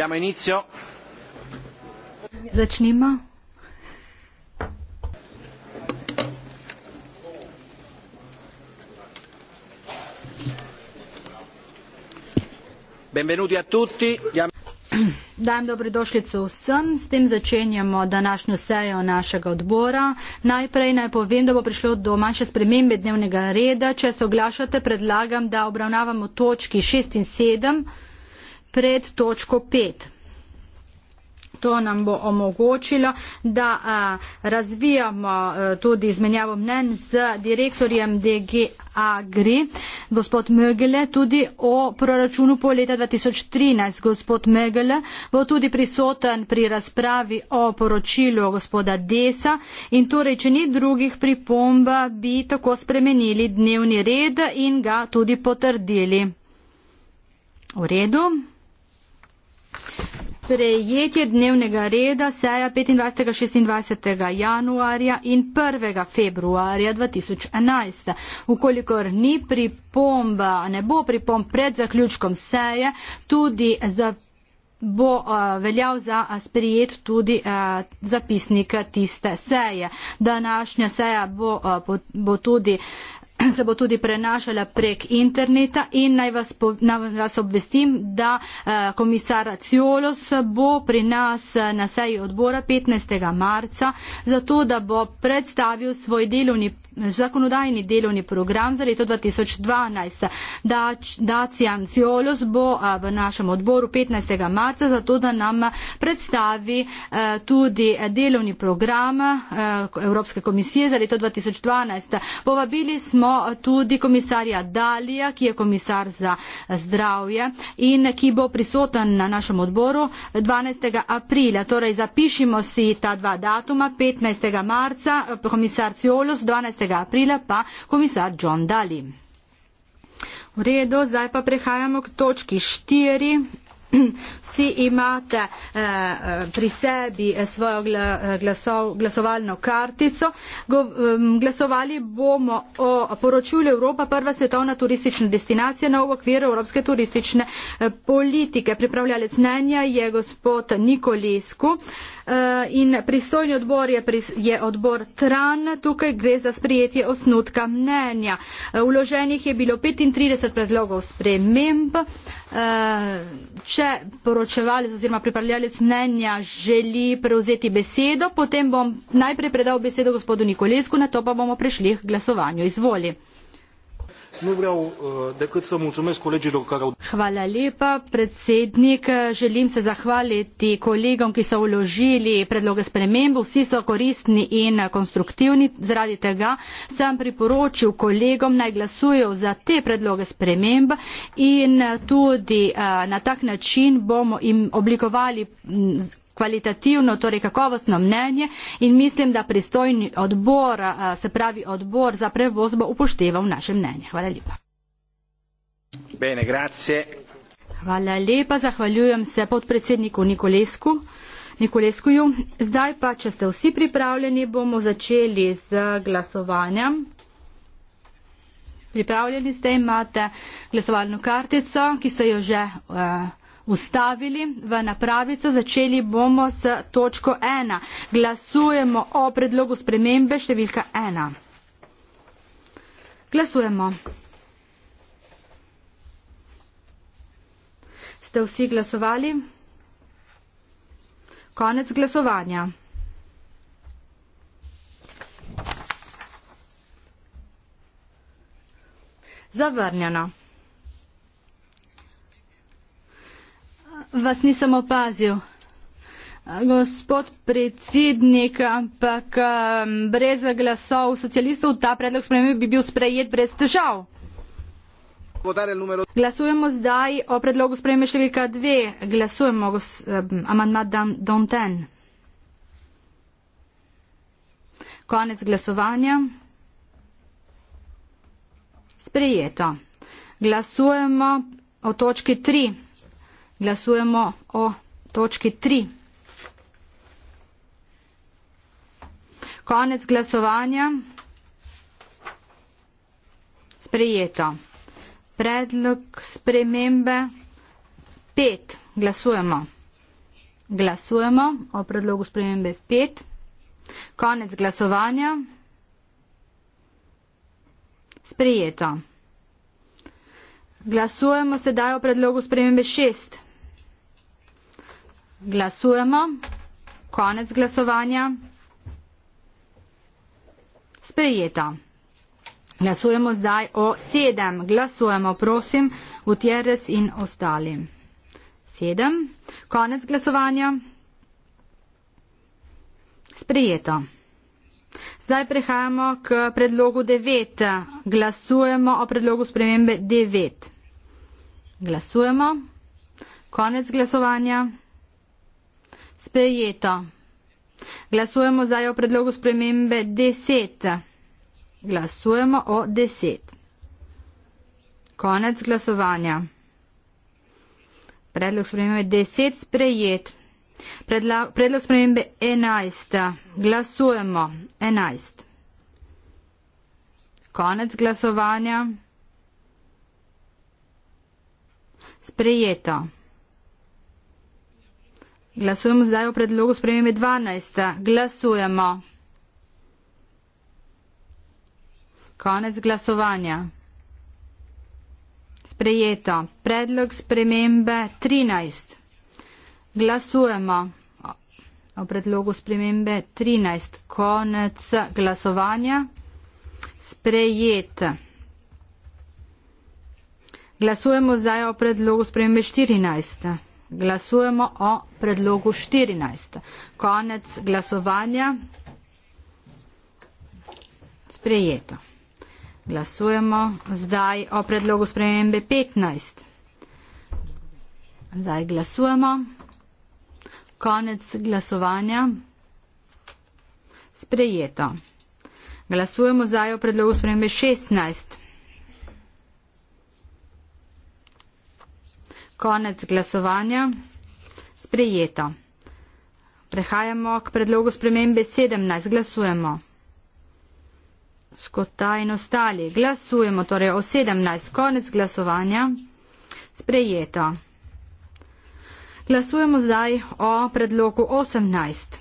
Diamo inizio. Začnimo. Benvenuti a tutti. Dajem dobrodošljico vsem, s tem začenjamo današnjo sejo našega odbora. Najprej naj povem, da bo prišlo do manjše spremembe dnevnega reda. Če se oglašate, predlagam, da obravnavamo točki 6 in 7 pred točko 5. To nam bo omogočilo, da a, razvijamo a, e, tudi izmenjavo mnen z direktorjem DG Agri, gospod Mögele, tudi o proračunu po leta 2013. Gospod Mögele bo tudi prisoten pri razpravi o poročilu gospoda Desa in torej, če ni drugih pripomb, bi tako spremenili dnevni red in ga tudi potrdili. V redu. Sprejetje dnevnega reda seja 25. 26. januarja in 1. februarja 2011. Ukolikor ni pripomba, ne bo pripomb pred zaključkom seje, tudi za, bo uh, veljal za sprijet tudi uh, zapisnik tiste seje. Današnja seja bo, uh, bo tudi uh, se bo tudi prenašala prek interneta in naj vas, po, naj vas obvestim, da eh, komisar Ciolos bo pri nas eh, na seji odbora 15. marca, zato da bo predstavil svoj delovni zakonodajni delovni program za leto 2012. Daci Anciolos bo v našem odboru 15. marca, zato da nam predstavi e, tudi delovni program e, Evropske komisije za leto 2012. Povabili smo tudi komisarja Dalija, ki je komisar za e, zdravje in ki bo prisoten na našem odboru 12. aprila. Torej, zapišimo si ta dva datuma, 15. marca, komisar Ciolos, 12. 1. aprila pa komisar John Daly. V redu, zdaj pa prehajamo k točki 4. Vsi imate eh, eh pri sebi eh, svojo gla, eh, glasov, glasovalno kartico. Go, eh, glasovali bomo o poročilu Evropa, prva svetovna turistična destinacija na okviru Evropske turistične eh, politike. Pripravljalec mnenja je gospod Nikolisku eh, in pristojni odbor je, pri, je odbor TRAN. Tukaj gre za sprijetje osnutka mnenja. Eh, vloženih je bilo 35 predlogov sprememb. Eh, Eh, če poročevalec oziroma pripravljalec mnenja želi prevzeti besedo, potem bom najprej predal besedo gospodu Nikolesku, na to pa bomo prešli k glasovanju. Izvoli. Nu vreau uh, decât să mulțumesc colegilor care au... Hvala lepa, predsednik. Želim se zahvaliti kolegom, ki so uložili predloge sprememb. Vsi so koristni in konstruktivni. Zaradi tega sem priporočil kolegom naj glasujo za te predloge sprememb in tudi uh, na tak način bomo im oblikovali kvalitativno, torej kakovostno mnenje in mislim, da pristojni odbor, se pravi odbor za prevoz bo upošteval naše mnenje. Hvala lepa. Bene, grazie. Hvala lepa, zahvaljujem se podpredsedniku Nikolesku. Nikoleskuju. Zdaj pa, če ste vsi pripravljeni, bomo začeli z glasovanjem. Pripravljeni ste, imate glasovalno kartico, ki ste jo že. Uh, ustavili v napravico, začeli bomo s točko ena. Glasujemo o predlogu spremembe številka ena. Glasujemo. Ste vsi glasovali? Konec glasovanja. Zavrnjeno. vas nisem opazil. Gospod predsednik, ampak um, brez glasov socialistov ta predlog spremembe bi bil sprejet brez težav. Glasujemo zdaj o predlogu spremembe številka 2. Glasujemo um, amandma Donten. Konec glasovanja. Sprejeto. Glasujemo o točki 3 glasujemo o točki 3. Konec glasovanja. Sprejeto. Predlog spremembe 5. Glasujemo. Glasujemo o predlogu spremembe 5. Konec glasovanja. Sprejeto. Glasujemo sedaj o predlogu spremembe 6. Glasujemo. Konec glasovanja. Sprejeto. Glasujemo zdaj o sedem. Glasujemo, prosim, Gutierrez in ostali. Sedem. Konec glasovanja. Sprejeto. Zdaj prehajamo k predlogu devet. Glasujemo o predlogu spremembe devet. Glasujemo. Konec glasovanja. Sprejeto. Glasujemo zdaj o predlogu spremembe 10. Glasujemo o 10. Konec glasovanja. Predlog spremembe 10 sprejet. Predla predlog spremembe 11. Glasujemo 11. Konec glasovanja. Sprejeto. Glasujemo zdaj o predlogu spremembe 12. Glasujemo. Konec glasovanja. Sprejeto. Predlog spremembe 13. Glasujemo o predlogu spremembe 13. Konec glasovanja. Sprejet. Glasujemo zdaj o predlogu spremembe 14 glasujemo o predlogu 14. Konec glasovanja. Sprejeto. Glasujemo zdaj o predlogu spremembe 15. Zdaj glasujemo. Konec glasovanja. Sprejeto. Glasujemo zdaj o predlogu spremembe 16. Konec glasovanja. Sprejeto. Prehajamo k predlogu spremembe 17. Glasujemo. Skota in ostali. Glasujemo torej o 17. Konec glasovanja. Sprejeto. Glasujemo zdaj o predlogu 18.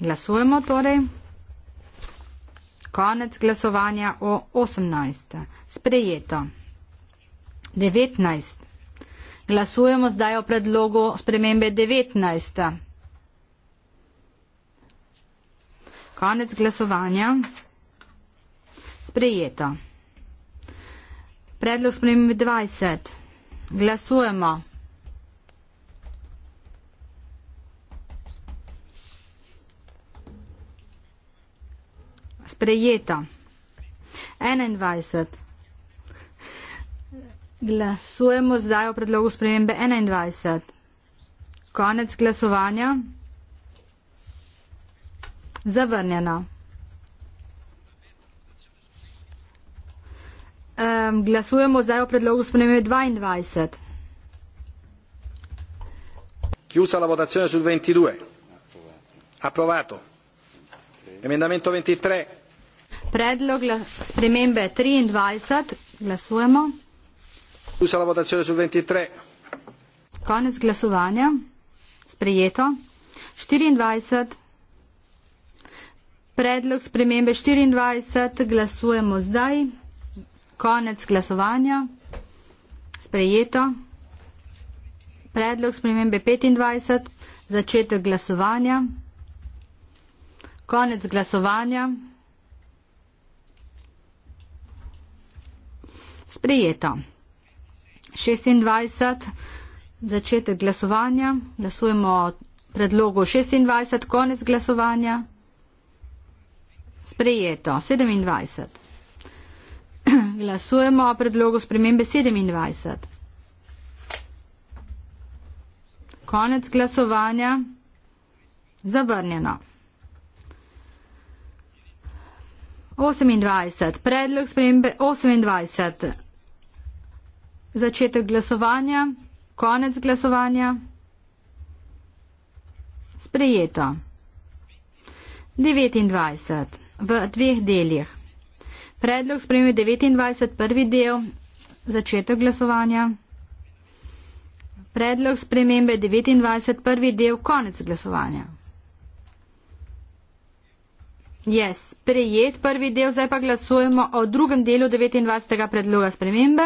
Glasujemo torej. Konec glasovanja o 18. Sprejeto. 19. Glasujemo zdaj o predlogu spremembe 19. Konec glasovanja. Sprejeto. Predlog spremembe 20. Glasujemo. Sprejeto. 21. Glasujemo zdaj o predlogu spremembe 21. Konec glasovanja. Zavrnjeno. Um, glasujemo zdaj o predlogu spremembe 22. Chiusa la votazione sul 22. Approvato. Emendamento 23. Predlog spremembe 23. Glasujemo. Vse lahko da če rečem 23. Konec glasovanja. Sprejeto. 24. Predlog spremembe 24. Glasujemo zdaj. Konec glasovanja. Sprejeto. Predlog spremembe 25. Začetek glasovanja. Konec glasovanja. Sprejeto. 26, začetek glasovanja. Glasujemo o predlogu 26, konec glasovanja. Sprejeto 27. Glasujemo o predlogu spremembe 27. Konec glasovanja. Zavrnjeno. 28. Predlog spremembe 28 začetek glasovanja, konec glasovanja. Sprejeto. 29. V dveh delih. Predlog spremlja 29. prvi del, začetek glasovanja. Predlog spremembe 29. prvi del, konec glasovanja. Yes, prejet prvi del, zdaj pa glasujemo o drugem delu 29. predloga spremembe.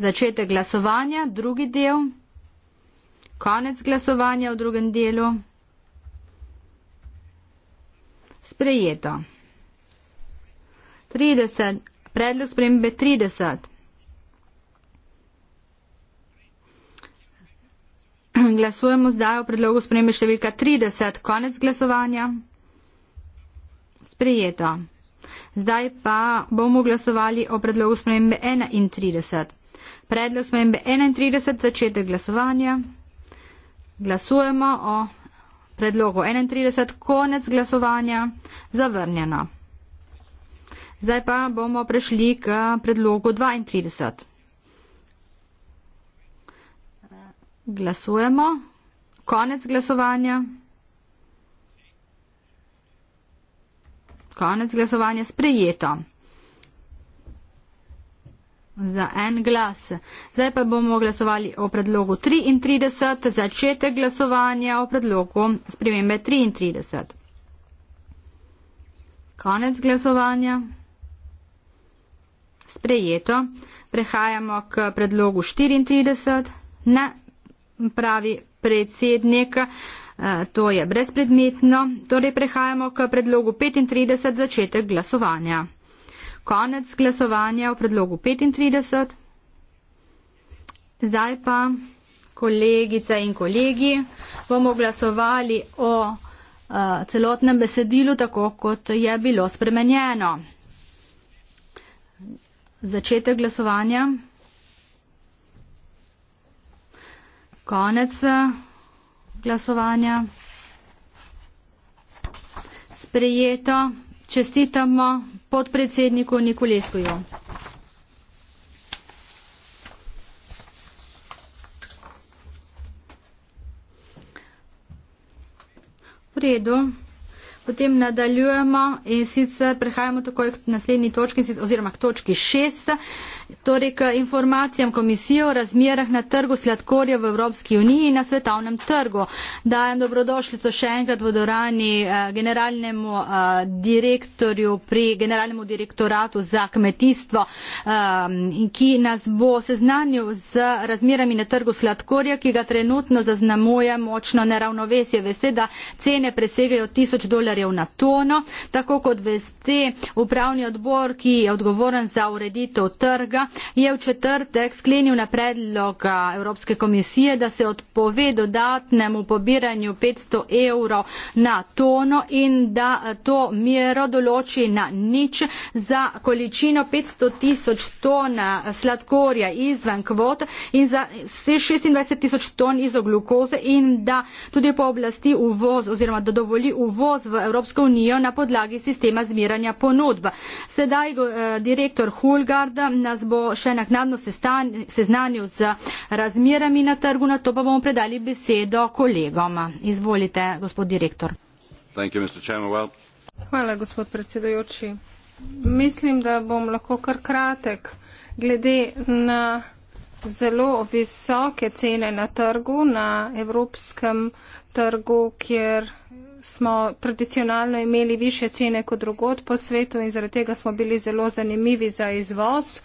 Začetek glasovanja, drugi del, konec glasovanja v drugem delu. Sprejeto. 30. Predlog spremembe 30. Glasujemo zdaj o predlogu spremembe številka 30. Konec glasovanja sprejeto. Zdaj pa bomo glasovali o predlogu spremembe 31. Predlog spremembe 31, začetek glasovanja. Glasujemo o predlogu 31, konec glasovanja, zavrnjeno. Zdaj pa bomo prešli k predlogu 32. Glasujemo, konec glasovanja. Konec glasovanja sprejeto. Za en glas. Zdaj pa bomo glasovali o predlogu 33, začetek glasovanja o predlogu spremembe 33. Konec glasovanja. Sprejeto. Prehajamo k predlogu 34. Ne pravi predsednik. To je brezpredmetno, torej prehajamo k predlogu 35 začetek glasovanja. Konec glasovanja v predlogu 35. Zdaj pa, kolegice in kolegi, bomo glasovali o uh, celotnem besedilu, tako kot je bilo spremenjeno. Začetek glasovanja. Konec. Uh, glasovanja. Sprejeto. Čestitamo podpredsedniku Nikolesku. V redu potem nadaljujemo in sicer prehajamo takoj k naslednji točki oziroma k točki šest, torej k informacijam komisije o razmerah na trgu sladkorja v Evropski uniji in na svetovnem trgu. Dajem dobrodošljico še enkrat v dorani eh, generalnemu eh, direktorju pri generalnemu direktoratu za kmetijstvo, eh, ki nas bo seznanil z razmerami na trgu sladkorja, ki ga trenutno zaznamuje močno neravnovesje. Veste, da cene presegajo tisoč dolarjev dolarjev na tono. Tako kot veste, upravni odbor, ki je odgovoren za ureditev trga, je v četrtek sklenil na predlog Evropske komisije, da se odpove dodatnemu pobiranju 500 evrov na tono in da to mero določi na nič za količino 500 tisoč ton sladkorja izven kvot in za 26 tisoč ton izoglukoze in da tudi po oblasti uvoz oziroma da dovoli uvoz v Evropsko unijo na podlagi sistema zmiranja ponudb. Sedaj eh, direktor Hulgard nas bo še naknadno seznanil z razmerami na trgu, na to pa bomo predali besedo kolegom. Izvolite, gospod direktor. You, well. Hvala, gospod predsedujoči. Mislim, da bom lahko kar kratek glede na zelo visoke cene na trgu, na evropskem trgu, kjer smo tradicionalno imeli više cene kot drugod po svetu in zaradi tega smo bili zelo zanimivi za izvoz,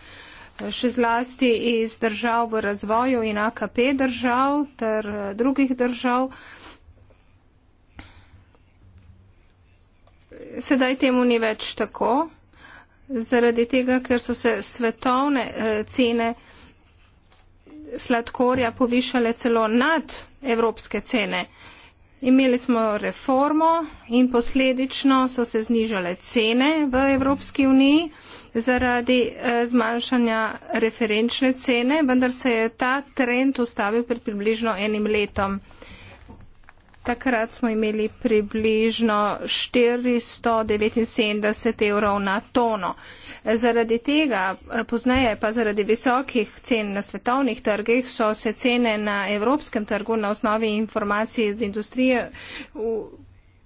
še zlasti iz držav v razvoju in AKP držav ter eh, drugih držav. Sedaj temu ni več tako, zaradi tega, ker so se svetovne eh, cene sladkorja povišale celo nad evropske cene. Imeli smo reformo in posledično so se znižale cene v Evropski uniji zaradi eh, zmanjšanja referenčne cene, vendar se je ta trend ustavil pred približno enim letom. Takrat smo imeli približno 479 evrov na tono. Zaradi tega, pozneje pa zaradi visokih cen na svetovnih trgih, so se cene na evropskem trgu na osnovi informacij od industrije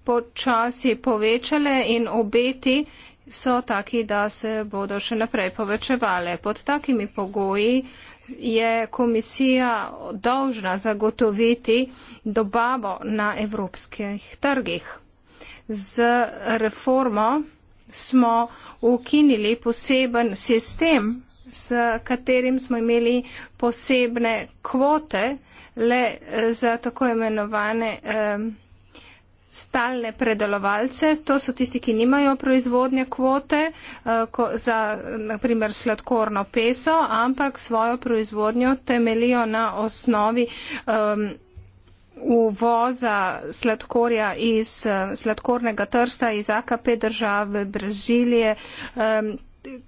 počasi povečale in obeti so taki, da se bodo še naprej povečevale. Pod takimi pogoji je komisija dolžna zagotoviti dobavo na evropskih trgih. Z reformo smo ukinili poseben sistem, s katerim smo imeli posebne kvote le za tako imenovane. Eh, stalne predelovalce, to so tisti, ki nimajo proizvodnje kvote eh, ko, za naprimer sladkorno peso, ampak svojo proizvodnjo temelijo na osnovi um, uvoza sladkorja iz eh, sladkornega trsta iz AKP države Brazilije, um,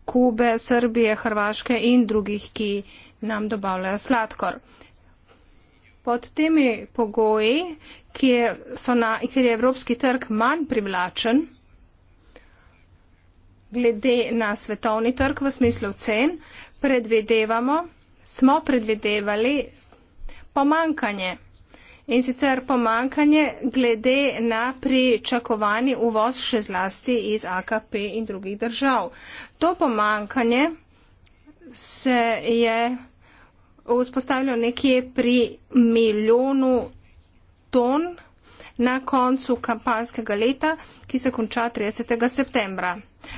Kube, Srbije, Hrvaške in drugih, ki nam dobavljajo sladkor. Pod temi pogoji kjer, na, kjer je evropski trg manj privlačen glede na svetovni trg v smislu cen, predvidevamo, smo predvidevali pomankanje. In sicer pomankanje glede na pričakovani uvoz še zlasti iz AKP in drugih držav. To pomankanje se je vzpostavljalo nekje pri milijonu ton na koncu kampanskega leta, ki se konča 30. septembra.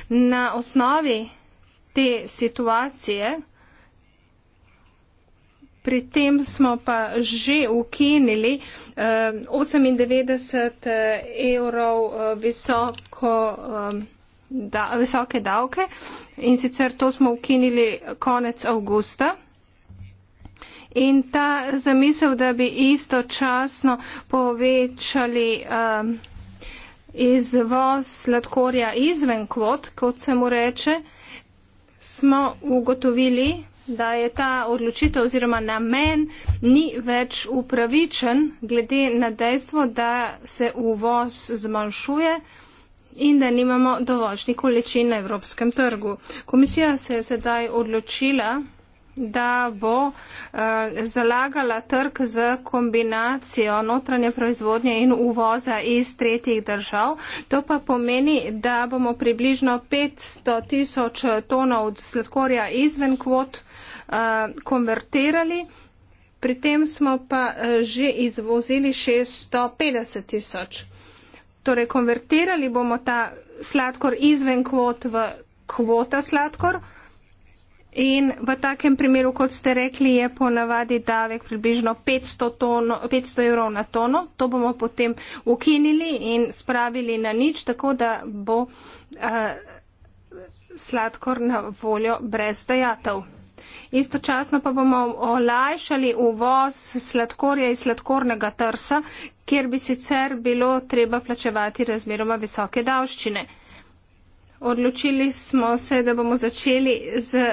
Na osnovi te situacije, pri tem smo pa že ukinili um, eh, 98 eh, evrov eh, visoko, um, da, visoke davke in sicer to smo ukinili konec avgusta. In ta zamisel, da bi istočasno povečali um, izvoz sladkorja izven kvot, kot se mu reče, smo ugotovili, da je ta odločitev oziroma namen ni več upravičen glede na dejstvo, da se uvoz zmanjšuje in da nimamo dovoljšnji količin na evropskem trgu. Komisija se je sedaj odločila, da bo uh, zalagala trg z kombinacijo notranje proizvodnje in uvoza iz tretjih držav. To pa pomeni, da bomo približno 500 tisoč tonov sladkorja izven kvot uh, konvertirali. Pri tem smo pa eh, že izvozili 650 tisoč. Torej, konvertirali bomo ta sladkor izven kvot v kvota sladkor. In v takem primeru, kot ste rekli, je ponavadi davek približno 500, tono, 500 evrov na tono. To bomo potem ukinili in spravili na nič, tako da bo uh, sladkor na voljo brez dejatev. Istočasno pa bomo olajšali uvoz sladkorja iz sladkornega trsa, kjer bi sicer bilo treba plačevati razmeroma visoke davščine. Odločili smo se, da bomo začeli z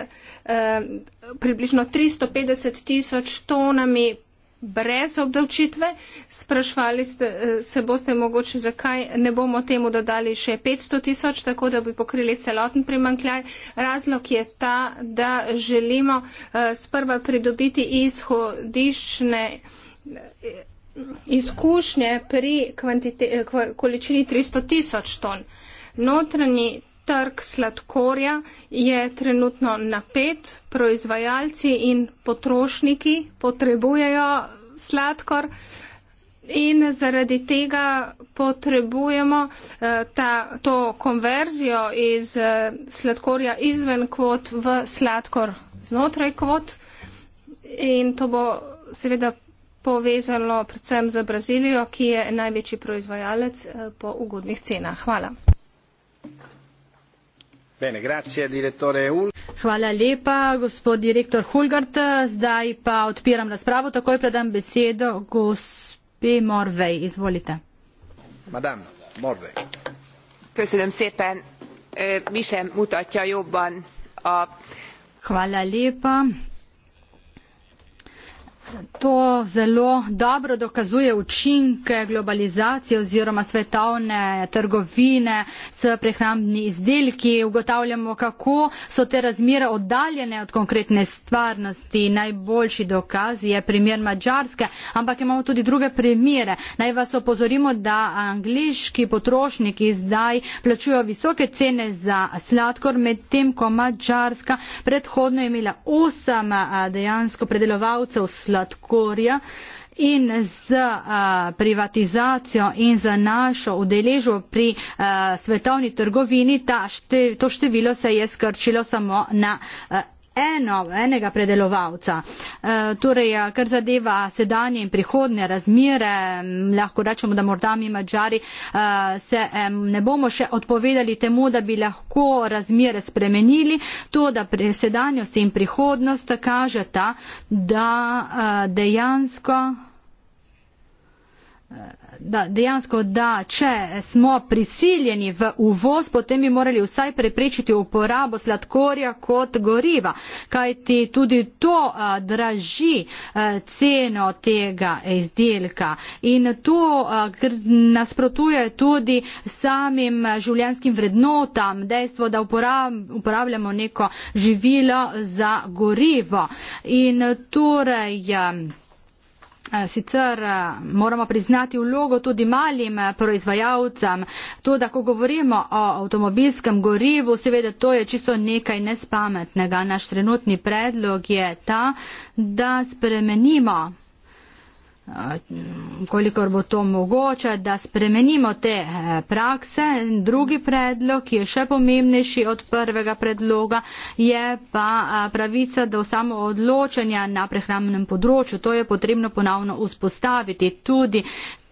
približno 350 tisoč tonami brez obdavčitve. Sprašvali ste, e, se boste mogoče, zakaj ne bomo temu dodali še 500 tisoč, tako da bi pokrili celoten primankljaj. Razlog je ta, da želimo e, sprva pridobiti izhodiščne izkušnje pri količini 300 tisoč ton. Notranji Trg sladkorja je trenutno napet, proizvajalci in potrošniki potrebujejo sladkor in zaradi tega potrebujemo eh, ta, to konverzijo iz eh, sladkorja izven kvot v sladkor znotraj kvot in to bo seveda povezano predvsem z Brazilijo, ki je največji proizvajalec eh, po ugodnih cenah. Hvala. Bene, grazie direttore Hul. Hvala lepa, gospod direktor Hulgart. Zdaj pa odpiram razpravo, takoj predam besedo gospe Morvej. Izvolite. Madame Morvej. Köszönöm szépen, mi sem mutatja jobban a... Hvala lepa. To zelo dobro dokazuje učinke globalizacije oziroma svetovne trgovine s prehrambni izdelki. Ugotavljamo, kako so te razmere oddaljene od konkretne stvarnosti. Najboljši dokaz je primer Mačarske, ampak imamo tudi druge primere. Naj vas opozorimo, da angliški potrošniki zdaj plačujo visoke cene za sladkor, medtem ko Mačarska predhodno je imela osem dejansko predelovalcev sladkor sladkorja in z a, privatizacijo in z našo udeležbo pri a, svetovni trgovini ta, šte, to število se je skrčilo samo na a, eno, enega predelovalca. E, torej, e, kar zadeva sedanje in prihodne razmire, lahko rečemo, da morda mi mađari e, se e, ne bomo še odpovedali temu, da bi lahko razmire spremenili. To, da sedanjost in prihodnost kažeta, da e, dejansko da dejansko, da če smo prisiljeni v uvoz, potem bi morali vsaj preprečiti uporabo sladkorja kot goriva, kajti tudi to draži ceno tega izdelka in to nasprotuje tudi samim življenskim vrednotam, dejstvo, da uporabljamo neko živilo za gorivo. In torej, sicer moramo priznati vlogo tudi malim proizvajalcem. To, da ko govorimo o avtomobilskem gorivu, seveda to je čisto nekaj nespametnega. Naš trenutni predlog je ta, da spremenimo kolikor bo to mogoče, da spremenimo te eh, prakse. Drugi predlog, ki je še pomembnejši od prvega predloga, je pa eh, pravica do samo odločanja na prehrambnem področju. To je potrebno ponovno vzpostaviti. Tudi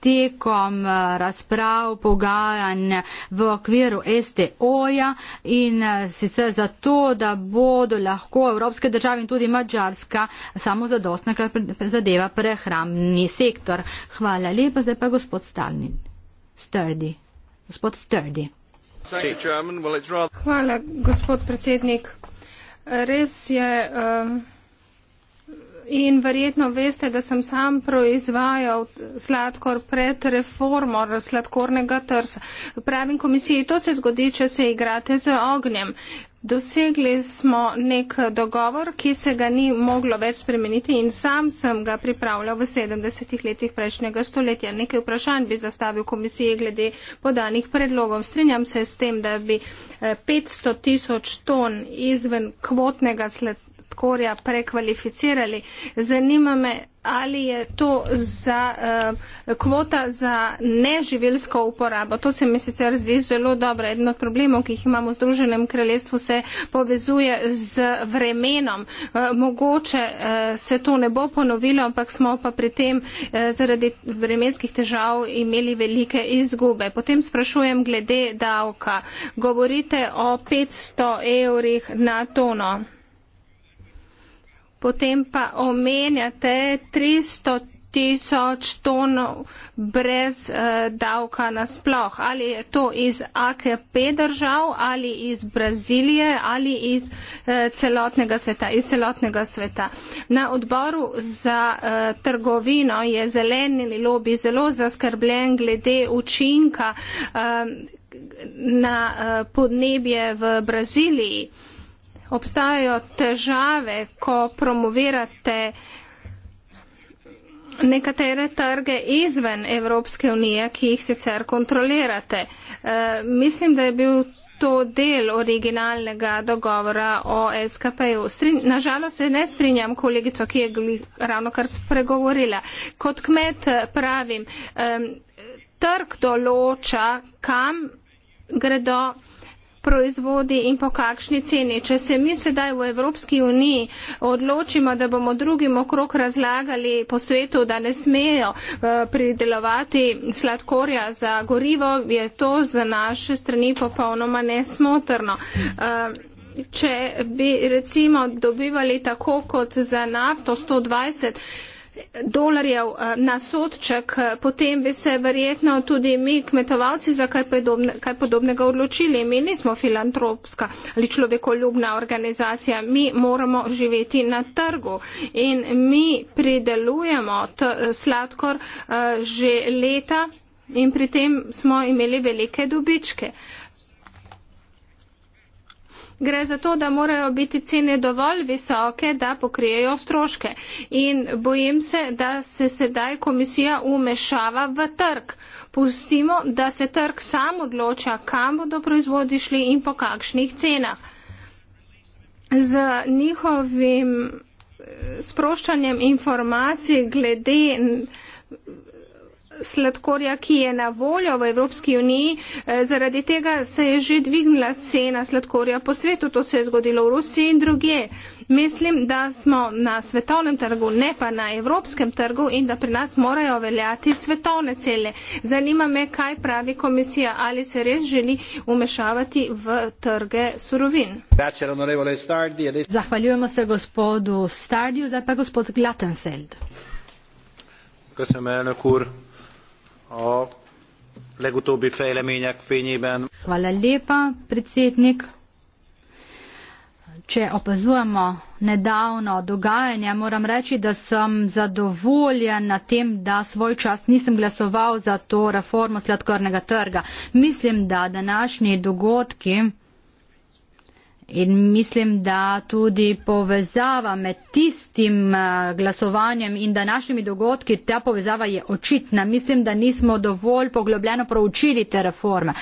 tekom eh, razprav, pogajanj v okviru STO-ja in eh, sicer zato, da bodo lahko evropske države in tudi Mačarska samo zadostna, kar zadeva prehramni sektor. Hvala lepa, zdaj pa gospod Stalnin. Sturdy. Gospod Sturdy. Hvala, gospod predsednik. Res je. Um, In verjetno veste, da sem sam proizvajal sladkor pred reformo sladkornega trsa. Pravim komisiji, to se zgodi, če se igrate z ognjem. Dosegli smo nek dogovor, ki se ga ni moglo več spremeniti in sam sem ga pripravljal v 70 letih prejšnjega stoletja. Nekaj vprašanj bi zastavil komisiji glede podanih predlogov. Strenjam se s tem, da bi 500 eh, tisoč ton izven kvotnega sladkornega korja prekvalificirali. Zanima me, ali je to za uh, kvota za neživilsko uporabo. To se mi sicer zdi zelo dobro. Eden od problemov, ki jih imamo v Združenem kraljestvu, se povezuje z vremenom. Uh, mogoče uh, se to ne bo ponovilo, ampak smo pa pri tem uh, zaradi vremenskih težav imeli velike izgube. Potem sprašujem glede davka. Govorite o 500 evrih na tono potem pa omenjate 300 tisoč ton brez uh, davka nasploh. Ali je to iz AKP držav ali iz Brazilije ali iz uh, celotnega sveta, iz celotnega sveta. Na odboru za uh, trgovino je zeleni lobby zelo zaskrbljen glede učinka uh, na uh, podnebje v Braziliji. Uh, obstajajo težave, ko promovirate nekatere trge izven Evropske unije, ki jih sicer kontrolirate. E, mislim, da je bil to del originalnega dogovora o SKP-ju. Nažalost se ne strinjam kolegico, ki je ravno kar spregovorila. Kot kmet eh, pravim, e, trg določa, kam gredo proizvodi in po kakšni ceni. Če se mi sedaj v Evropski uniji odločimo, da bomo drugim okrog razlagali po svetu, da ne smejo eh, pridelovati sladkorja za gorivo, je to za naše strani popolnoma nesmotrno. Eh, če bi recimo dobivali tako kot za nafto 120, dolarjev eh, na sodček, eh, potem bi se verjetno tudi mi kmetovalci za kaj, predobne, kaj podobnega odločili. Mi nismo filantropska ali človekoljubna organizacija, mi moramo živeti na trgu in mi pridelujemo eh, sladkor že leta in pri tem smo imeli velike dobičke gre za to, da morajo biti cene dovolj visoke, da pokrijejo stroške. In bojim se, da se sedaj komisija umešava v trg. Pustimo, da se trg sam odloča, kam bodo proizvodi šli in po kakšnih cenah. Z njihovim eh, sproščanjem informacij glede sladkorja, ki je na voljo v Evropski uniji. Eh, zaradi tega se je že dvignila cena sladkorja po svetu. To se je zgodilo v Rusiji in druge. Mislim, da smo na svetovnem trgu, ne pa na evropskem trgu in da pri nas morajo veljati svetovne cele. Zanima me, kaj pravi komisija, ali se res želi umešavati v trge surovin. Zahvaljujemo se gospodu Stardiju, zdaj pa gospod Glattenfeld. Kaj se mene kur? Hvala lepa, predsednik. Če opazujemo nedavno dogajanje, moram reči, da sem zadovoljen na tem, da svoj čas nisem glasoval za to reformo sladkornega trga. Mislim, da današnji dogodki In mislim, da tudi povezava med tistim eh, glasovanjem in današnjimi dogodki, ta povezava je očitna. Mislim, da nismo dovolj poglobljeno proučili te reforme.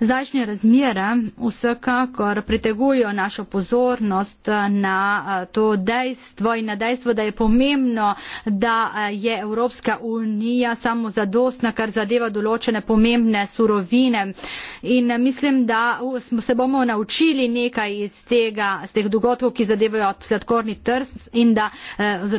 Zdajšnje razmere vsekakor pritegujo našo pozornost na eh, to dejstvo in na dejstvo, da je pomembno, da eh, je Evropska unija samo zadostna, kar zadeva določene pomembne surovine. In eh, mislim, da se bomo naučili nekaj iz, tega, iz teh dogodkov, ki zadevajo sladkorni in da,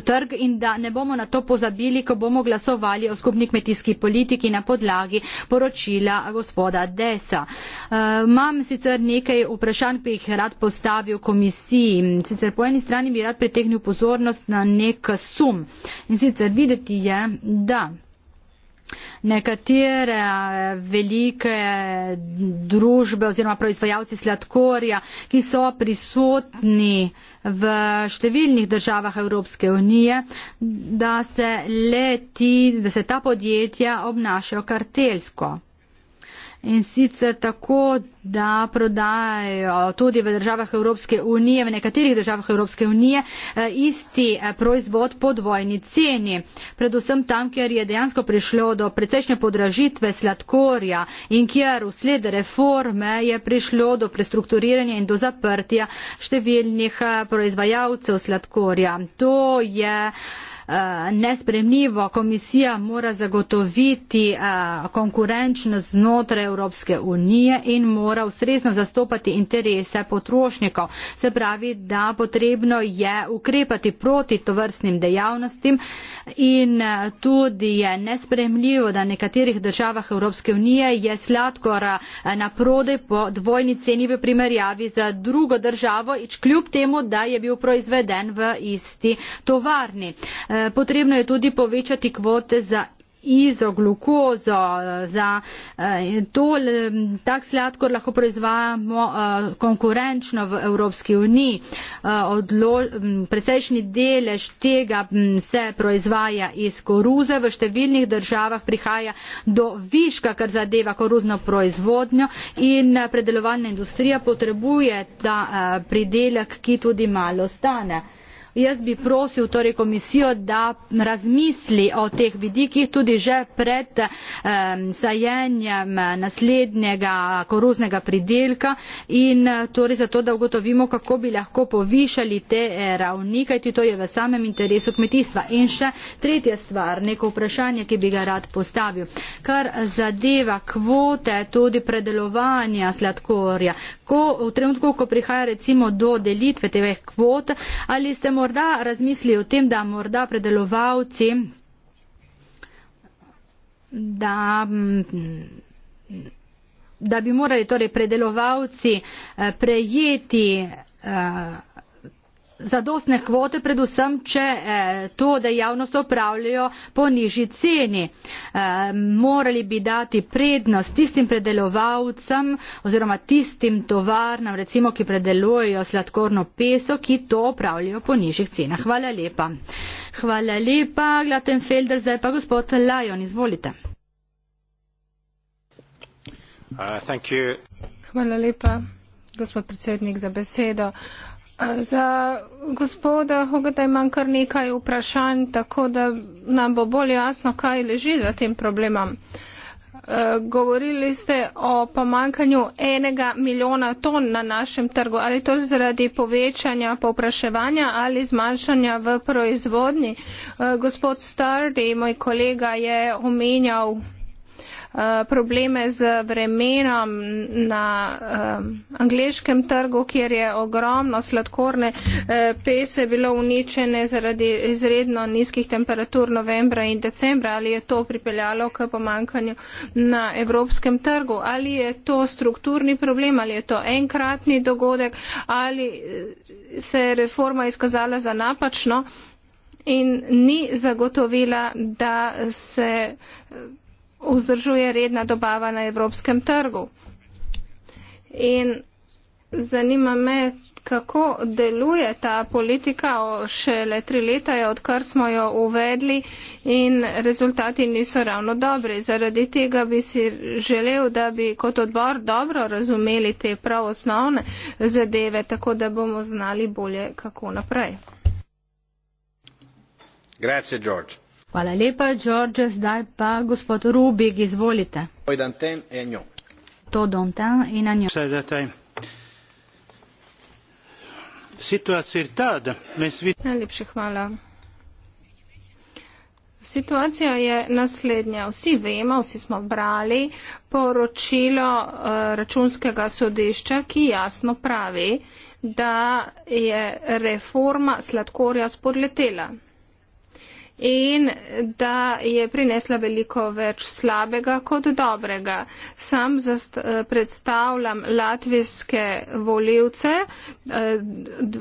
trg in da ne bomo na to pozabili, ko bomo glasovali o skupni kmetijski politiki na podlagi poročila gospoda Desa. Eh, imam uh, sicer nekaj vprašanj, ki jih rad postavil komisiji. Sicer po eni strani bi rad pritegnil pozornost na nek sum. In sicer videti je, da nekatere eh, velike družbe oziroma proizvajalci sladkorja, ki so prisotni v številnih državah Evropske unije, da se, ti, da se ta podjetja obnašajo kartelsko. In sicer tako, da prodajajo tudi v državah Evropske unije, v nekaterih državah Evropske unije, eh, isti eh, proizvod po dvojni ceni. Predvsem tam, kjer je dejansko prišlo do precejšnje podražitve sladkorja in kjer usled reforme je prišlo do prestrukturiranja in do zaprtja številnih eh, proizvajalcev sladkorja. To je. Eh, nespremljivo, komisija mora zagotoviti eh, konkurenčnost znotraj Evropske unije in mora ustrezno zastopati interese potrošnikov. Se pravi, da potrebno je ukrepati proti tovrstnim dejavnostim in eh, tudi je nespremljivo, da v nekaterih državah Evropske unije je sladkor na prodej po dvojni ceni v primerjavi za drugo državo, kljub temu, da je bil proizveden v isti tovarni. Eh, potrebno je tudi povečati kvote za izo, glukozo, eh, za eh, to, tak sladkor lahko proizvajamo konkurenčno v Evropski uniji. Precejšnji delež tega se proizvaja iz koruze, v številnih državah prihaja do viška, kar zadeva koruzno proizvodnjo in predelovalna industrija potrebuje ta pridelek, ki tudi malo stane. Jaz bi prosil torej komisijo, da razmisli o teh vidikih tudi že pred eh, sajenjem naslednjega koruznega pridelka in torej zato, da ugotovimo, kako bi lahko povišali te eh, ravni, kajti to je v samem interesu kmetijstva. In še tretja stvar, neko vprašanje, ki bi ga rad postavil. Kar zadeva kvote tudi predelovanja sladkorja, ko, v trenutku, ko prihaja recimo do delitve teh kvot, ali ste morali morda razmisli o tem, da morda predelovalci, da, da bi morali torej predelovalci eh, prejeti eh, zadostne kvote, predvsem, če eh, to dejavnost opravljajo po nižji ceni. Eh, morali bi dati prednost tistim predelovalcem oziroma tistim tovarnam, recimo, ki predelujejo sladkorno peso, ki to opravljajo po nižjih cenah. Hvala lepa. Hvala lepa, Glatenfelder, zdaj pa gospod Lajon, izvolite. Uh, Hvala lepa, gospod predsednik, za besedo. Za gospoda Hogata imam kar nekaj vprašanj, tako da nam bo bolj jasno, kaj leži za tem problemom. Eh, govorili ste o pomankanju enega milijona ton na našem trgu. Ali to zaradi povečanja povpraševanja ali zmanjšanja v proizvodnji? Eh, gospod Stardi, moj kolega, je omenjal Eh, probleme z vremenom na um, eh, angliškem trgu, kjer je ogromno sladkorne eh, pese bilo uničene zaradi izredno nizkih temperatur novembra in decembra. Ali je to pripeljalo k pomankanju na evropskem trgu? Ali je to strukturni problem? Ali je to enkratni dogodek? Ali se je reforma izkazala za napačno in ni zagotovila, da se vzdržuje redna dobava na evropskem trgu. In zanima me, kako deluje ta politika, šele tri leta je, odkar smo jo uvedli in rezultati niso ravno dobri. Zaradi tega bi si želel, da bi kot odbor dobro razumeli te prav osnovne zadeve, tako da bomo znali bolje, kako naprej. Grazie, George. Hvala lepa, George. Zdaj pa gospod Rubik, izvolite. To dom tam in anjo. Situacija je ta, da me svi. Najlepše hvala. Situacija je naslednja. Vsi vemo, vsi smo brali poročilo eh, računskega sodišča, ki jasno pravi, da je reforma sladkorja spodletela in da je prinesla veliko več slabega kot dobrega. Sam predstavljam latvijske voljivce. Eh,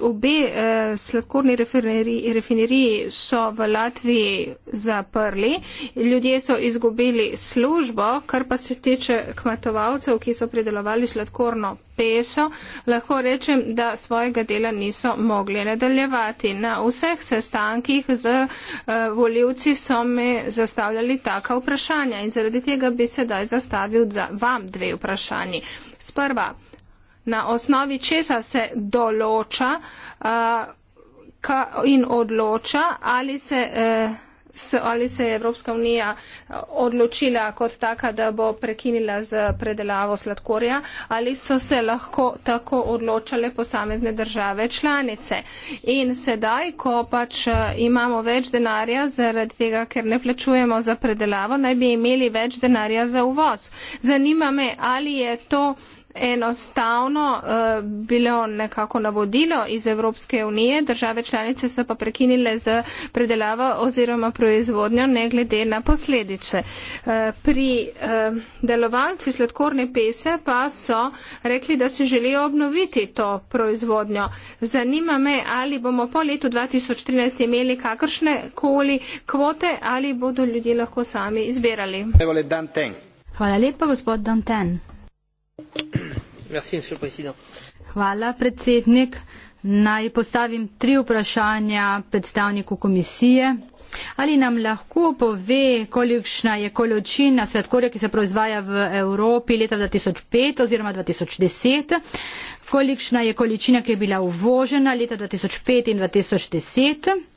obe eh, sladkorni refineriji so v Latviji zaprli. Ljudje so izgubili službo, kar pa se tiče kmetovalcev, ki so pridelovali sladkorno peso, lahko rečem, da svojega dela niso mogli nadaljevati. Na vseh sestankih z uh, voljivci so mi zastavljali taka vprašanja in zaradi tega bi sedaj zastavil vam dve vprašanji. Sprva, na osnovi česa se določa uh, ka, in odloča, ali se. Uh, ali se je Evropska unija eh, odločila kot taka, da bo prekinila z predelavo sladkorja, ali so se lahko tako odločale posamezne države članice. In sedaj, ko pač eh, imamo več denarja zaradi tega, ker ne plačujemo za predelavo, naj bi imeli več denarja za uvoz. Zanima me, ali je to enostavno uh, bilo nekako navodilo iz Evropske unije. Države članice so pa prekinile z predelavo oziroma proizvodnjo, ne glede na posledice. Uh, pri uh, delovalci sladkorne pese pa so rekli, da se želijo obnoviti to proizvodnjo. Zanima me, ali bomo po letu 2013 imeli kakršne koli kvote ali bodo ljudje lahko sami izbirali. Hvala lepa, gospod Danten. Hvala, predsednik. Naj postavim tri vprašanja predstavniku komisije. Ali nam lahko pove, kolikšna je količina sladkorja, ki se proizvaja v Evropi leta 2005 oziroma 2010, kolikšna je količina, ki je bila uvožena leta 2005 in 2010?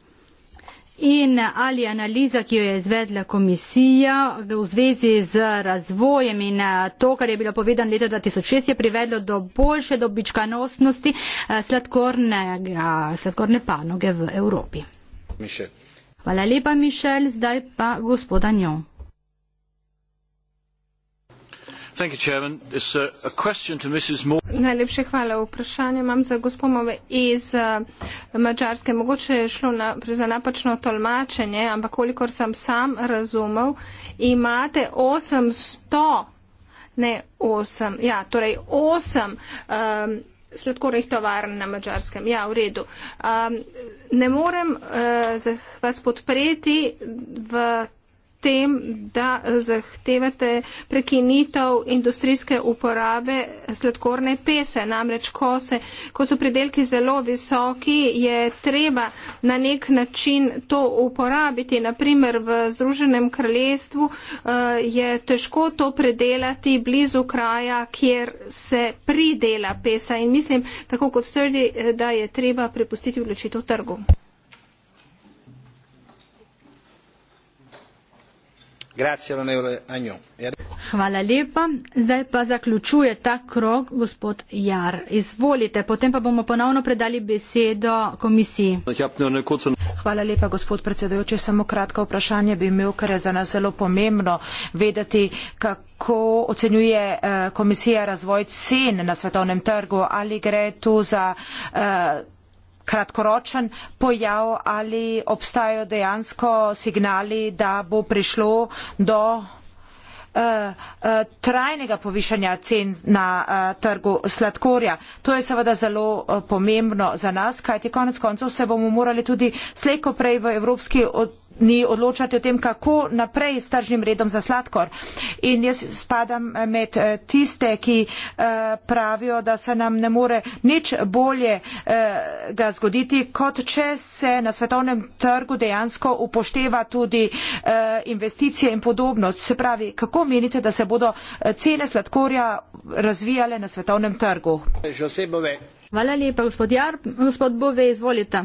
In ali analiza, ki jo je izvedla komisija v zvezi z razvojem in eh, to, kar je bilo povedano leta 2006, je privedlo do boljše dobičkanostnosti eh, sladkorne panoge v Evropi. Mišel. Hvala lepa, Mišel. Zdaj pa gospod Anjo. Uh, Najlepše hvala. Vprašanje imam za gospomove iz uh, Mačarske. Mogoče je šlo na, za napačno tolmačenje, ampak kolikor sem sam razumel, imate 800, ne 8, ja, torej 8 um, sladkorih tovarn na Mačarskem. Ja, v redu. Um, ne morem uh, vas podpreti v tem, da zahtevate prekinitev industrijske uporabe sladkorne pese. Namreč, ko, se, ko so predelki zelo visoki, je treba na nek način to uporabiti. Naprimer, v Združenem kraljestvu eh, je težko to predelati blizu kraja, kjer se pridela pesa. In mislim, tako kot strdi, eh, da je treba prepustiti odločitev trgu. E Hvala lepa. Zdaj pa zaključuje ta krog gospod Jar. Izvolite, potem pa bomo ponovno predali besedo komisiji. Hvala lepa, gospod predsedujoči. Samo kratko vprašanje bi imel, ker je za nas zelo pomembno vedeti, kako ocenjuje eh, komisija razvoj cen na svetovnem trgu. Ali gre tu za. Uh, kratkoročen pojav ali obstajajo dejansko signali, da bo prišlo do eh, eh, trajnega povišanja cen na eh, trgu sladkorja. To je seveda zelo pomembno za nas, kajti konec koncev se bomo morali tudi slejko prej v Evropski dni odločati o tem, kako naprej s tržnim redom za sladkor. In jaz spadam eh, med eh, tiste, ki eh, pravijo, da se nam ne more nič bolje ga zgoditi, kot če se na svetovnem trgu dejansko upošteva tudi investicije in podobno. Se pravi, kako menite, da se bodo cene sladkorja razvijale na svetovnem trgu? Hvala lepa, gospod Jar. Gospod Bove, izvolite.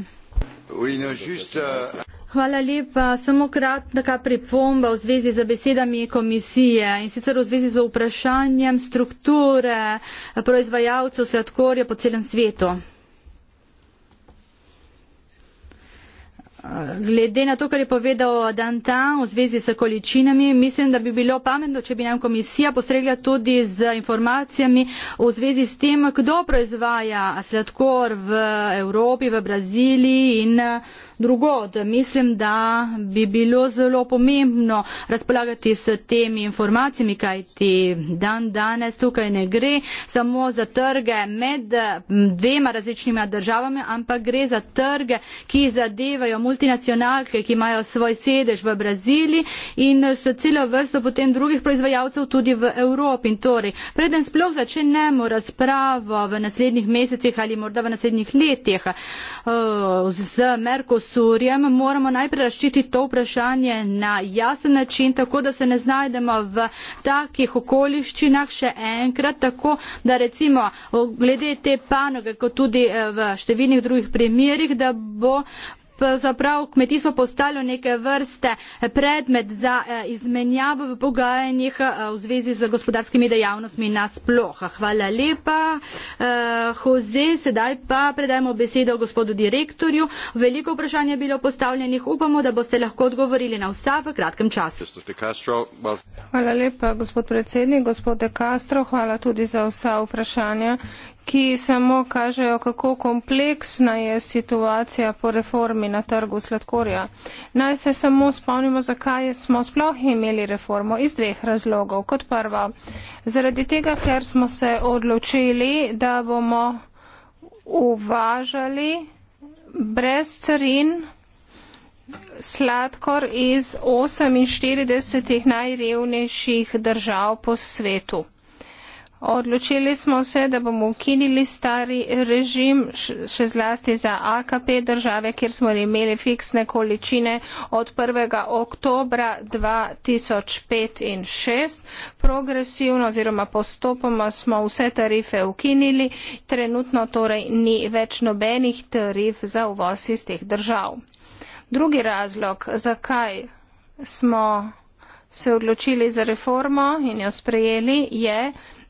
Euh, Hvala lepa. Samo kratka pripomba v zvezi z besedami komisije in sicer v zvezi z vprašanjem strukture proizvajalcev sladkorja po celem svetu. Glede na to, kar je povedal Dantan v zvezi s količinami, mislim, da bi bilo pametno, če bi nam komisija postregla tudi z informacijami v zvezi s tem, kdo proizvaja sladkor v Evropi, v Braziliji in drugod. Mislim, da bi bilo zelo pomembno razpolagati s temi informacijami, kaj ti dan danes tukaj ne gre samo za trge med dvema različnima državami, ampak gre za trge, ki zadevajo muzikalno multinacionalke, ki imajo svoj sedež v Braziliji in s celo vrsto potem drugih proizvajalcev tudi v Evropi. In torej, preden sploh začnemo razpravo v naslednjih mesecih ali morda v naslednjih letih eh, z Merkosurjem, moramo najprej raščiti to vprašanje na jasen način, tako da se ne znajdemo v takih okoliščinah še enkrat, tako da recimo glede te panoge, kot tudi eh, v številnih drugih primerjih, da bo pravzaprav kmetijstvo postalo neke vrste predmet za eh, izmenjavo v pogajanjih eh, v zvezi z gospodarskimi dejavnostmi nasploh. Hvala lepa. Hoze, eh, sedaj pa predajmo besedo gospodu direktorju. Veliko vprašanj je bilo postavljenih. Upamo, da boste lahko odgovorili na vsa v kratkem času. Hvala lepa, gospod predsednik, gospod De Castro. Hvala tudi za vsa vprašanja ki samo kažejo, kako kompleksna je situacija po reformi na trgu sladkorja. Naj se samo spomnimo, zakaj smo sploh imeli reformo iz dveh razlogov. Kot prvo, zaradi tega, ker smo se odločili, da bomo uvažali brez carin sladkor iz 48 najrevnejših držav po svetu. Odločili smo se, da bomo ukinili stari režim, še zlasti za AKP države, kjer smo imeli fiksne količine od 1. oktobra 2005 in 2006. Progresivno oziroma postopoma smo vse tarife ukinili, trenutno torej ni več nobenih tarif za uvoz iz teh držav. Drugi razlog, zakaj smo se odločili za reformo in jo sprejeli, je,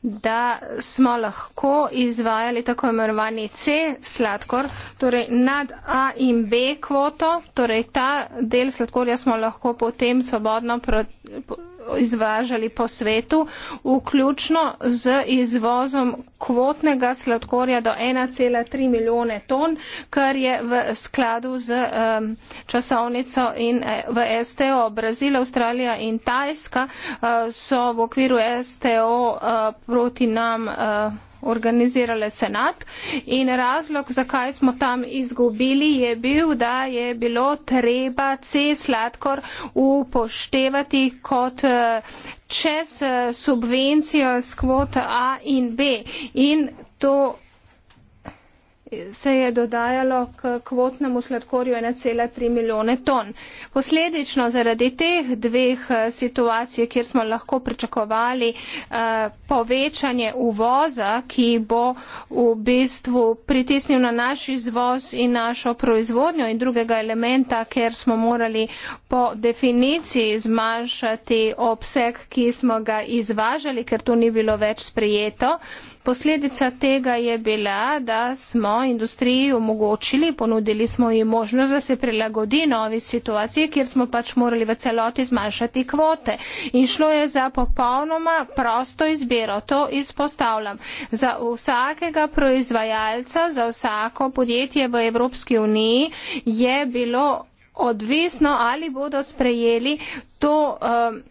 da smo lahko izvajali tako imenovani C sladkor, torej nad A in B kvoto, torej ta del sladkorja smo lahko potem svobodno. Pro, izvažali po svetu, vključno z izvozom kvotnega sladkorja do 1,3 milijone ton, kar je v skladu z um, časovnico in eh, v STO. Brazil, Avstralija in Tajska uh, so v okviru STO uh, eh, proti nam. Uh, organizirale senat in razlog, zakaj smo tam izgubili, je bil, da je bilo treba C sladkor upoštevati kot eh, čez eh, subvencijo s kvot A in B. In to se je dodajalo k kvotnemu sladkorju 1,3 milijone ton. Posledično zaradi teh dveh eh, situacij, kjer smo lahko pričakovali eh, povečanje uvoza, ki bo v bistvu pritisnil na naš izvoz in našo proizvodnjo in drugega elementa, ker smo morali po definiciji zmanjšati obseg, ki smo ga izvažali, ker to ni bilo več sprejeto. Posledica tega je bila, da smo industriji omogočili, ponudili smo ji možnost, da se prilagodi novi situaciji, kjer smo pač morali v celoti zmanjšati kvote. In šlo je za popolnoma prosto izbiro. To izpostavljam. Za vsakega proizvajalca, za vsako podjetje v Evropski uniji je bilo odvisno, ali bodo sprejeli to. Um,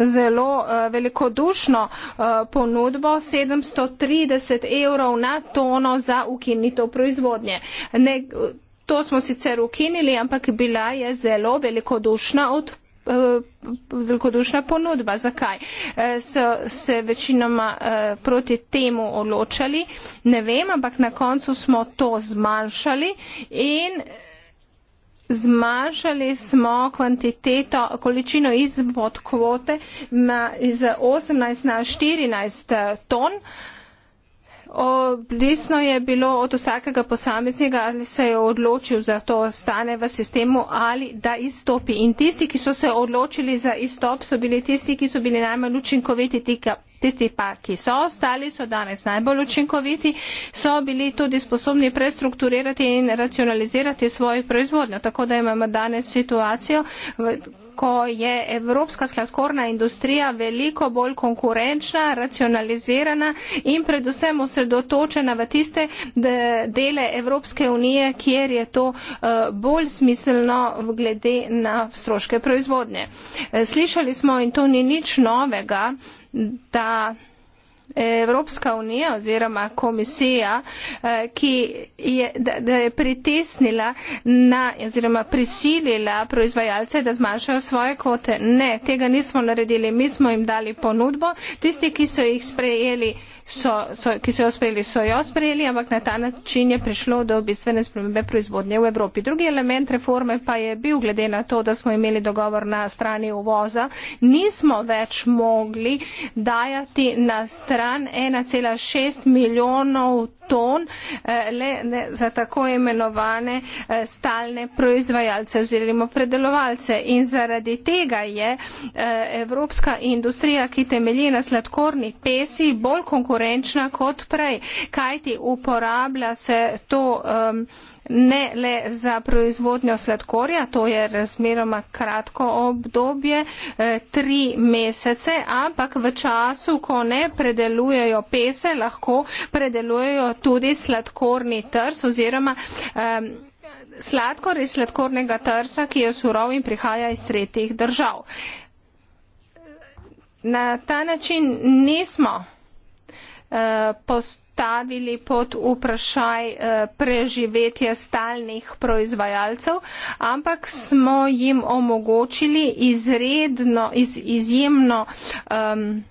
zelo eh, velikodušno eh, ponudbo 730 evrov na tono za ukinitev proizvodnje. Ne, to smo sicer ukinili, ampak bila je zelo velikodušna od eh, velikodušna ponudba. Zakaj? So se večinoma proti temu odločali, ne vem, ampak na koncu smo to zmanjšali in zmanjšali smo kvantiteto, količino izvod kvote na, iz 18 na 14 eh, ton. Obvisno je bilo od vsakega posameznega, ali se je odločil za to stane v sistemu ali da izstopi. In tisti, ki so se odločili za izstop, so bili tisti, ki so bili najmanj učinkoviti, ti, Tisti pa, ki so ostali, so danes najbolj učinkoviti, so bili tudi sposobni prestrukturirati in racionalizirati svojo proizvodnjo. Tako da imamo danes situacijo, ko je evropska skladkorna industrija veliko bolj konkurenčna, racionalizirana in predvsem osredotočena v tiste dele Evropske unije, kjer je to eh, bolj smiselno glede na stroške proizvodnje. Eh, slišali smo in to ni nič novega, da Evropska unija oziroma komisija, eh, ki je, da, da je pritisnila na, oziroma prisilila proizvajalce, da zmanjšajo svoje kvote. Ne, tega nismo naredili. Mi smo jim dali ponudbo. Tisti, ki so jih sprejeli so, so, ki so jo sprejeli, so jo sprejeli, ampak na ta način je prišlo do bistvene spremembe proizvodnje v Evropi. Drugi element reforme pa je bil, glede na to, da smo imeli dogovor na strani uvoza, nismo več mogli dajati na stran 1,6 milijonov ton eh, le ne, za tako imenovane eh, stalne proizvajalce oziroma predelovalce. In zaradi tega je eh, evropska industrija, ki temelji na sladkorni pesi, bolj konkurenčna konkurenčna kot prej, kajti uporablja se to um, ne le za proizvodnjo sladkorja, to je razmeroma kratko obdobje, eh, tri mesece, ampak v času, ko ne predelujejo pese, lahko predelujejo tudi sladkorni trs oziroma um, sladkor iz sladkornega trsa, ki je surov in prihaja iz tretjih držav. Na ta način nismo Eh, postavili pod vprašaj eh, preživetje stalnih proizvajalcev, ampak smo jim omogočili izredno, iz, izjemno um,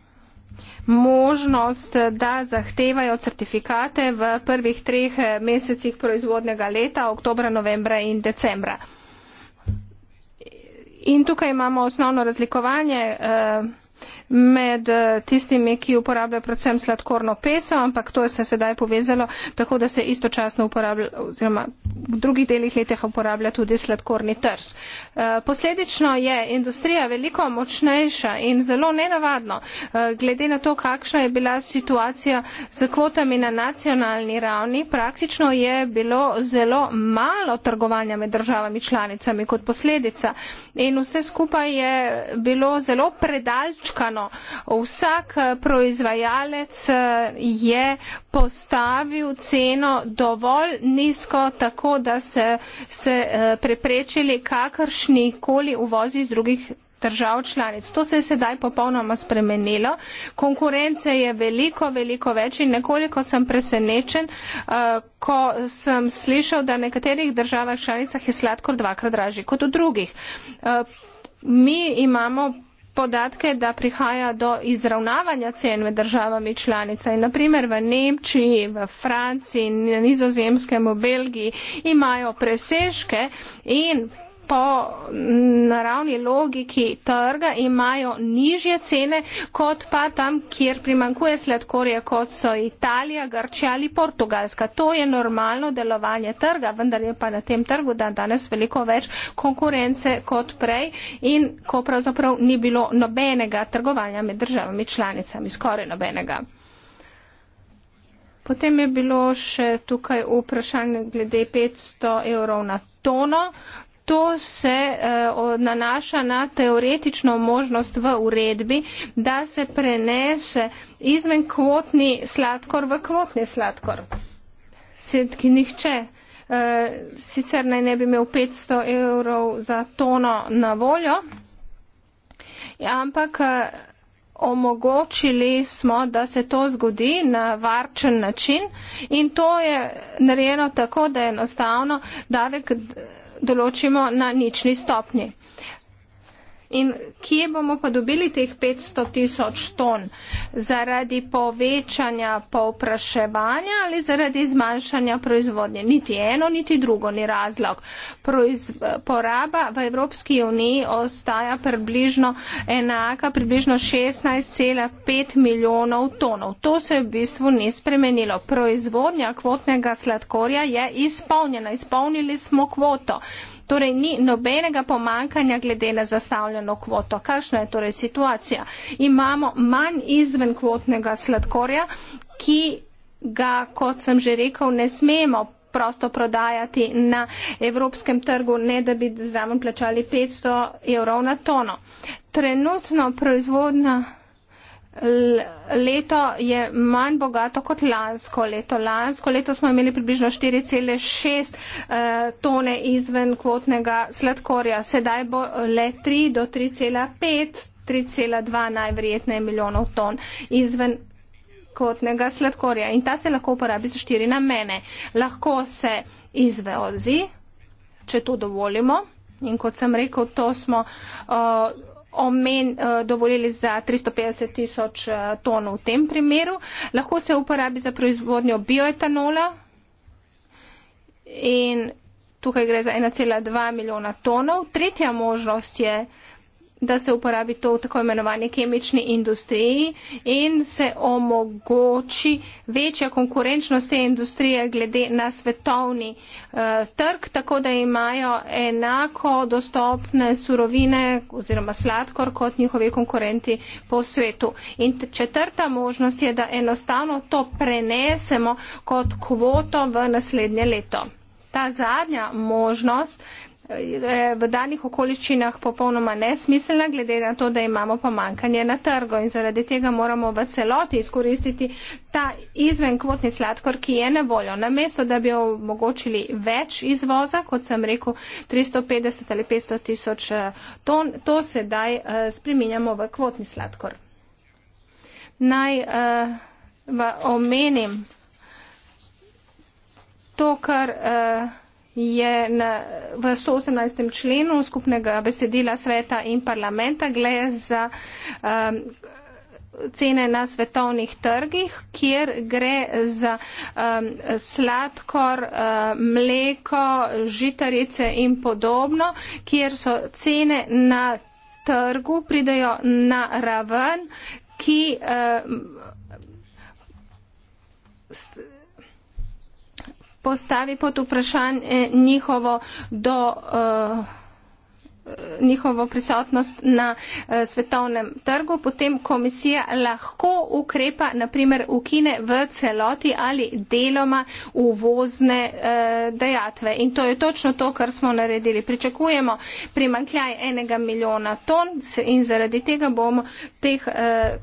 možnost, da zahtevajo certifikate v prvih treh eh, mesecih proizvodnega leta, oktobra, novembra in decembra. In tukaj imamo osnovno razlikovanje. Uh, med eh, tistimi, ki uporabljajo predvsem sladkorno peso, ampak to se je sedaj povezalo tako, da se istočasno uporablja oziroma v drugih delih letih uporablja tudi sladkorni trs. Eh, posledično je industrija veliko močnejša in zelo nenavadno, eh, glede na to, kakšna je bila situacija z kvotami na nacionalni ravni, praktično je bilo zelo malo trgovanja med državami članicami kot posledica in vse skupaj je bilo zelo predalče zmečkano. Vsak eh, proizvajalec eh, je postavil ceno dovolj nizko, tako da se, se eh, preprečili kakršni koli uvozi iz drugih držav članic. To se je sedaj popolnoma spremenilo. Konkurence je veliko, veliko več in nekoliko sem presenečen, ko sem slišal, da v nekaterih državah članicah je sladkor dvakrat dražji kot v drugih. Mi imamo podatke, da prihaja do izravnavanja cen med državami članica. In naprimer v Nemčiji, v Franciji, na nizozemskem, v Belgiji imajo presežke in po naravni logiki trga imajo nižje cene, kot pa tam, kjer primankuje sladkorje, kot so Italija, Grčija ali Portugalska. To je normalno delovanje trga, vendar je pa na tem trgu dan danes veliko več konkurence kot prej in ko pravzaprav ni bilo nobenega trgovanja med državami članicami, skoraj nobenega. Potem je bilo še tukaj vprašanje glede 500 evrov na tono. Uh, To se eh, nanaša na teoretično možnost v uredbi, da se prenese izven kvotni sladkor v kvotni sladkor. Sedki nihče. Eh, sicer naj ne bi imel 500 evrov za tono na voljo, ampak eh, omogočili smo, da se to zgodi na varčen način in to je narejeno tako, da je enostavno davek določimo na nični stopni. In kje bomo pa dobili teh 500 tisoč ton? Zaradi povečanja povpraševanja ali zaradi zmanjšanja proizvodnje? Niti eno, niti drugo ni razlog. Proiz, poraba v Evropski uniji ostaja približno enaka, približno 16,5 milijonov tonov. To se v bistvu ni spremenilo. Proizvodnja kvotnega sladkorja je izpolnjena. Izpolnili smo kvoto. Torej, ni nobenega pomankanja glede na zastavljeno kvoto. Kakšna je torej situacija? Imamo manj izven kvotnega sladkorja, ki ga, kot sem že rekel, ne smemo prosto prodajati na evropskem trgu, ne da bi zraven plačali 500 evrov na tono. Trenutno proizvodna. Leto je manj bogato kot lansko leto. Lansko leto smo imeli približno 4,6 eh, tone izven kvotnega sladkorja, sedaj bo le 3 do 3,5, 3,2 najverjetneje milijonov ton izven kvotnega sladkorja. In ta se lahko uporabi za štiri namene. Lahko se izveozi, če to dovolimo. In kot sem rekel, to smo. Uh, omen, eh, dovolili za 350 tisoč eh, ton v tem primeru. Lahko se uporabi za proizvodnjo bioetanola in tukaj gre za 1,2 milijona tonov. Tretja možnost je, da se uporabi to tako imenovanje kemični industriji in se omogoči večja konkurenčnost te industrije glede na svetovni uh, trg, tako da imajo enako dostopne surovine oziroma sladkor kot njihovi konkurenti po svetu. In četrta možnost je, da enostavno to prenesemo kot kvoto v naslednje leto. Ta zadnja možnost Eh, v danih okoliščinah popolnoma nesmiselna, glede na to, da imamo pomankanje na trgu in zaradi tega moramo v celoti izkoristiti ta izvenkvotni sladkor, ki je na voljo. Namesto, da bi omogočili več izvoza, kot sem rekel, 350 ali 500 tisoč eh, ton, to sedaj eh, spreminjamo v kvotni sladkor. Naj uh, omenim to, kar. Uh, je na, v 118. členu skupnega besedila sveta in parlamenta gle za um, cene na svetovnih trgih, kjer gre za um, sladkor, um, mleko, žitarice in podobno, kjer so cene na trgu, pridajo na raven, ki. Um, postavi pod vprašanje njihovo do uh, Eh, njihovo prisotnost na eh, svetovnem trgu, potem komisija lahko ukrepa, naprimer, ukine v celoti ali deloma uvozne eh, dejatve. In to je točno to, kar smo naredili. Pričakujemo primankljaj enega milijona ton in zaradi tega bomo teh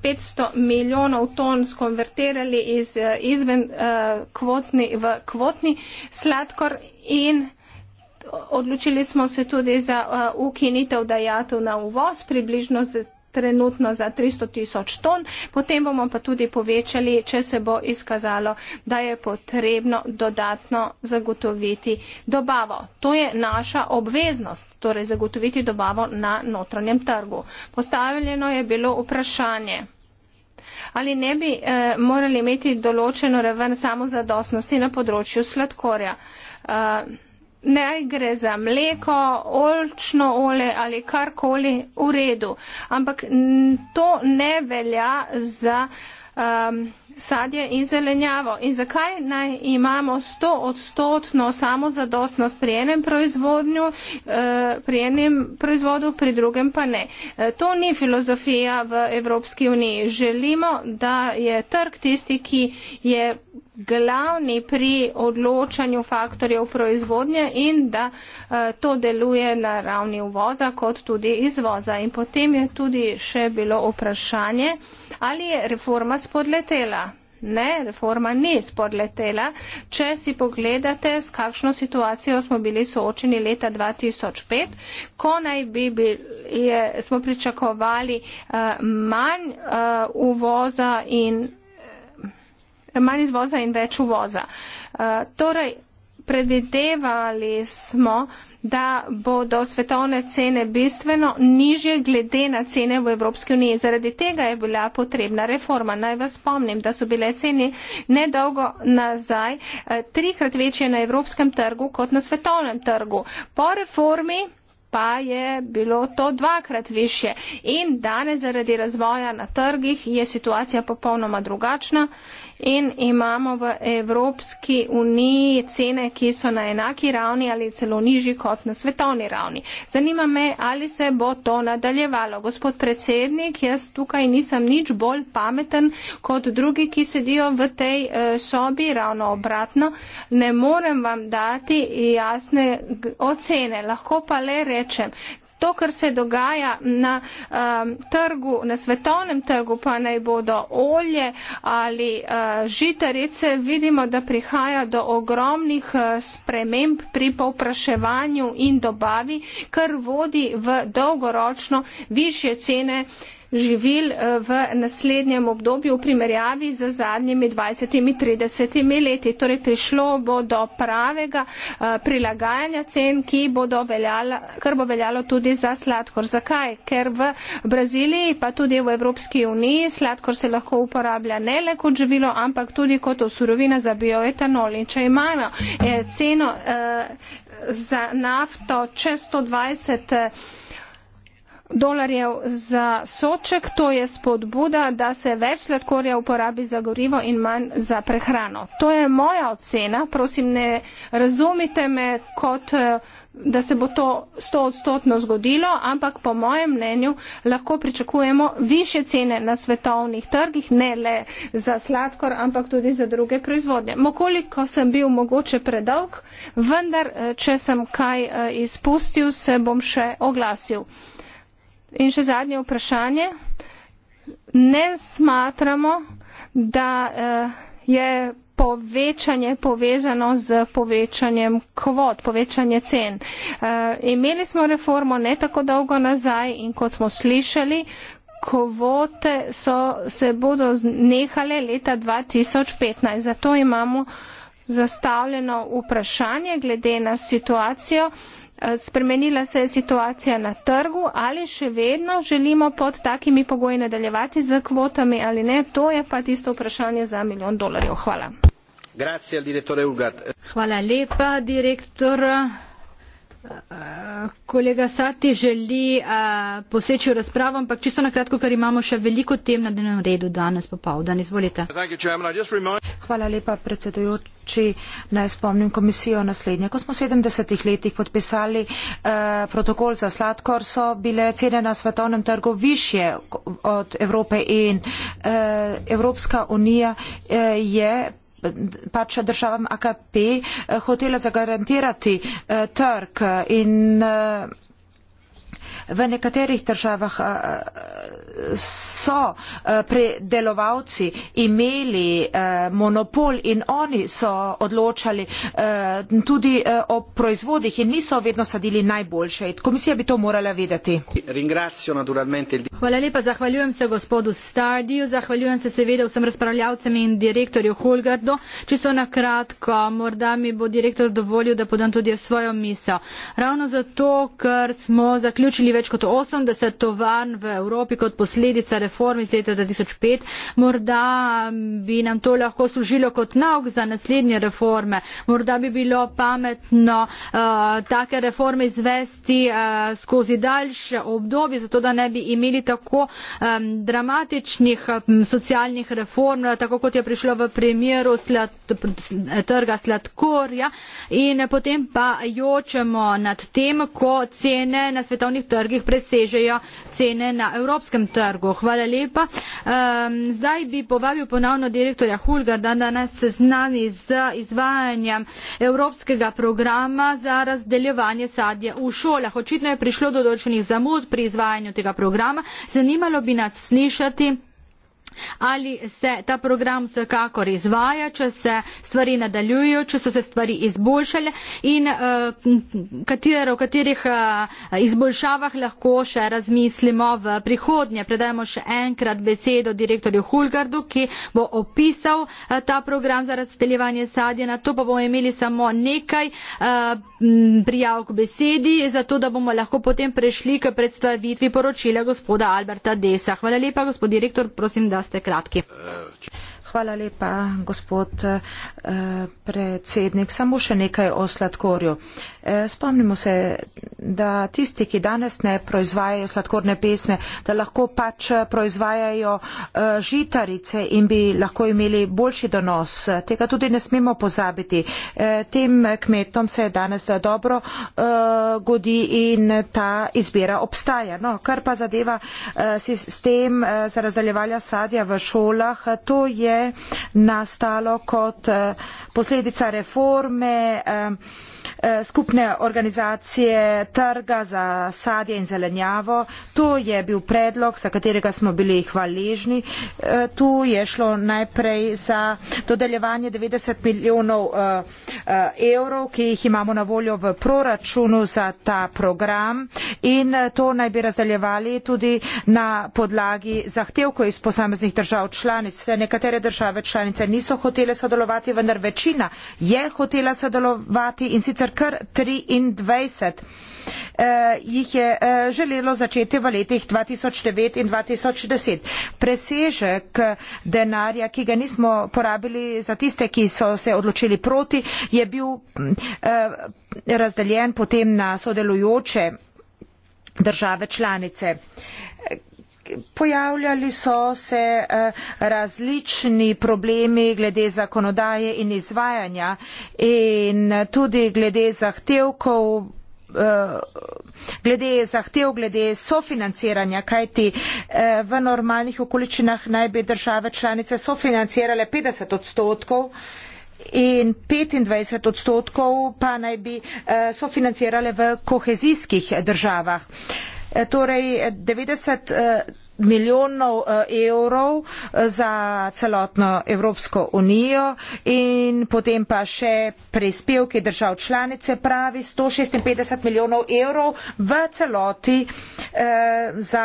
500 milijonov ton skonvertirali iz izven kvotni v kvotni sladkor in odločili smo se tudi za uh, ukinitev dajatov na uvoz, približno trenutno za 300 tisoč ton, potem bomo pa tudi povečali, če se bo izkazalo, da je potrebno dodatno zagotoviti dobavo. To je naša obveznost, torej zagotoviti dobavo na notranjem trgu. Postavljeno je bilo vprašanje. Ali ne bi e, morali imeti določeno raven samozadostnosti na področju sladkorja? E, naj gre za mleko, olčno olje ali karkoli v redu. Ampak to ne velja za um, sadje in zelenjavo. In zakaj naj imamo 100 odstotno samozadostnost pri enem proizvodnju, eh, pri enem proizvodu, pri drugem pa ne? Eh, to ni filozofija v Evropski uniji. Želimo, da je trg tisti, ki je glavni pri odločanju faktorjev proizvodnje in da eh, to deluje na ravni uvoza kot tudi izvoza. In potem je tudi še bilo vprašanje, ali je reforma spodletela. Ne, reforma ni spodletela. Če si pogledate, s kakšno situacijo smo bili soočeni leta 2005, ko naj bi bili, smo pričakovali uh, manj uh, uvoza in manj izvoza in več uvoza. Eh, torej, predvidevali smo, da bodo svetovne cene bistveno nižje glede na cene v Evropski uniji. Zaradi tega je bila potrebna reforma. Naj vas spomnim, da so bile cene nedolgo nazaj eh, trikrat večje na evropskem trgu kot na svetovnem trgu. Po reformi pa je bilo to dvakrat više in danes zaradi razvoja na trgih je situacija popolnoma drugačna in imamo v Evropski uniji cene, ki so na enaki ravni ali celo nižji kot na svetovni ravni. Zanima me, ali se bo to nadaljevalo. Gospod predsednik, jaz tukaj nisem nič bolj pameten kot drugi, ki sedijo v tej eh, sobi, ravno obratno. Ne morem vam dati jasne ocene, lahko pa le rečem, to, kar se dogaja na um, trgu, na svetovnem trgu, pa naj bodo olje ali uh, žitarice, vidimo, da prihaja do ogromnih uh, sprememb pri povpraševanju in dobavi, kar vodi v dolgoročno višje cene uh, živil eh, v naslednjem obdobju v primerjavi z zadnjimi 20-30 leti. Torej prišlo bo do pravega eh, prilagajanja cen, ki bodo veljala, kar bo veljalo tudi za sladkor. Zakaj? Ker v Braziliji pa tudi v Evropski uniji sladkor se lahko uporablja ne le kot živilo, ampak tudi kot surovina za bioetanol. In če imajo eh, ceno za nafto čez 120 dolarjev za soček, to je spodbuda, da se več sladkorja uporabi za gorivo in manj za prehrano. To je moja ocena, prosim, ne razumite me kot eh, da se bo to sto odstotno zgodilo, ampak po mojem mnenju lahko pričakujemo više cene na svetovnih trgih, ne le za sladkor, ampak tudi za druge proizvodnje. Mokoliko sem bil mogoče predolg, vendar eh, če sem kaj eh, izpustil, se bom še oglasil. In še zadnje vprašanje. Ne smatramo, da eh, je povečanje povezano z povečanjem kvot, povečanje cen. E, imeli smo reformo ne tako dolgo nazaj in kot smo slišali, kvote so, se bodo nehale leta 2015. Zato imamo zastavljeno vprašanje glede na situacijo. Eh, spremenila se je situacija na trgu, ali še vedno želimo pod takimi pogoji nadaljevati z kvotami ali ne, to je pa tisto vprašanje za milijon dolarjev. Hvala. Grazie al direttore Ugat. Hvala lepa, direktor. Kolega Sati želi uh, poseči v razpravo, ampak čisto na kratko, ker imamo še veliko tem na dnevnem redu danes popovdan. Izvolite. Hvala lepa, predsedujoči. Naj spomnim komisijo naslednje. Ko smo v 70-ih letih podpisali uh, protokol za sladkor, so bile cene na svetovnem trgu više od Evrope in uh, Evropska unija uh, je pač državam AKP eh, hotela zagarantirati eh, trg in eh, v nekaterih državah so predelovalci imeli monopol in oni so odločali tudi o proizvodih in niso vedno sadili najboljše. Komisija bi to morala vedeti. Hvala lepa, zahvaljujem se gospodu Stardiju, zahvaljujem se seveda vsem razpravljavcem in direktorju Hulgardu. Čisto na kratko, morda mi bo direktor dovolil, da podam tudi svojo misel. Ravno zato, ker smo zaključili več kot 80 tovarn v Evropi kot posledica reform iz leta 2005. Morda mm, bi nam to lahko služilo kot nauk za naslednje reforme. Morda bi bilo pametno uh, take reforme izvesti uh, skozi daljše obdobje, zato da ne bi imeli tako um, dramatičnih um, socialnih reform, eh, tako kot je prišlo v primeru slad, trga sladkorja. In potem pa jočemo nad tem, ko cene na svetovnih trgih trgih presežejo cene na evropskem trgu. Hvala lepa. Um, zdaj bi povabil ponovno direktorja Hulga, da nas seznani z izvajanjem evropskega programa za razdeljevanje sadja v šolah. Očitno je prišlo do določenih zamud pri izvajanju tega programa. Zanimalo bi nas slišati ali se ta program vsekakor izvaja, če se stvari nadaljujejo, če so se stvari izboljšale in eh, katero, v katerih eh, izboljšavah lahko še razmislimo v prihodnje. Predajmo še enkrat besedo direktorju Hulgardu, ki bo opisal eh, ta program za razdeljevanje sadja. Na to pa bomo imeli samo nekaj prijav k besedi, zato da bomo lahko potem prešli k predstavitvi poročila gospoda Alberta Desa. Hvala lepa, gospod direktor, prosim, da ste kratki. Hvala lepa, gospod eh, predsednik. Samo še nekaj o sladkorju. Eh, E, spomnimo se, da tisti, ki danes ne proizvajajo sladkorne pesme, da lahko pač proizvajajo e, žitarice in bi lahko imeli boljši donos. Tega tudi ne smemo pozabiti. E, tem kmetom se danes dobro godi in ta izbira obstaja. No, kar pa zadeva sistem za razdaljevalja sadja v šolah, to je nastalo kot posledica reforme. Eh, skupne organizacije trga za sadje in zelenjavo. To je bil predlog, za katerega smo bili hvaležni. Eh, tu je šlo najprej za dodeljevanje 90 milijonov eh, evrov, ki jih imamo na voljo v proračunu za ta program in to naj bi razdeljevali tudi na podlagi zahtevko iz posameznih držav članic. Nekatere države članice niso hotele sodelovati, vendar večina je hotela sodelovati in sicer sicer kar 23. Uh, eh, jih je uh, želelo začeti v letih 2009 in 2010. Presežek denarja, ki ga nismo porabili za tiste, ki so se odločili proti, je bil uh, razdeljen potem na sodelujoče države članice pojavljali so se eh, različni problemi glede zakonodaje in izvajanja in tudi glede zahtevkov. Eh, glede zahtev, glede sofinanciranja, kajti eh, v normalnih okoličinah naj bi države članice sofinancirale 50 odstotkov in 25 odstotkov pa naj bi sofinancirale v kohezijskih državah. Eh, torej 90 eh, eh, milijonov evrov za celotno Evropsko unijo in potem pa še prispevki držav članice pravi 156 milijonov evrov v celoti za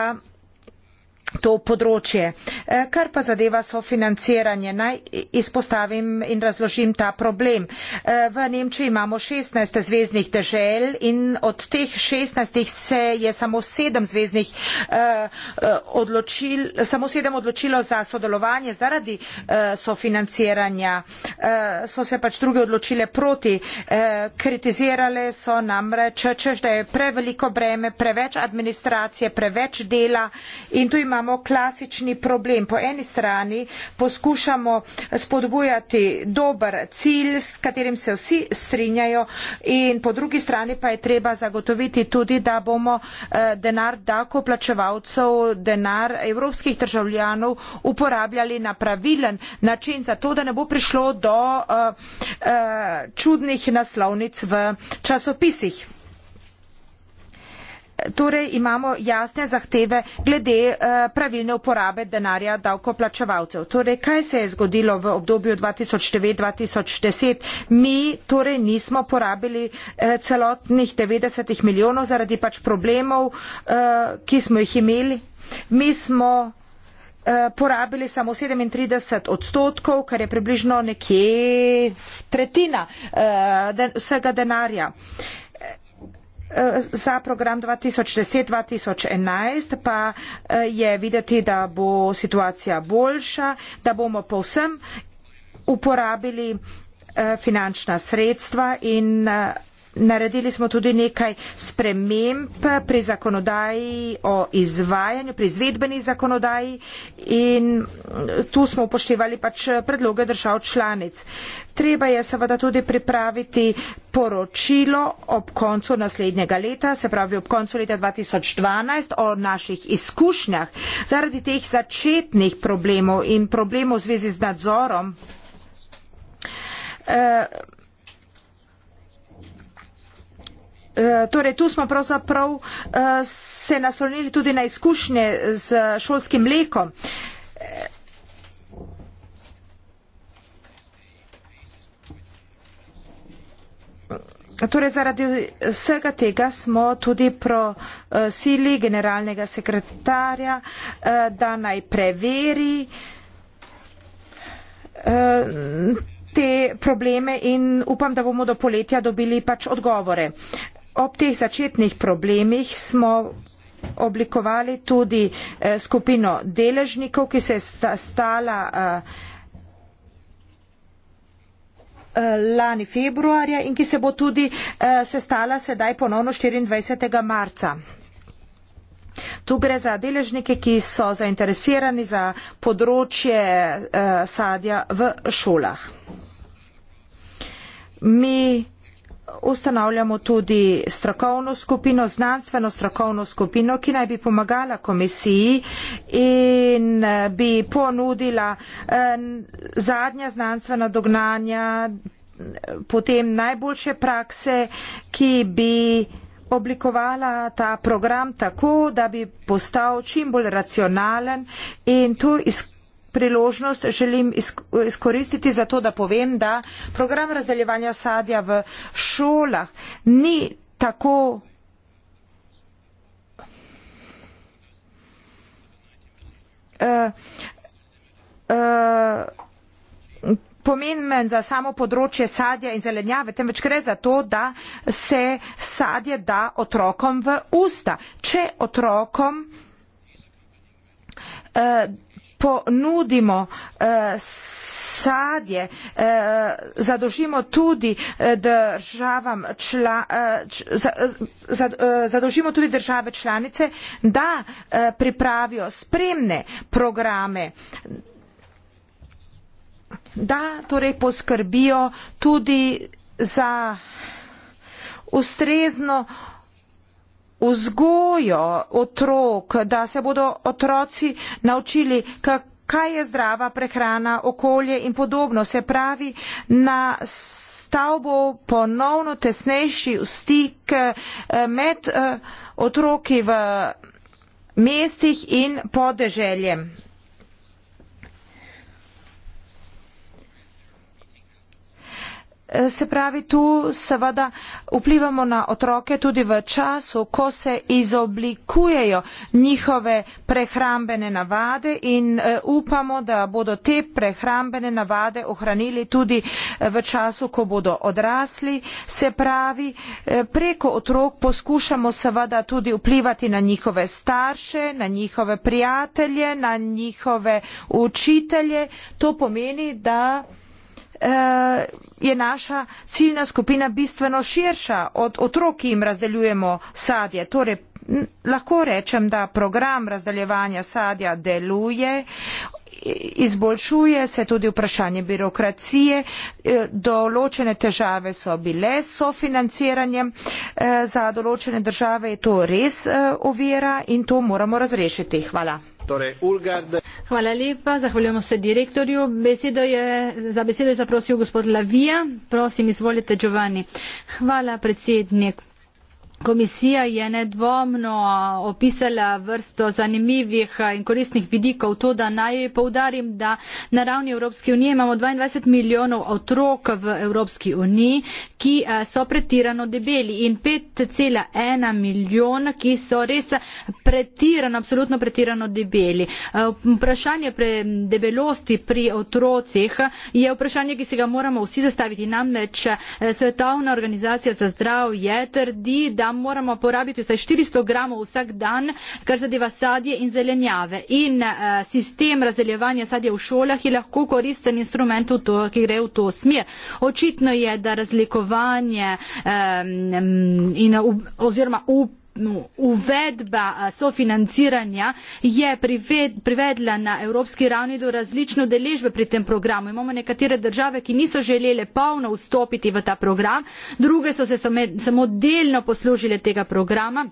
to področje. Eh, kar pa zadeva sofinanciranje, naj izpostavim in razložim ta problem. Eh, v Nemčiji imamo 16 zvezdnih držel in od teh 16 se je samo 7 zvezdnih eh, odločil, samo 7 odločilo za sodelovanje zaradi sofinanciranja. So se pač druge odločile proti. Kritizirale so namreč, češ, da je preveliko breme, preveč administracije, preveč dela in tu imamo imamo klasični problem. Po eni strani poskušamo spodbujati dober cilj, s katerim se vsi strinjajo in po drugi strani pa je treba zagotoviti tudi, da bomo eh, denar davkoplačevalcev, denar evropskih državljanov uporabljali na pravilen način, zato da ne bo prišlo do uh, uh, čudnih naslovnic v časopisih torej imamo jasne zahteve glede eh, pravilne uporabe denarja davkoplačevalcev. Torej, kaj se je zgodilo v obdobju 2009-2010? Mi torej nismo porabili eh, celotnih 90 milijonov zaradi pač problemov, eh, ki smo jih imeli. Mi smo eh, porabili samo 37 odstotkov, kar je približno nekje tretjina eh, vsega denarja za program 2010-2011 pa eh, je videti, da bo situacija boljša, da bomo povsem uporabili eh, finančna sredstva in eh, naredili smo tudi nekaj sprememb pri zakonodaji o izvajanju, pri izvedbeni zakonodaji in mm, tu smo upoštevali pač predloge držav članic. Treba je seveda tudi pripraviti poročilo ob koncu naslednjega leta, se pravi ob koncu leta 2012 o naših izkušnjah. Zaradi teh začetnih problemov in problemov v zvezi z nadzorom eh, eh, Torej, tu smo pravzaprav eh, se naslonili tudi na izkušnje z šolskim mlekom. Torej, zaradi vsega tega smo tudi prosili eh, generalnega sekretarja, eh, da naj preveri eh, te probleme in upam, da bomo do poletja dobili pač odgovore. Ob teh začetnih problemih smo oblikovali tudi skupino deležnikov, ki se je stala Eh, lani februarja in ki se bo tudi eh, sestala sedaj ponovno 24. marca. Tu gre za deležnike, ki so zainteresirani za področje eh, sadja v šolah. Mi ustanavljamo tudi strokovno skupino, znanstveno strokovno skupino, ki naj bi pomagala komisiji in eh, bi ponudila eh, zadnja znanstvena dognanja, eh, potem najboljše prakse, ki bi oblikovala ta program tako, da bi postal čim bolj racionalen in to izkušnjo priložnost želim izkoristiti za to, da povem, da program razdeljevanja sadja v šolah ni tako eh, eh, pomenjen za samo področje sadja in zelenjave, temveč gre za to, da se sadje da otrokom v usta. Če otrokom eh, ponudimo eh, sadje, eh, zadožimo tudi eh, državam čla, eh, za, eh, eh zadožimo tudi države članice, da eh, pripravijo spremne programe, da torej poskrbijo tudi za ustrezno eh, vzgojo otrok, da se bodo otroci naučili, kaj je zdrava prehrana, okolje in podobno. Se pravi, na stavbo ponovno tesnejši stik eh, med eh, otroki v mestih in podeželjem. se pravi, tu seveda vplivamo na otroke tudi v času, ko se izoblikujejo njihove prehrambene navade in e, upamo, da bodo te prehrambene navade ohranili tudi e, v času, ko bodo odrasli. Se pravi, e, preko otrok poskušamo seveda tudi vplivati na njihove starše, na njihove prijatelje, na njihove učitelje. To pomeni, da Eh, je naša ciljna skupina bistveno širša od otrok, ki jim razdeljujemo sadje. Torej, lahko rečem, da program razdeljevanja sadja deluje, izboljšuje se tudi vprašanje birokracije, eh, določene težave so bile s sofinanciranjem, eh, za določene države je to res ovira in to moramo razrešiti. Hvala dr. Ulgard. Hvala lepa, zahvaljujemo se direktorju. Besedo je, za besedo je zaprosil gospod Lavija. Prosim, izvolite, Giovanni. Hvala, predsednik. Komisija je nedvomno opisala vrsto zanimivih in koristnih vidikov. To, da naj povdarim, da na ravni Evropske unije imamo 22 milijonov otrok v Evropski uniji, ki eh, so pretirano debeli in 5,1 milijona, ki so res pretirano, absolutno pretirano debeli. Eh, vprašanje pre debelosti pri otrocih je vprašanje, ki se ga moramo vsi zastaviti. Namreč eh, Svetovna organizacija za zdravje trdi, da gram moramo porabiti vsaj 400 gramov vsak dan, kar zadeva sadje in zelenjave. In uh, sistem razdeljevanja sadja v šolah je lahko koristen instrument, to, ki gre v to smer. Očitno je, da razlikovanje um, in, oziroma upanje No, uvedba sofinanciranja je prived, privedla na evropski ravni do različne deležbe pri tem programu. Imamo nekatere države, ki niso želele polno vstopiti v ta program, druge so se samo delno poslužile tega programa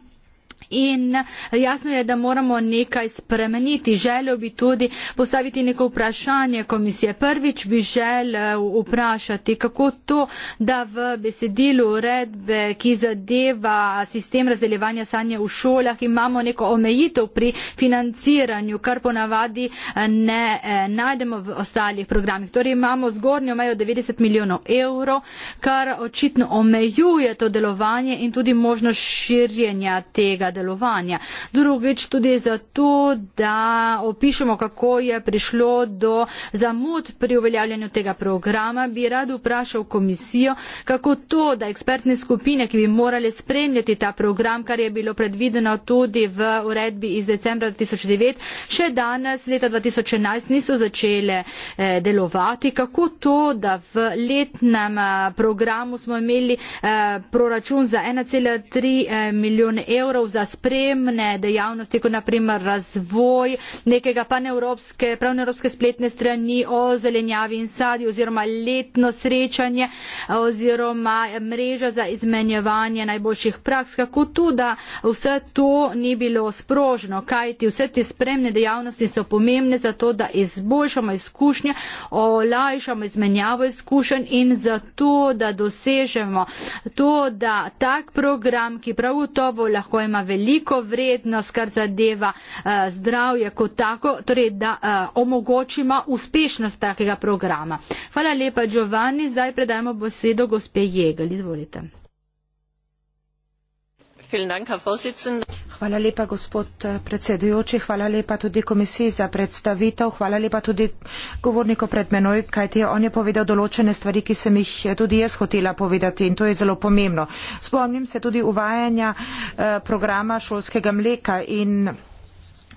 in jasno je, da moramo nekaj spremeniti. Želel bi tudi postaviti neko vprašanje komisije. Prvič bi želel vprašati, kako to, da v besedilu uredbe, ki zadeva sistem razdeljevanja sanje v šolah, imamo neko omejitev pri financiranju, kar ponavadi ne eh, najdemo v ostalih programih. Torej imamo zgornjo mejo 90 milijonov evrov, kar očitno omejuje to delovanje in tudi možnost širjenja tega. Del delovanja. Drugič tudi zato, da opišemo, kako je prišlo do zamud pri uveljavljanju tega programa, bi rad vprašal komisijo, kako to, da ekspertne skupine, ki bi morali spremljati ta program, kar je bilo predvideno tudi v uredbi iz decembra 2009, še danes, leta 2011, niso začele eh, delovati. Kako to, da v letnem eh, programu smo imeli eh, proračun za 1,3 eh, milijone evrov za spremne dejavnosti, kot naprimer razvoj nekega paneuropske, pravneuropske spletne strani o zelenjavi in sadju oziroma letno srečanje oziroma mreža za izmenjevanje najboljših praks, kako tu, da vse to ni bilo sprožno, kajti vse te spremne dejavnosti so pomembne za to, da izboljšamo izkušnje, olajšamo izmenjavo izkušenj in za to, da dosežemo to, da tak program, ki prav gotovo lahko ima veliko veliko vrednost, kar zadeva eh, zdravje kot tako, torej da eh, omogočimo uspešnost takega programa. Hvala lepa, Giovanni. Zdaj predajmo besedo gospe Jegel. Izvolite. Hvala lepa, gospod eh, predsedujoči. Hvala lepa tudi komisiji za predstavitev. Hvala lepa tudi govorniku pred menoj, kajti on je povedal določene stvari, ki sem jih eh, tudi jaz hotela povedati in to je zelo pomembno. Spomnim se tudi uvajanja eh, programa šolskega mleka in.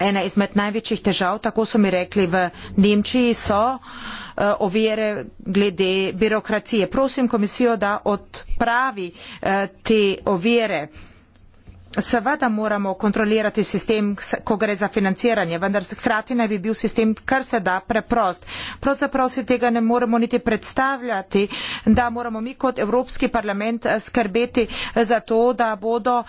Ena izmed največjih težav, tako so mi rekli v Nemčiji, so ovire glede birokracije. Prosim komisijo, da odpravi te ovire. Seveda moramo kontrolirati sistem, ko gre za financiranje, vendar hkrati naj bi bil sistem kar se da preprost. Pravzaprav si tega ne moremo niti predstavljati, da moramo mi kot Evropski parlament eh, skrbeti eh, za to, da bodo uh,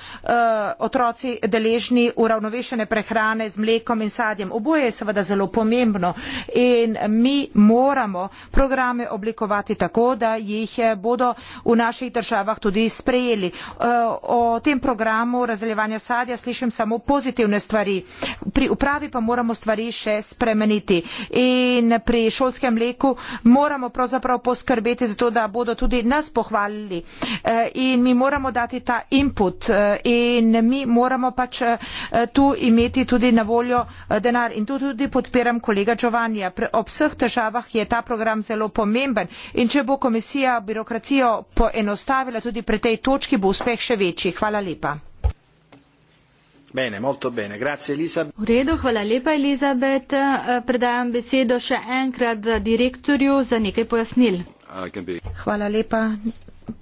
otroci deležni uravnovešene prehrane z mlekom in sadjem. Oboje je seveda zelo pomembno in mi moramo programe oblikovati tako, da jih bodo v naših državah tudi sprejeli. Uh, o tem programu razdeljevanja sadja slišim samo pozitivne stvari. Pri upravi pa moramo stvari še spremeniti. In pri šolskem mleku moramo pravzaprav poskrbeti za to, da bodo tudi nas pohvalili. Eh, in mi moramo dati ta input eh, in mi moramo pač eh, tu imeti tudi na voljo denar. In tu tudi podpiram kolega Giovanja. Ob vseh težavah je ta program zelo pomemben. In če bo komisija birokracijo poenostavila tudi pri tej točki, bo uspeh še večji. Hvala lepa. Bene, molto bene. Grazie Elisabeth. V redu, hvala lepa Elisabeth. Eh, predajam besedo še enkrat direktorju za nekaj pojasnil. Hvala lepa.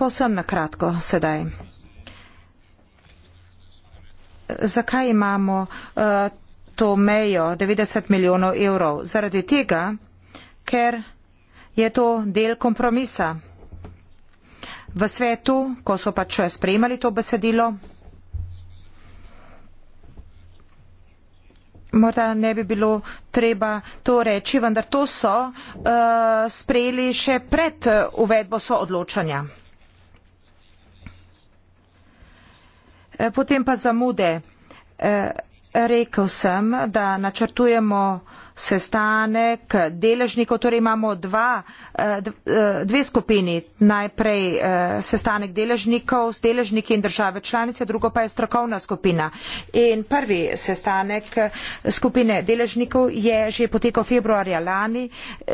Posem na kratko sedaj. Zakaj imamo uh, to mejo 90 milijonov evrov? Zaradi tega, ker je to del kompromisa. V svetu, ko so pač sprejemali to besedilo, morda ne bi bilo treba to reči, vendar to so uh, sprejeli še pred eh, uvedbo soodločanja. Eh, potem pa zamude. Rekl sem, da načrtujemo sestanek deležnikov, torej imamo dva, eh, eh, dve skupini. Najprej eh, sestanek deležnikov s deležniki in države članice, drugo pa je strokovna skupina. In prvi sestanek skupine deležnikov je že potekal februarja lani,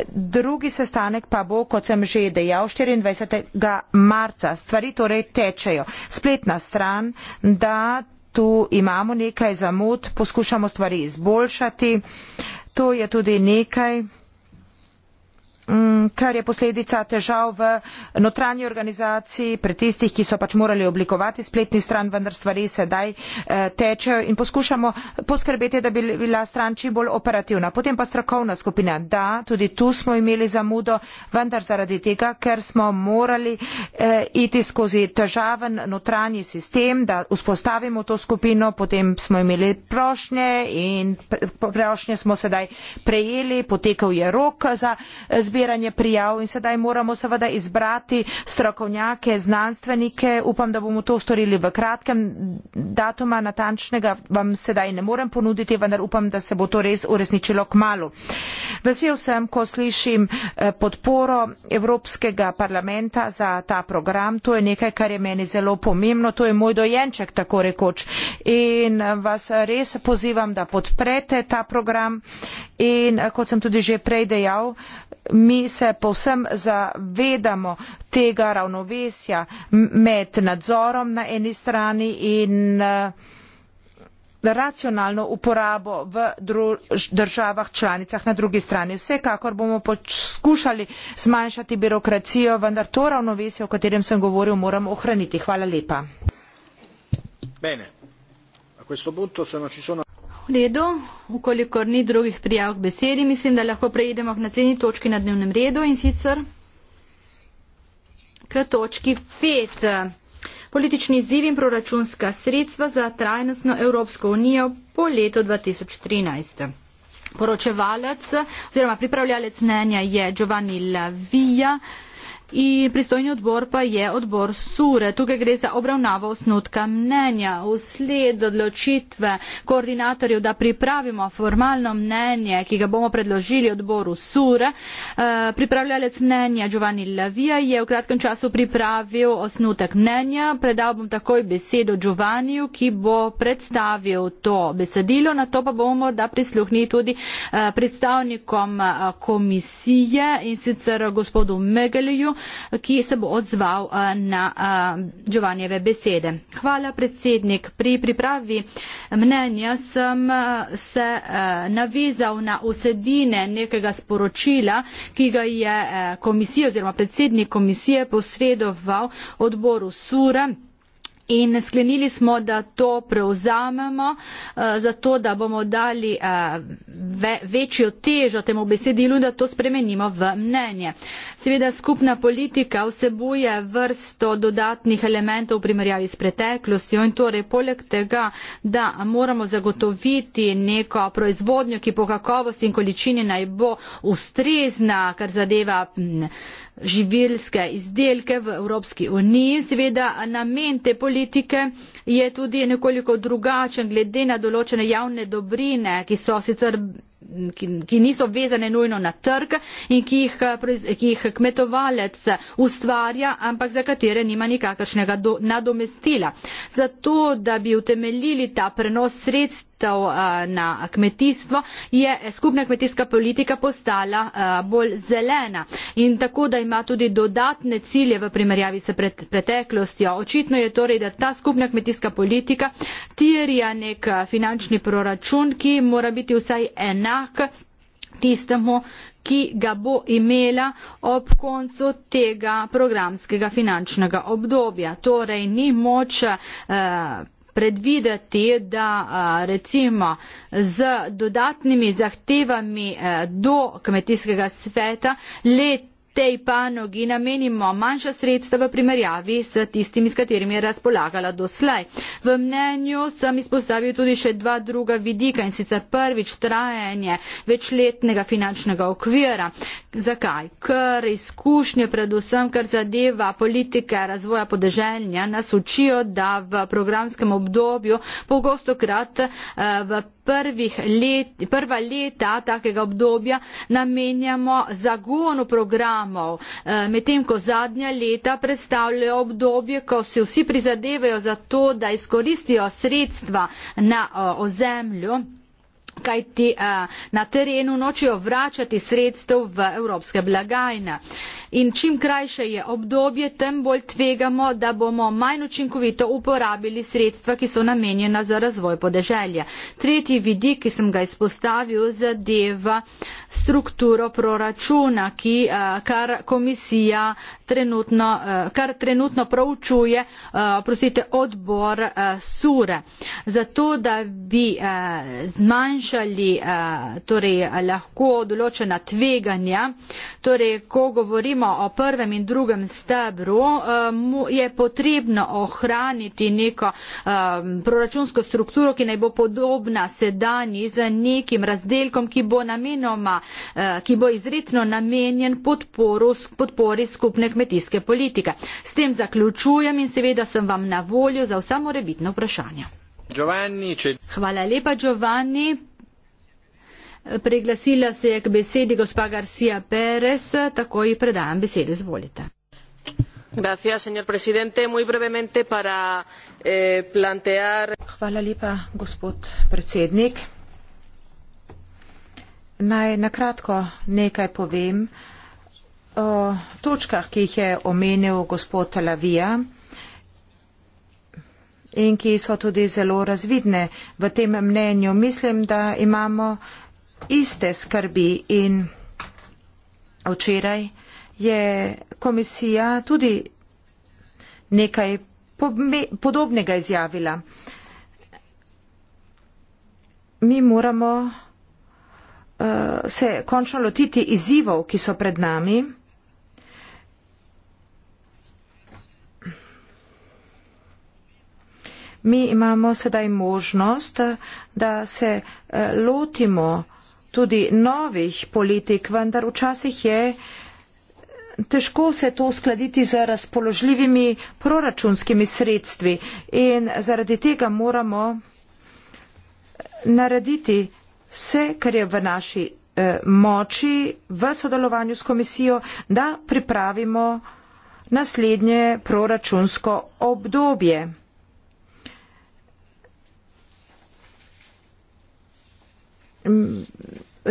drugi sestanek pa bo, kot sem že dejal, 24. marca. Stvari torej tečejo. Spletna stran, da tu imamo nekaj zamud, poskušamo stvari izboljšati to je tudi nekaj Mm, kar je posledica težav v notranji organizaciji, pri tistih, ki so pač morali oblikovati spletni stran, vendar stvari sedaj eh, tečejo in poskušamo poskrbeti, da bi bila stran čim bolj operativna. Potem pa strokovna skupina. Da, tudi tu smo imeli zamudo, vendar zaradi tega, ker smo morali eh, iti skozi težaven notranji sistem, da vzpostavimo to skupino, potem smo imeli prošnje in prošnje smo sedaj prejeli, potekal je rok za zbiranje zbiranje prijav in sedaj moramo seveda izbrati strokovnjake, znanstvenike. Upam, da bomo to storili v kratkem. Datuma natančnega vam sedaj ne morem ponuditi, vendar upam, da se bo to res uresničilo k malu. Vesel sem, ko slišim eh, podporo Evropskega parlamenta za ta program. To je nekaj, kar je meni zelo pomembno. To je moj dojenček, tako rekoč. In eh, vas res pozivam, da podprete ta program In eh, kot sem tudi že prej dejal, mi se povsem zavedamo tega ravnovesja med nadzorom na eni strani in eh, racionalno uporabo v državah članicah na drugi strani. Vsekakor bomo poskušali zmanjšati birokracijo, vendar to ravnovesje, o katerem sem govoril, moramo ohraniti. Hvala lepa. Bene. A questo punto se non ci sono V redu, ukolikor ni drugih prijav k besedi, mislim, da lahko prejdemo k naslednji točki na dnevnem redu in sicer k točki 5. Politični izziv in proračunska sredstva za trajnostno Evropsko unijo po letu 2013. Poročevalec oziroma pripravljalec mnenja je Giovanni Lavija. In pristojni odbor pa je odbor Sure. Tukaj gre za obravnavo osnutka mnenja. Vsled odločitve koordinatorjev, da pripravimo formalno mnenje, ki ga bomo predložili odboru Sure, eh, pripravljalec mnenja Giovanni Lavija je v kratkem času pripravil osnutek mnenja. Predal bom takoj besedo Giovanniju, ki bo predstavil to besedilo. Na to pa bomo da prisluhni tudi eh, predstavnikom eh, komisije in sicer gospodu Megelju ki se bo odzval eh, na eh, Giovanjeve besede. Hvala predsednik. Pri pripravi mnenja sem eh, se navizal na osebine nekega sporočila, ki ga je komisija oziroma predsednik komisije posredoval odboru Sura. In sklenili smo, da to prevzamemo, eh, zato da bomo dali eh, večjo težo temu besedilu, da to spremenimo v mnenje. Seveda skupna politika vsebuje vrsto dodatnih elementov v primerjavi s preteklostjo in torej poleg tega, da moramo zagotoviti neko proizvodnjo, ki po kakovosti in količini naj bo ustrezna, kar zadeva. Mh, živilske izdelke v Evropski uniji. Seveda namen te politike je tudi nekoliko drugačen glede na določene javne dobrine, ki so sicer. Ki, ki niso vezane nujno na trg in ki jih, ki jih kmetovalec ustvarja, ampak za katere nima nikakršnega do, nadomestila. Zato, da bi utemeljili ta prenos sredstv, kmetov eh, na kmetijstvo, je skupna kmetijska politika postala eh, bolj zelena in tako, da ima tudi dodatne cilje v primerjavi s preteklostjo. Očitno je torej, da ta skupna kmetijska politika tirja nek eh, finančni proračun, ki mora biti vsaj enak tistemu, ki ga bo imela ob koncu tega programskega finančnega obdobja. Torej ni moč eh, predvideti, da recimo z dodatnimi zahtevami do kmetijskega sveta let tej panogi namenimo manjša sredstva v primerjavi s tistimi, s katerimi je razpolagala doslej. V mnenju sem izpostavil tudi še dva druga vidika in sicer prvič trajanje večletnega finančnega okvira. Zakaj? Ker izkušnje predvsem, kar zadeva politike razvoja podeželja, nas učijo, da v programskem obdobju pogosto krat eh, v let, prva leta takega obdobja namenjamo zagonu programov, eh, medtem ko zadnja leta predstavljajo obdobje, ko se vsi prizadevajo za to, da izkoristijo sredstva na eh, ozemlju kaj ti eh, na terenu nočijo vračati sredstev v evropske blagajne. In čim krajše je obdobje, tem bolj tvegamo, da bomo manj učinkovito uporabili sredstva, ki so namenjena za razvoj podeželja. Tretji vidik, ki sem ga izpostavil, zadeva strukturo proračuna, ki, eh, kar komisija trenutno, eh, kar trenutno proučuje eh, prosite, odbor Sure. Zato, da bi zmanjšali torej, lahko določena tveganja, torej, ko govorimo, govorimo o prvem in drugem stebru, eh, je potrebno ohraniti neko eh, proračunsko strukturo, ki naj bo podobna sedanji z nekim razdelkom, ki bo, namenoma, eh, ki bo izredno namenjen podporu, podpori skupne kmetijske politike. S tem zaključujem in seveda sem vam na voljo za vsa morebitna vprašanja. Giovanni, če... Hvala lepa, Giovanni. Preglasila se je k besedi gospa Garcia Perez, tako ji predajam besedo. Izvolite. Gracias, señor presidente. Muy brevemente para eh, plantear. Hvala lepa, gospod predsednik. Naj nakratko nekaj povem o točkah, ki jih je omenil gospod Talavija in ki so tudi zelo razvidne v tem mnenju. Mislim, da imamo iste skrbi in včeraj je komisija tudi nekaj podobnega izjavila. Mi moramo uh, se končno lotiti izzivov, ki so pred nami. Mi imamo sedaj možnost, da se eh, lotimo uh, tudi novih politik, vendar včasih je težko se to uskladiti z razpoložljivimi proračunskimi sredstvi in zaradi tega moramo narediti vse, kar je v naši eh, moči v sodelovanju s komisijo, da pripravimo naslednje proračunsko obdobje. M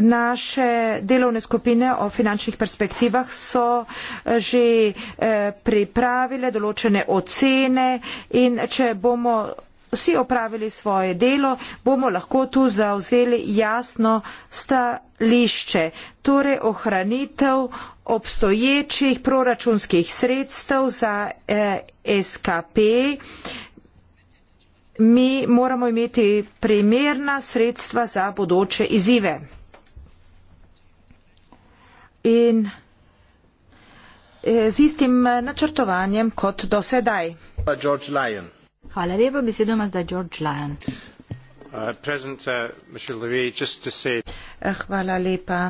naše delovne skupine o finančnih perspektivah so eh, že eh, pripravile določene ocene in če bomo vsi opravili svoje delo, bomo lahko tu zauzeli jasno stališče, torej ohranitev obstoječih proračunskih sredstev za eh, SKP. Mi moramo imeti primerna sredstva za bodoče izzive in eh, z istim načrtovanjem kot do sedaj. Hvala lepa, besedo ima zdaj George Lyon. Uh, uh, eh, hvala lepa,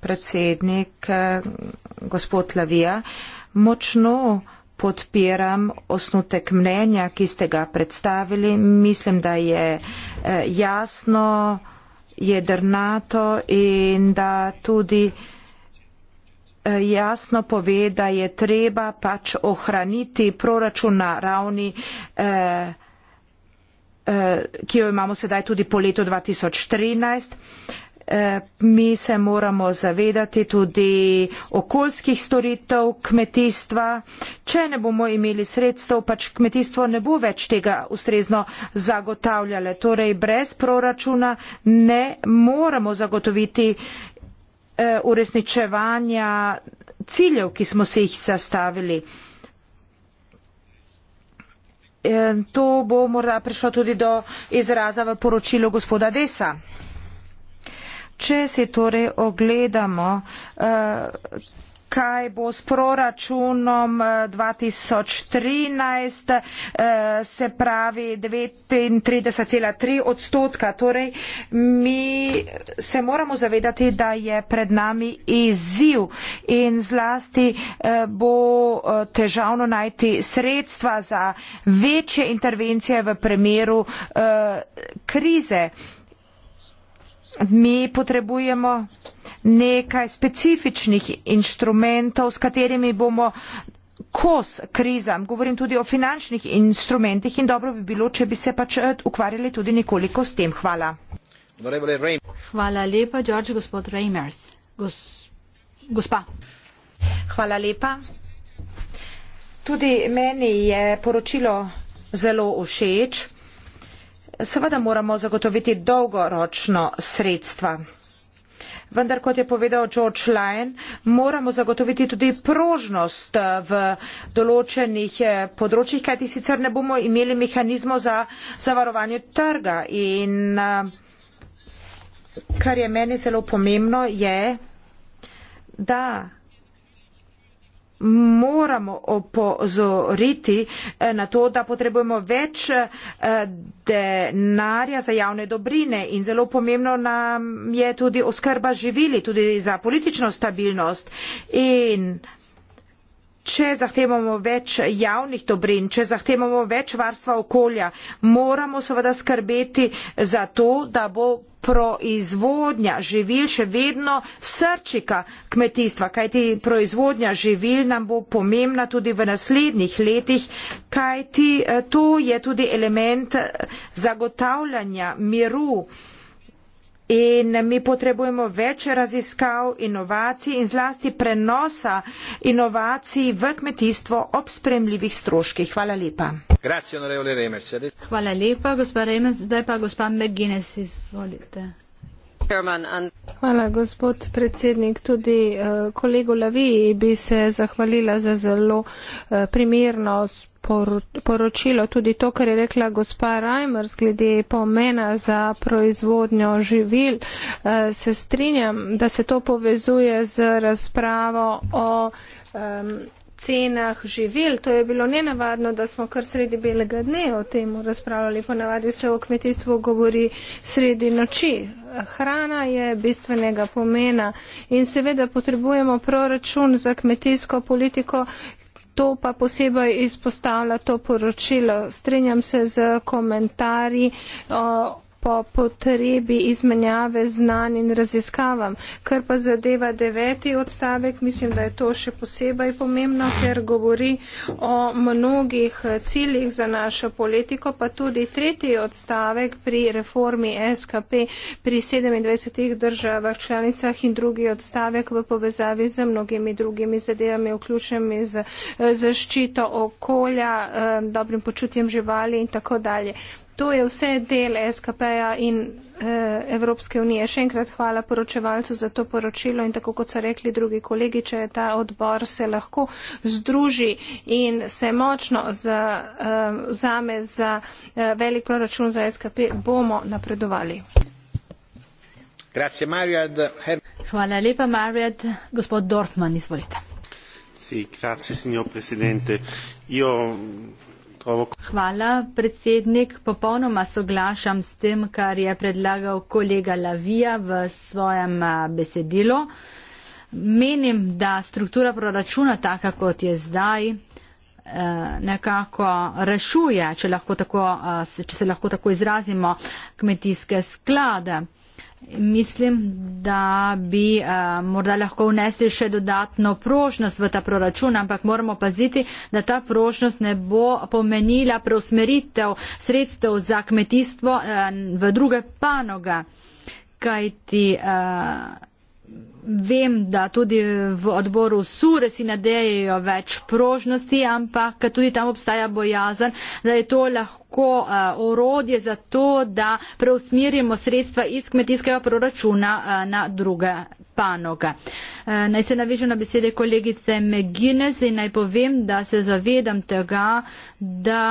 predsednik, eh, gospod Lavija. Močno podpiram osnutek mnenja, ki ste ga predstavili. Mislim, da je jasno, jedrnato in da tudi Eh, jasno pove, da je treba pač ohraniti proračun na ravni, eh, eh, ki jo imamo sedaj tudi po letu 2013. Mi se moramo zavedati tudi okoljskih storitev kmetijstva. Če ne bomo imeli sredstev, pač kmetijstvo ne bo več tega ustrezno zagotavljale. Torej, brez proračuna ne moramo zagotoviti Eh, uresničevanja ciljev, ki smo se jih zastavili. Eh, to bo morda prišlo tudi do izraza v poročilu gospoda Desa. Če se torej ogledamo, eh, kaj bo s proračunom 2013, eh, eh, se pravi 39,3 odstotka. Torej, mi se moramo zavedati, da je pred nami izziv in zlasti eh, bo težavno najti sredstva za večje intervencije v primeru krize. Mi potrebujemo nekaj specifičnih inštrumentov, s katerimi bomo kos krizam, govorim tudi o finančnih instrumentih in dobro bi bilo, če bi se pač eh, ukvarjali tudi nekoliko s tem. Hvala. Hvala lepa, George, gospod Reimers. Gos, gospa. Hvala lepa. Tudi meni je poročilo zelo všeč. Seveda moramo zagotoviti dolgoročno sredstva vendar kot je povedal George Lyon, moramo zagotoviti tudi prožnost eh, v določenih eh, področjih, kajti sicer ne bomo imeli mehanizmo za zavarovanje trga. In eh, kar je meni zelo pomembno, je, da moramo opozoriti eh, na to, da potrebujemo več eh, denarja za javne dobrine in zelo pomembno nam je tudi oskrba živili, tudi za politično stabilnost in če zahtevamo več javnih dobrin, če zahtevamo več varstva okolja, moramo seveda skrbeti za to, da bo proizvodnja živil še vedno srčika kmetijstva, kajti proizvodnja živil nam bo pomembna tudi v naslednjih letih, kajti eh, to je tudi element eh, zagotavljanja miru In mi potrebujemo več raziskav, inovacij in zlasti prenosa inovacij v kmetijstvo ob spremljivih stroških. Hvala lepa. Hvala lepa, gospod Remes. Zdaj pa gospod McGuinness, izvolite. Hvala, gospod predsednik. Tudi uh, kolegu Laviji bi se zahvalila za zelo uh, primerno poročilo. Tudi to, kar je rekla gospa Reimers glede pomena za proizvodnjo živil, uh, se strinjam, da se to povezuje z razpravo o. Um, cenah živil. To je bilo nenavadno, da smo kar sredi belega dne o tem razpravljali. Ponavadi se o kmetijstvu govori sredi noči. Hrana je bistvenega pomena in seveda potrebujemo proračun za kmetijsko politiko. To pa posebej izpostavlja to poročilo. Strenjam se z komentarji. O, po potrebi izmenjave znanj in raziskavam. Kar pa zadeva deveti odstavek, mislim, da je to še posebej pomembno, ker govori o mnogih ciljih za našo politiko, pa tudi tretji odstavek pri reformi SKP pri 27 državah članicah in drugi odstavek v povezavi z mnogimi drugimi zadevami, vključenimi z eh, zaščito okolja, eh, dobrim počutjem živali in tako dalje. To je vse del SKP-ja in e, Evropske unije. Še enkrat hvala poročevalcu za to poročilo in tako kot so rekli drugi kolegi, če je ta odbor se lahko združi in se močno za, e, vzame za e, velik proračun za SKP, bomo napredovali. Grazie, Marjad. Her... Hvala lepa, Marjad. Gospod Dorfman, izvolite. Si, grazie, signor presidente. Io... Hvala, predsednik. Popolnoma soglašam s tem, kar je predlagal kolega Lavija v svojem besedilu. Menim, da struktura proračuna, taka kot je zdaj, e, nekako rešuje, če, lahko tako, če se lahko tako izrazimo, kmetijske sklade. Mislim, da bi uh, morda lahko vnesli še dodatno prožnost v ta proračun, ampak moramo paziti, da ta prožnost ne bo pomenila preusmeritev sredstev za kmetijstvo uh, v druge panoge. Kaj ti. Uh, eh, vem, da tudi v odboru Sure si nadejejo več prožnosti, ampak tudi tam obstaja bojazen, da je to lahko uh, orodje za to, da preusmirimo sredstva iz kmetijskega proračuna uh, na druge panoge. Uh, naj se navežem na besede kolegice Megines in naj povem, da se zavedam tega, da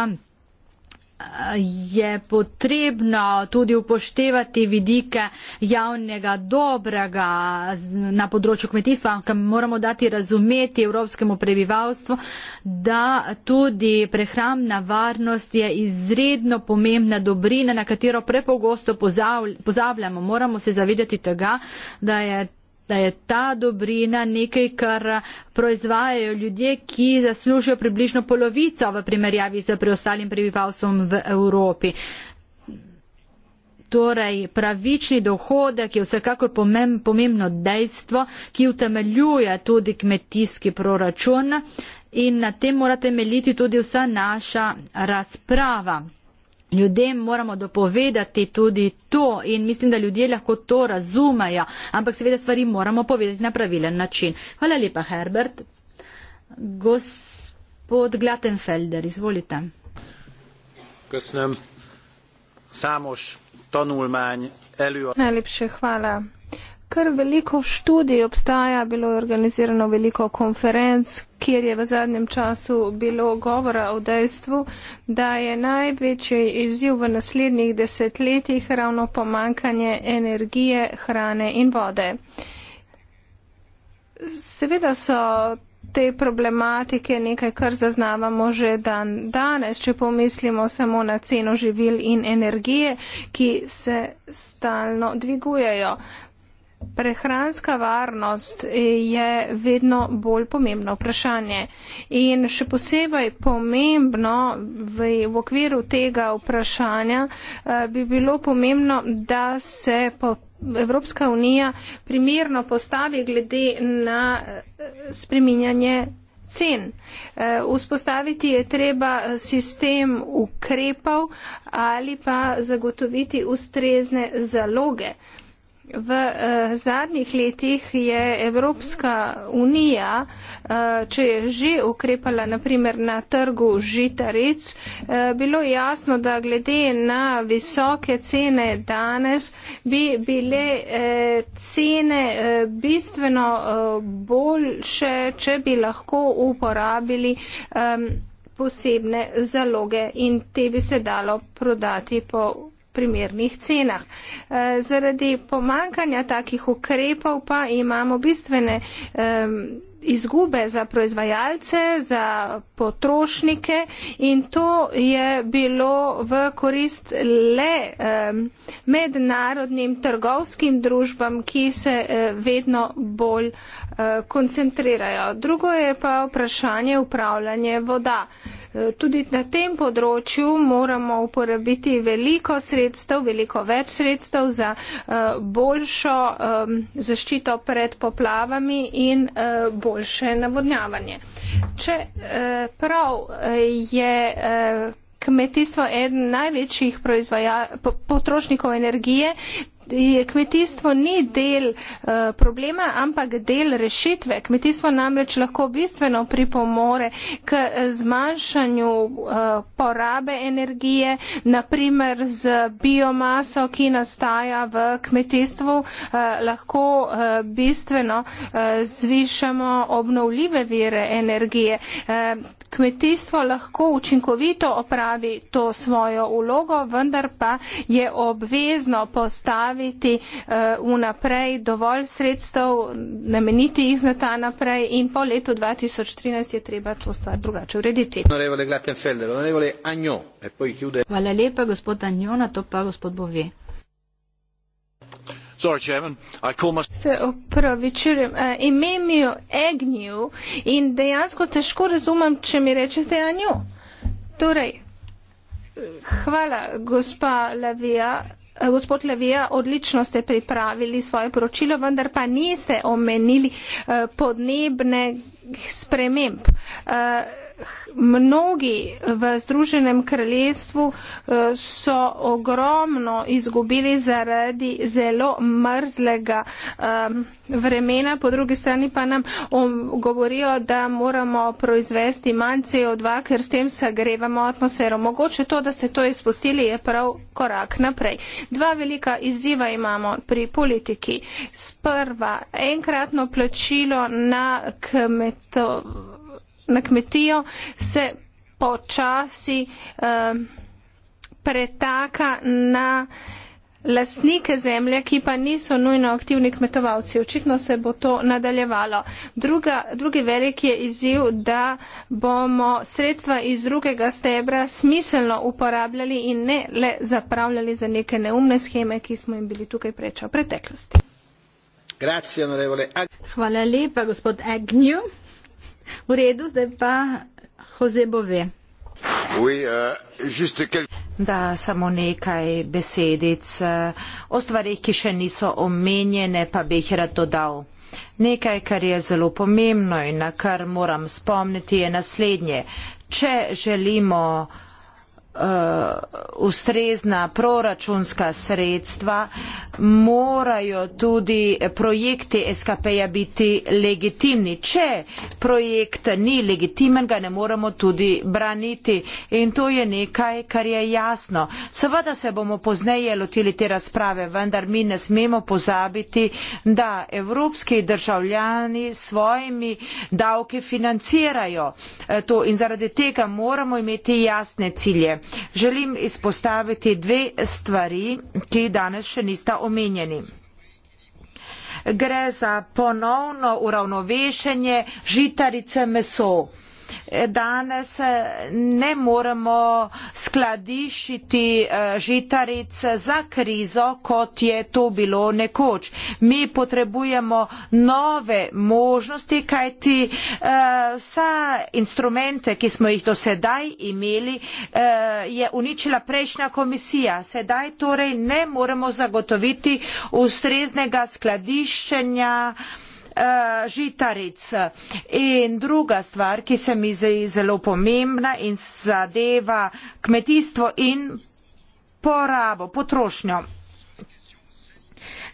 je potrebno tudi upoštevati vidike javnega dobrega na področju kmetijstva, kam moramo dati razumeti evropskemu prebivalstvu, da tudi prehramna varnost je izredno pomembna dobrina, na katero prepogosto pozabljamo. Moramo se zavedati tega, da je da je ta dobrina nekaj, kar proizvajajo ljudje, ki zaslužijo približno polovico v primerjavi z preostalim prebivalstvom v Evropi. Torej, pravični dohodek je vsekakor pomembno dejstvo, ki utemeljuje tudi kmetijski proračun in na tem mora temeljiti tudi vsa naša razprava. Ljudem moramo dopovedati tudi to in mislim, da ljudje lahko to razumejo, ampak seveda stvari moramo povedati na pravilen način. Hvala lepa, Herbert. Gospod Glatenfelder, izvolite. Köszönöm. Számos tanulmány előad. Najlepše hvala kar veliko študij obstaja, bilo je organizirano veliko konferenc, kjer je v zadnjem času bilo govora o dejstvu, da je največji izziv v naslednjih desetletjih ravno pomankanje energije, hrane in vode. Seveda so te problematike nekaj, kar zaznavamo že dan danes, če pomislimo samo na ceno živil in energije, ki se stalno dvigujejo. Prehranska varnost je vedno bolj pomembno vprašanje in še posebej pomembno v, v okviru tega vprašanja eh, bi bilo pomembno, da se po Evropska unija primerno postavi glede na eh, spreminjanje cen. Eh, vzpostaviti je treba sistem ukrepov ali pa zagotoviti ustrezne zaloge. V uh, zadnjih letih je Evropska unija, uh, če je že ukrepala naprimer na trgu žitaric, uh, bilo jasno, da glede na visoke cene danes bi bile uh, cene uh, bistveno uh, boljše, če bi lahko uporabili. Um, posebne zaloge in te bi se dalo prodati po primernih cenah. Eh, zaradi pomankanja takih ukrepov pa imamo bistvene izgube za proizvajalce, za potrošnike in to je bilo v korist le mednarodnim trgovskim družbam, ki se eh, vedno bolj eh, koncentrirajo. Drugo je pa vprašanje upravljanje voda. Tudi na tem področju moramo uporabiti veliko sredstev, veliko več sredstev za eh, boljšo zaščito pred poplavami in eh, boljše navodnjavanje. Če eh, prav je kmetijstvo eden največjih potrošnikov energije, kmetijstvo ni del uh, problema, ampak del rešitve. Kmetijstvo namreč lahko bistveno pripomore k eh, zmanjšanju uh, porabe energije, naprimer z biomaso, ki nastaja v kmetijstvu, uh, lahko uh, bistveno uh, zvišamo obnovljive vire energije. Uh, kmetijstvo lahko učinkovito opravi to svojo ulogo, vendar pa je obvezno postaviti prijaviti eh, vnaprej uh, dovolj sredstev, nameniti jih za ta naprej in po letu 2013 je treba to stvar drugače urediti. E hvala lepa, gospod Anjon, a to pa gospod Bove. Sorry, Chairman. I call my... Se opravičujem. Uh, ime mi je Agnew in dejansko težko razumem, če mi rečete Anjo. Torej, eh, hvala, gospa Lavija. Eh, gospod Levija, odlično ste pripravili svoje poročilo, vendar pa niste omenili eh, podnebnih sprememb. Eh, mnogi v Združenem kraljestvu eh, so ogromno izgubili zaradi zelo mrzlega ehm, vremena, po drugi strani pa nam um, govorijo, da moramo proizvesti manj CO2, ker s tem sagrevamo atmosfero. Mogoče to, da ste to izpustili, je prav korak naprej. Dva velika izziva imamo pri politiki. Sprva enkratno plačilo na kmetov na kmetijo, se počasi um, pretaka na lasnike zemlje, ki pa niso nujno aktivni kmetovalci. Očitno se bo to nadaljevalo. Druga, drugi velik je izziv, da bomo sredstva iz drugega stebra smiselno uporabljali in ne le zapravljali za neke neumne scheme, ki smo jim bili tukaj preča v preteklosti. Grazie, Hvala lepa, gospod Agnew. V redu, zdaj pa Jose Bove. Oui, uh, quel... Da, samo nekaj besedic eh, o stvarih, ki še niso omenjene, pa bi jih rad dodal. Nekaj, kar je zelo pomembno in na kar moram spomniti, je naslednje. Če želimo uh, ustrezna proračunska sredstva, morajo tudi projekti SKP-ja biti legitimni. Če projekt ni legitimen, ga ne moremo tudi braniti. In to je nekaj, kar je jasno. Seveda se bomo pozneje lotili te razprave, vendar mi ne smemo pozabiti, da evropski državljani svojimi davki financirajo eh, to in zaradi tega moramo imeti jasne cilje želim izpostaviti dve stvari, ki danes še nista omenjeni. Gre za ponovno uravnovešenje žitarice meso danes ne moremo skladišiti eh, žitaric za krizo, kot je to bilo nekoč. Mi potrebujemo nove možnosti, kajti eh, vsa instrumente, ki smo jih do sedaj imeli, eh, je uničila prejšnja komisija. Sedaj torej ne moremo zagotoviti ustreznega skladiščenja uh, žitaric. In druga stvar, ki se mi zdi zelo pomembna in zadeva kmetijstvo in porabo, potrošnjo.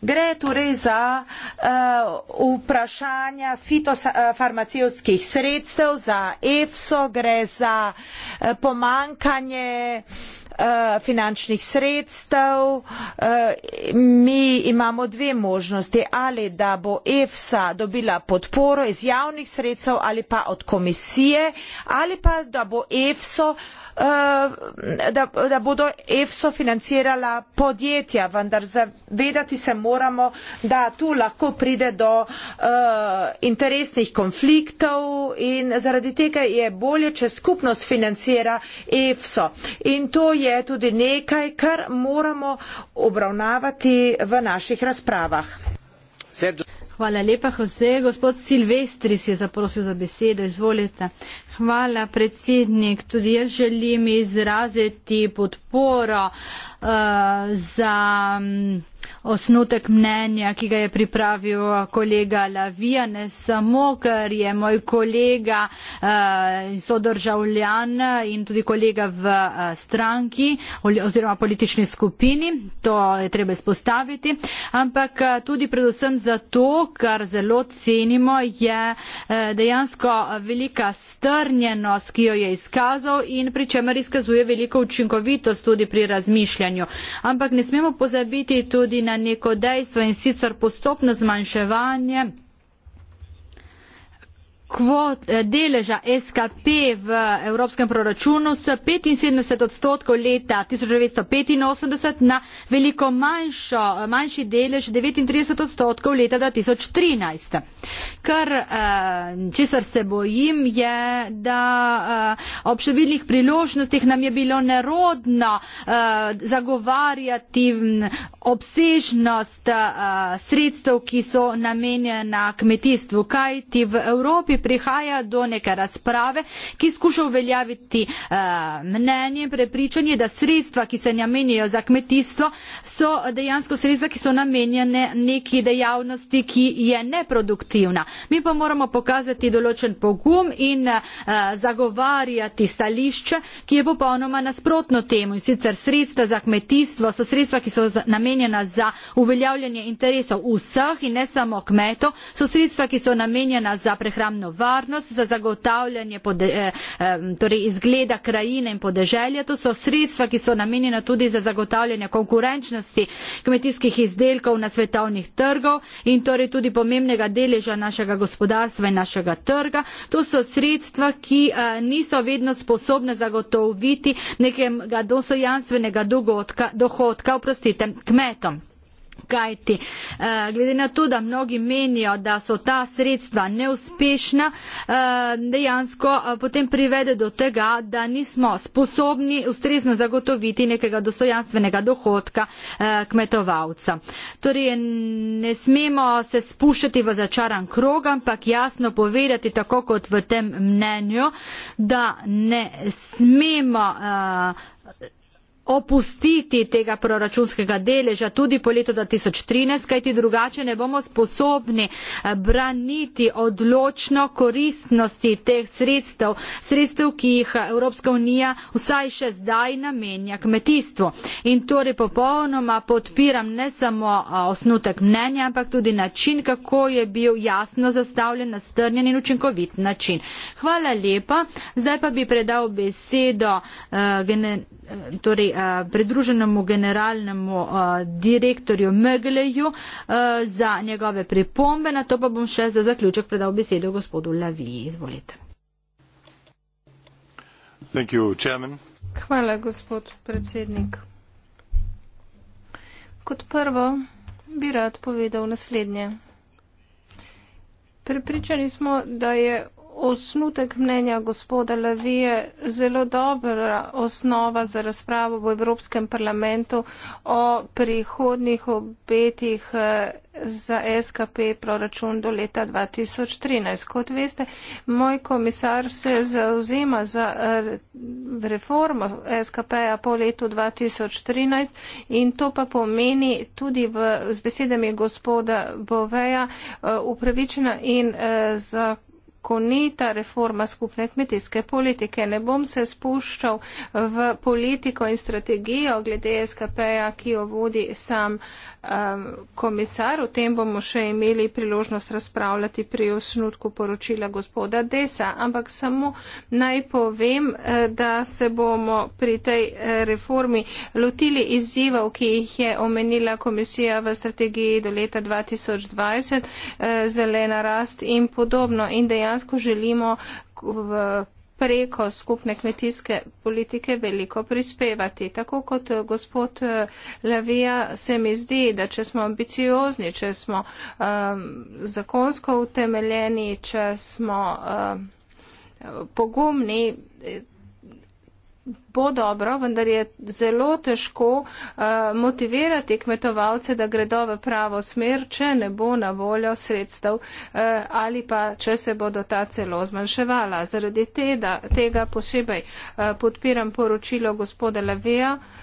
Gre torej za uh, vprašanja fitofarmacijskih eh, sredstev, za EFSO, gre za uh, pomankanje uh, Eh, finančnih sredstev. Eh, mi imamo dve možnosti, ali da bo EFSA dobila podporo iz javnih sredstev ali pa od komisije, ali pa da bo EFSO eh, Da, da bodo EFSO financirala podjetja, vendar zavedati se moramo, da tu lahko pride do uh, interesnih konfliktov, in zaradi tega je bolje, če skupnost financira EFSO. In to je tudi nekaj, kar moramo obravnavati v naših razpravah. Hvala lepa, Jose. Gospod Silvestris je zaprosil za besedo. Izvolite. Hvala, predsednik. Tudi jaz želim izraziti podporo uh, za mm, osnutek mnenja, ki ga je pripravil kolega Lavija, ne samo, ker je moj kolega in uh, eh, sodržavljan in tudi kolega v uh, stranki oziroma politični skupini, to je treba izpostaviti, ampak tudi predvsem zato, kar zelo cenimo, je uh, dejansko velika str, strnjenost, ki jo je izkazal in pri čemer izkazuje veliko učinkovitost tudi pri razmišljanju. Ampak ne smemo pozabiti tudi na neko dejstvo in sicer postopno zmanjševanje kvot, eh, deleža SKP v evropskem proračunu s 75 odstotkov leta 1985 na veliko manjšo, eh, manjši delež 39 odstotkov leta 2013. Kar, eh, česar se bojim, je, da ob številnih priložnostih nam je bilo nerodno zagovarjati mm, obsežnost sredstev, ki so namenjena kmetijstvu, kajti v Evropi prihaja do neke razprave, ki skuša uveljaviti eh, mnenje in prepričanje, da sredstva, ki se namenjajo za kmetijstvo, so dejansko sredstva, ki so namenjene neki dejavnosti, ki je neproduktivna. Mi pa moramo pokazati določen pogum in eh, zagovarjati stališče, ki je popolnoma nasprotno temu. In sicer sredstva za kmetijstvo so sredstva, ki so namenjena za uveljavljanje interesov vseh in ne samo kmetov, so sredstva, ki so namenjena za prehramno varnost, za zagotavljanje pode, eh, torej izgleda krajine in podeželja. To so sredstva, ki so namenjena tudi za zagotavljanje konkurenčnosti kmetijskih izdelkov na svetovnih trgov in torej tudi pomembnega deleža našega gospodarstva in našega trga. To so sredstva, ki eh, niso vedno sposobne zagotoviti nekega dosojanstvenega dohodka, dohodka kmetom. Kajti, eh, glede na to, da mnogi menijo, da so ta sredstva neuspešna, eh, dejansko eh, potem privede do tega, da nismo sposobni ustrezno zagotoviti nekega dostojanstvenega dohodka kmetovalca. Torej, ne smemo se spuščati v začaran krog, ampak jasno povedati, tako kot v tem mnenju, da ne smemo. Uh, opustiti tega proračunskega deleža tudi po letu 2013, kajti drugače ne bomo sposobni eh, braniti odločno koristnosti teh sredstev, sredstev, ki jih eh, Evropska unija vsaj še zdaj namenja kmetijstvu. In torej popolnoma podpiram ne samo eh, osnutek mnenja, ampak tudi način, kako je bil jasno zastavljen, nastrnjen in učinkovit način. Hvala lepa. Zdaj pa bi predal besedo uh, gener torej, eh, pridruženemu generalnemu eh, direktorju Megleju eh, za njegove pripombe, na to pa bom še za zaključek predal besedo gospodu Laviji. Izvolite. Hvala, gospod predsednik. Kot prvo bi rad povedal naslednje. Pripričani smo, da je osnutek mnenja gospoda Levi je zelo dobra osnova za razpravo v Evropskem parlamentu o prihodnih obetih eh, za SKP proračun do leta 2013. Kot veste, moj komisar se zauzima za eh, reformo SKP-ja po letu 2013 in to pa pomeni tudi v, z besedami gospoda Boveja eh, upravičena in za zakonita reforma skupne kmetijske politike. Ne bom se spuščal v politiko in strategijo glede SKP-ja, ki jo vodi sam uh, komisar, o tem bomo še imeli priložnost razpravljati pri osnutku poročila gospoda Desa, ampak samo naj povem, eh, da se bomo pri tej eh, reformi lotili izzivov, ki jih je omenila komisija v strategiji do leta 2020, eh, zelena rast in podobno. In dejansko želimo v preko skupne kmetijske politike veliko prispevati. Tako kot eh, gospod eh, Lavija se mi zdi, da če smo ambiciozni, če smo um, zakonsko utemeljeni, če smo um, pogumni, bo dobro, vendar je zelo težko uh, motivirati kmetovalce, da gredo v pravo smer, če ne bo na voljo sredstev uh, ali pa če se bodo ta celo zmanjševala. Zaradi te, da, tega posebej uh, podpiram poročilo gospoda Laveja. Uh,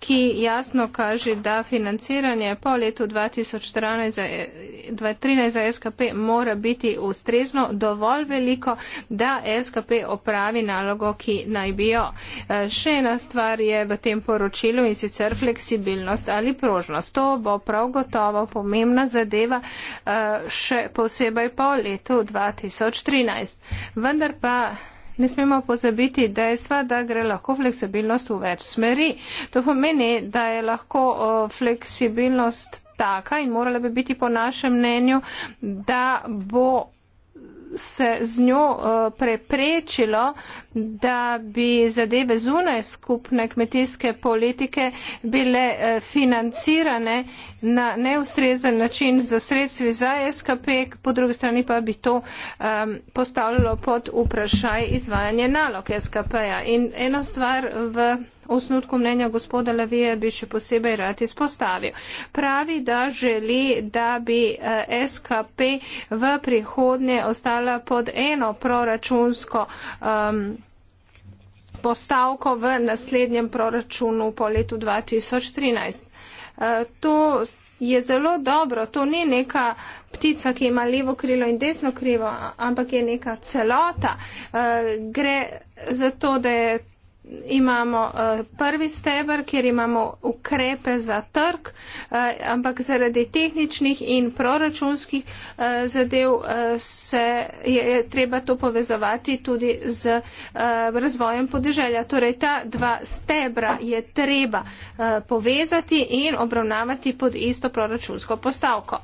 ki jasno kaže, da financiranje po letu 2014 za, 2013 za SKP mora biti ustrezno dovolj veliko, da SKP opravi nalogo, ki naj bi jo. E, še ena stvar je v tem poročilu in sicer fleksibilnost ali prožnost. To bo prav gotovo pomembna zadeva e, še posebej po letu 2013. Vendar pa. Ne smemo pozabiti dejstva, da gre lahko fleksibilnost v več smeri. To pomeni, da je lahko o, fleksibilnost taka in morala bi biti po našem mnenju, da bo se z njo eh, preprečilo, da bi zadeve zunaj skupne kmetijske politike bile eh, financirane na neustrezen način za sredstvi za SKP, po drugi strani pa bi to postavljalo pod vprašaj izvajanje nalog SKP-ja. In ena stvar v V osnutku mnenja gospoda Lavija bi še posebej rad izpostavil. Pravi, da želi, da bi eh, SKP v prihodnje ostala pod eno proračunsko. Um, postavko v naslednjem proračunu po letu 2013. Eh, to je zelo dobro, to ni neka ptica, ki ima levo krilo in desno krilo, ampak je neka celota. Eh, gre za to, da je imamo eh, prvi steber, kjer imamo ukrepe za trg, eh, ampak zaradi tehničnih in proračunskih eh, zadev se je, je treba to povezovati tudi z razvojem podeželja. Torej, ta dva stebra je treba povezati in obravnavati pod isto proračunsko postavko.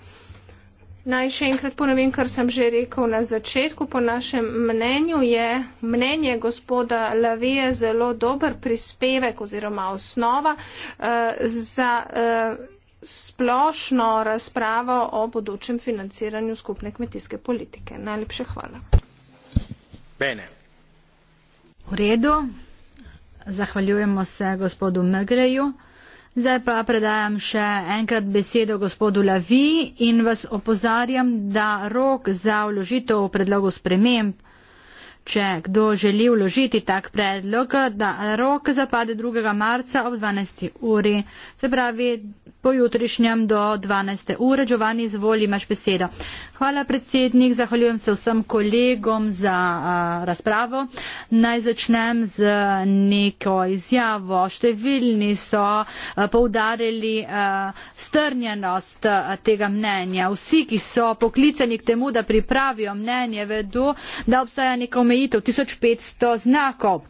Naj še enkrat ponovim, kar sem že rekel na začetku. Po našem mnenju je mnenje gospoda Laveje zelo dober prispevek oziroma osnova uh, za uh, splošno razpravo o bodočem financiranju skupne kmetijske politike. Najlepše hvala. Bene. V redu. Zahvaljujemo se gospodu Megreju. Zdaj pa predajam še enkrat besedo gospodu Lavi in vas opozarjam, da rok za vložitev predlogov sprememb, če kdo želi vložiti tak predlog, da rok zapade 2. marca ob 12. uri. Se pravi, pojutrišnjem do 12. ure, Giovanni, izvoli, imaš besedo. Hvala, predsednik. Zahvaljujem se vsem kolegom za a, razpravo. Naj začnem z neko izjavo. Številni so a, poudarili a, strnjenost a, tega mnenja. Vsi, ki so poklicani k temu, da pripravijo mnenje, vedo, da obstaja neka omejitev 1500 znakov.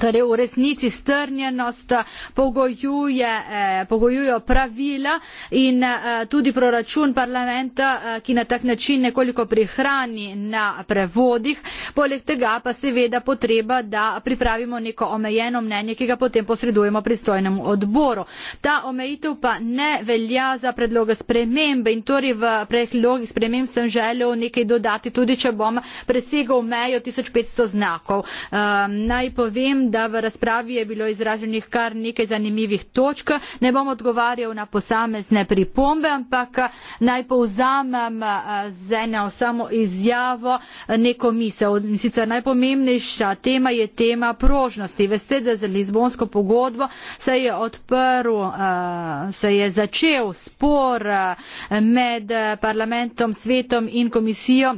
Torej, v resnici strnjenost eh, pogojuje, eh, pogojujo pravila in eh, tudi proračun parlamenta, eh, ki na tak način nekoliko prihrani na prevodih. Poleg tega pa seveda potreba, da pripravimo neko omejeno mnenje, ki ga potem posredujemo pristojnemu odboru. Ta omejitev pa ne velja za predloge spremembe in torej v predlogi sprememb sem želel nekaj dodati, tudi če bom presegal mejo 1500 znakov. Eh, da v razpravi je bilo izraženih kar nekaj zanimivih točk. Ne bom odgovarjal na posamezne pripombe, ampak eh, naj povzamem eh, z eno samo izjavo eh, neko misel. Sicer najpomembnejša tema je tema prožnosti. Veste, da za Lizbonsko pogodbo se je odprl, se je začel spor med parlamentom, svetom in komisijo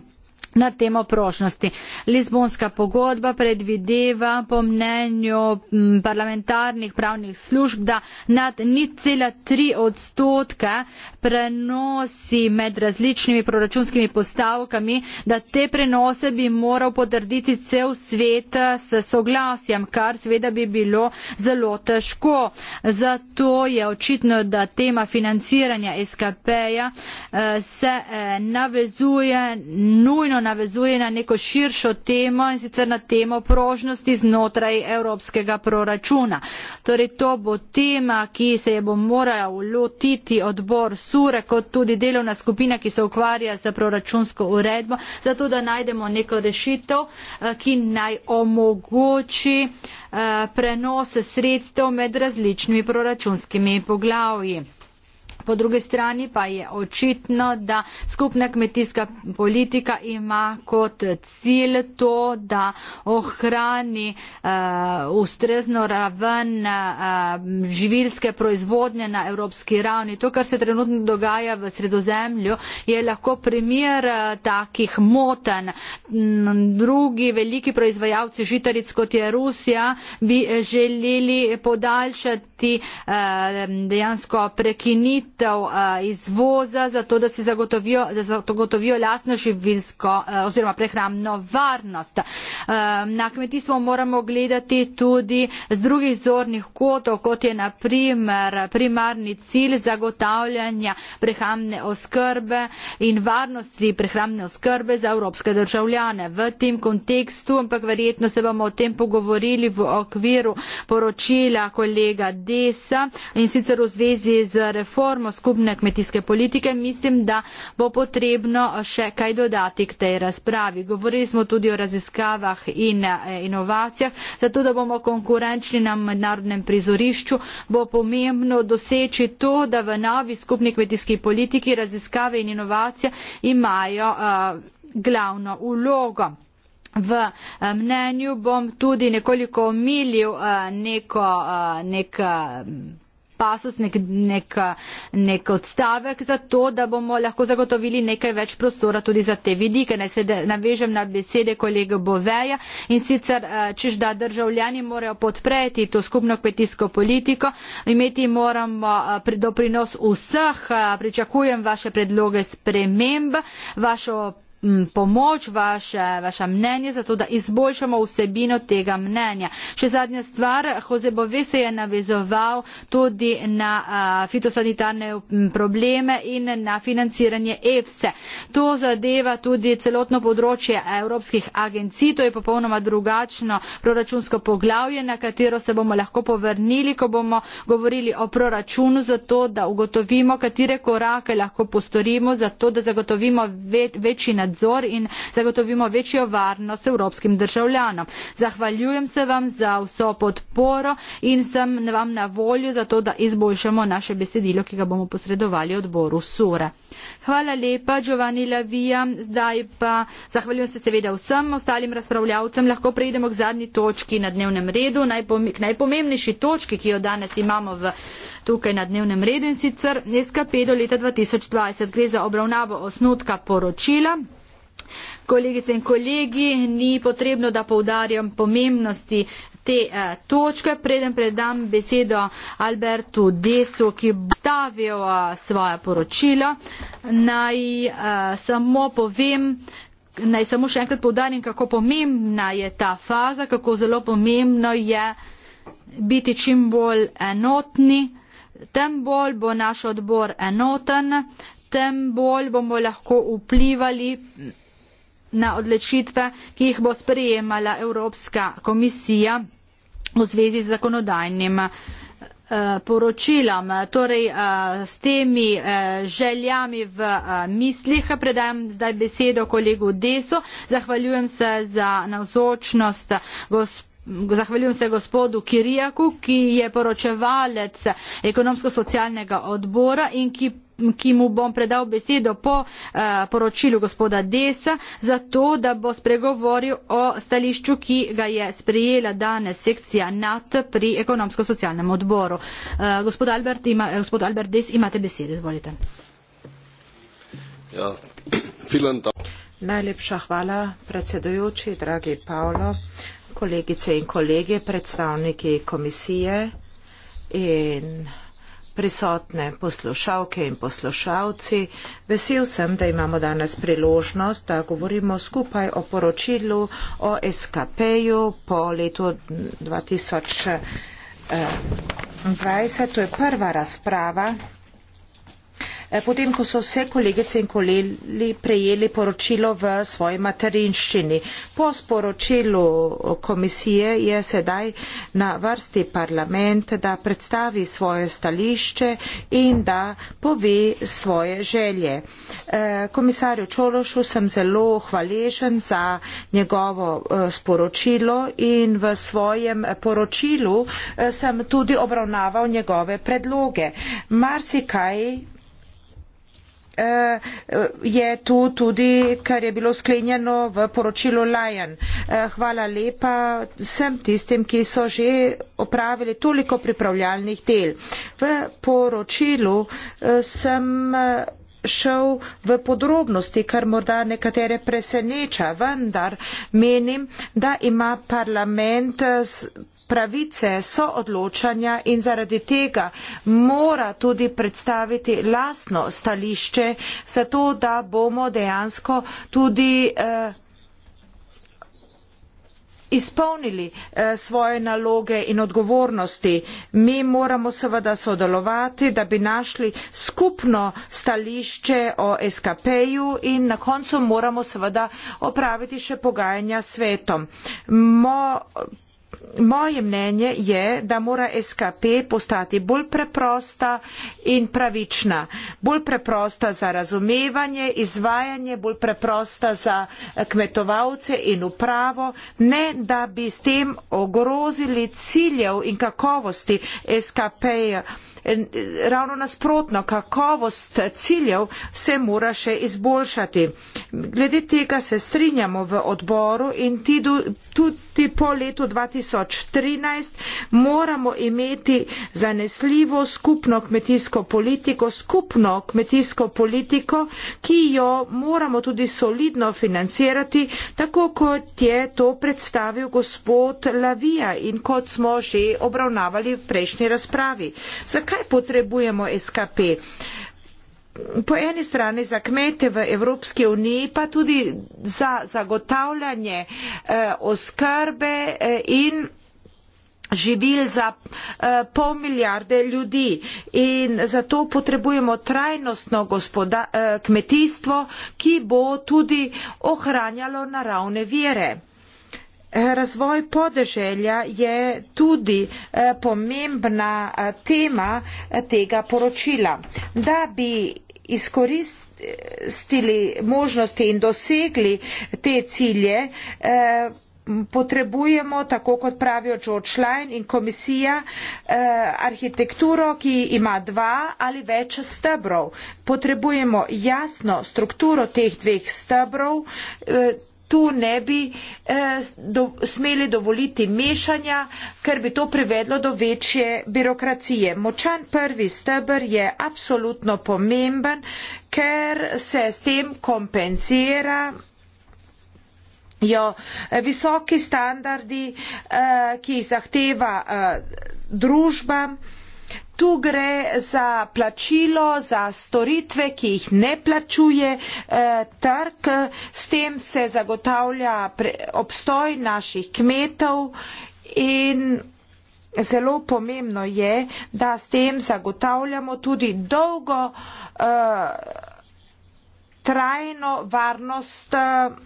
na temo prošnosti. Lizbonska pogodba predvideva po mnenju parlamentarnih pravnih služb, da nad nicela tri odstotke prenosi med različnimi proračunskimi postavkami, da te prenose bi moral potrditi cel svet eh, s soglasjem, kar seveda bi bilo zelo težko. Zato je očitno, da tema financiranja SKP-ja eh, se eh, navezuje nujno navezuje na neko širšo temo in sicer na temo prožnosti znotraj evropskega proračuna. Torej, to bo tema, ki se je bo morala lotiti odbor Sure kot tudi delovna skupina, ki se ukvarja z proračunsko uredbo, zato da najdemo neko rešitev, eh, ki naj omogoči eh, prenose sredstev med različnimi proračunskimi poglavji. Po drugi strani pa je očitno, da skupna kmetijska politika ima kot cilj to, da ohrani uh, ustrezno raven uh, živilske proizvodnje na evropski ravni. To, kar se trenutno dogaja v sredozemlju, je lahko primer uh, takih moten. Drugi veliki proizvajalci žitaric, kot je Rusija, bi želeli podaljšati uh, dejansko prekiniti omejitev eh, izvoza, zato da si zagotovijo, da zagotovijo lasno živinsko eh, oziroma prehramno varnost. Ehm, na kmetijstvo moramo gledati tudi z drugih zornih kotov, kot je na primer primarni cilj zagotavljanja prehramne oskrbe in varnosti prehramne oskrbe za evropske državljane. V tem kontekstu, ampak verjetno se bomo o tem pogovorili v okviru poročila kolega Desa in sicer v zvezi z reformo skupne kmetijske politike, mislim, da bo potrebno še kaj dodati k tej razpravi. Govorili smo tudi o raziskavah in eh, inovacijah, zato da bomo konkurenčni na mednarodnem prizorišču, bo pomembno doseči to, da v novi skupni kmetijski politiki raziskave in inovacije imajo uh, glavno ulogo. V eh, mnenju bom tudi nekoliko omilil neko, neko pasus, nek, nek, nek odstavek za to, da bomo lahko zagotovili nekaj več prostora tudi za te vidike. Naj se navežem na besede kolega Boveja in sicer, eh, češ da državljani morajo podpreti to skupno kmetijsko politiko, imeti moramo eh, doprinos vseh, eh, pričakujem vaše predloge sprememb, vašo pomoč, vaše, vaše mnenje, zato da izboljšamo vsebino tega mnenja. Še zadnja stvar, Jose Bove se je navezoval tudi na a, fitosanitarne probleme in na financiranje EFSE. E. To zadeva tudi celotno področje evropskih agencij, to je popolnoma drugačno proračunsko poglavje, na katero se bomo lahko povrnili, ko bomo govorili o proračunu, zato da ugotovimo, katere korake lahko postorimo, zato da zagotovimo ve, večji nadzor nadzor in zagotovimo večjo varnost evropskim državljanom. Zahvaljujem se vam za vso podporo in sem vam na volju za to, da izboljšamo naše besedilo, ki ga bomo posredovali odboru Sure. Hvala lepa, Giovanni Lavija. Zdaj pa zahvaljujem se seveda vsem ostalim razpravljavcem. Lahko preidemo k zadnji točki na dnevnem redu, najpom k najpomembnejši točki, ki jo danes imamo v, tukaj na dnevnem redu in sicer SKP do leta 2020. Gre za obravnavo osnutka poročila. Kolegice in kolegi, ni potrebno, da povdarjam pomembnosti te eh, točke. Preden predam besedo Albertu Desu, ki bo stavil eh, svoje poročilo, naj eh, samo povem, naj samo še enkrat povdarim, kako pomembna je ta faza, kako zelo pomembno je biti čim bolj enotni. Tem bolj bo naš odbor enoten, tem bolj bomo lahko vplivali na odločitve, ki jih bo sprejemala Evropska komisija v zvezi z zakonodajnim eh, poročilom. Torej, eh, s temi eh, željami v mislih predajam zdaj besedo kolegu Desu. Zahvaljujem se za navzočnost. Zahvaljujem se gospodu Kirijaku, ki je poročevalec ekonomsko-socialnega odbora in ki ki mu bom predal besedo po eh, poročilu gospoda Desa, zato da bo spregovoril o stališču, ki ga je sprejela danes sekcija NAT pri ekonomsko-socialnem odboru. Eh, gospod Albert, ima, eh, gospod Albert Des, imate besedo, izvolite. Ja, Najlepša hvala, predsedujoči, dragi Paolo, kolegice in kolege, predstavniki komisije in prisotne poslušalke in poslušalci. Vesel sem, da imamo danes priložnost, da govorimo skupaj o poročilu o SKP-ju po letu 2020. Eh, to je prva razprava Eh, potem ko so vse kolegice in kolegi prejeli poročilo v svoji materinščini. Po sporočilu komisije je sedaj na vrsti parlament, da predstavi svoje stališče in da pove svoje želje. Eh, komisarju Čološu sem zelo hvaležen za njegovo eh, sporočilo in v svojem poročilu sem tudi obravnaval njegove predloge. Marsikaj Eh, je tu tudi, kar je bilo sklenjeno v poročilu Lajan. Eh, hvala lepa vsem tistim, ki so že opravili toliko pripravljalnih del. V poročilu eh, sem šel v podrobnosti, kar morda nekatere preseneča, vendar menim, da ima parlament pravice so odločanja in zaradi tega mora tudi predstaviti lasno stališče, zato da bomo dejansko tudi eh, izpolnili eh, svoje naloge in odgovornosti. Mi moramo seveda sodelovati, da bi našli skupno stališče o SKP-ju in na koncu moramo seveda opraviti še pogajanja svetom. Mo, moje mnenje je, da mora SKP postati bolj preprosta in pravična. Bolj preprosta za razumevanje, izvajanje, bolj preprosta za eh, kmetovalce in upravo, ne da bi s tem ogrozili ciljev in kakovosti SKP-ja. Eh, ravno nasprotno, kakovost ciljev se mora še izboljšati. Glede tega se strinjamo v odboru in tidu, tudi po letu 2013 moramo imeti zanesljivo skupno kmetijsko politiko, skupno kmetijsko politiko, ki jo moramo tudi solidno financirati, tako kot je to predstavil gospod Lavija in kot smo že obravnavali v prejšnji razpravi. Zakaj zakaj potrebujemo SKP? Po eni strani za kmete v Evropske unije, pa tudi za zagotavljanje eh, oskrbe eh, in živil za eh, pol milijarde ljudi. In zato potrebujemo trajnostno gospoda, eh, kmetijstvo, ki bo tudi ohranjalo naravne vire. Razvoj podeželja je tudi eh, pomembna eh, tema eh, tega poročila. Da bi izkoristili možnosti in dosegli te cilje, potrebujemo, tako kot pravijo George Line in komisija, arhitekturo, ki ima dva ali več stebrov. Potrebujemo jasno strukturo teh dveh stebrov tu ne bi eh, do, smeli dovoliti mešanja, ker bi to privedlo do večje birokracije. Močan prvi stebr je absolutno pomemben, ker se s tem kompenzira. Jo, visoki standardi, eh, ki jih zahteva eh, družba, eh, tu gre za plačilo, za storitve, ki jih ne plačuje eh, trg, s tem se zagotavlja pre, obstoj naših kmetov in zelo pomembno je, da s tem zagotavljamo tudi dolgo eh, trajno varnost. Eh,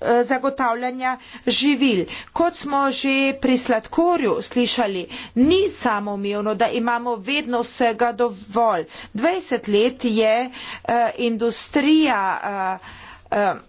Eh, zagotavljanja živil. Kot smo že pri sladkorju slišali, ni samoumevno, da imamo vedno vsega dovolj. 20 let je uh, industrija uh, uh,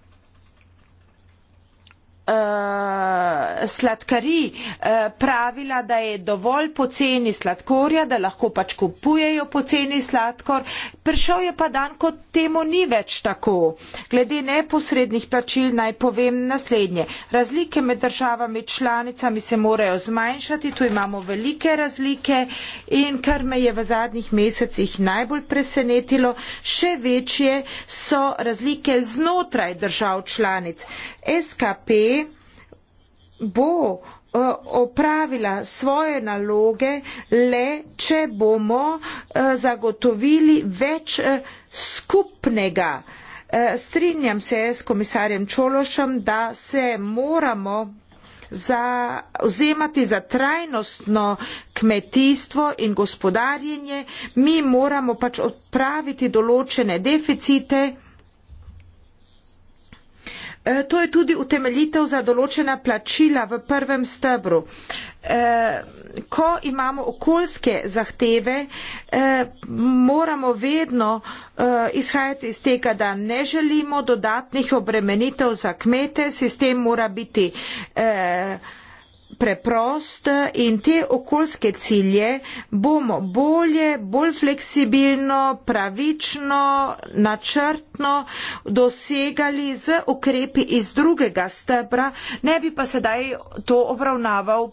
uh, eh, sladkarij uh, eh, pravila, da je dovolj poceni sladkorja, da lahko pač kupujejo poceni sladkor. Prišel je pa dan, ko temu ni več tako. Glede neposrednih plačil naj povem naslednje. Razlike med državami članicami se morajo zmanjšati, tu imamo velike razlike in kar me je v zadnjih mesecih najbolj presenetilo, še večje so razlike znotraj držav članic. SKP bo uh, opravila svoje naloge le, če bomo uh, zagotovili več uh, skupnega. Uh, strinjam se s komisarjem Čološem, da se moramo za, vzemati za trajnostno kmetijstvo in gospodarjenje. Mi moramo pač odpraviti določene deficite. E, to je tudi utemeljitev za določena plačila v prvem stebru. E, ko imamo okoljske zahteve, e, moramo vedno izhajati iz tega, da ne želimo dodatnih obremenitev za kmete. Sistem mora biti preprost in te okoljske cilje bomo bolje, bolj fleksibilno, pravično, načrtno dosegali z ukrepi iz drugega stebra, ne bi pa sedaj to obravnaval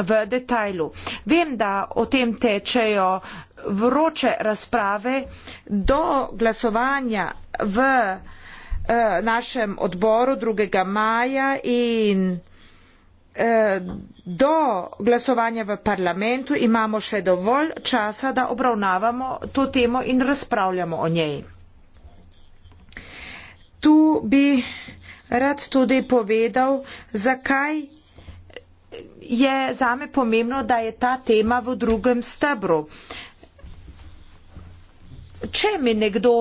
v detajlu. Vem, da o tem tečejo vroče razprave do glasovanja v eh, našem odboru 2. maja in Eh, do glasovanja v parlamentu imamo še dovolj časa, da obravnavamo to temo in razpravljamo o njej. Tu bi rad tudi povedal, zakaj je zame pomembno, da je ta tema v drugem stebru. Če mi nekdo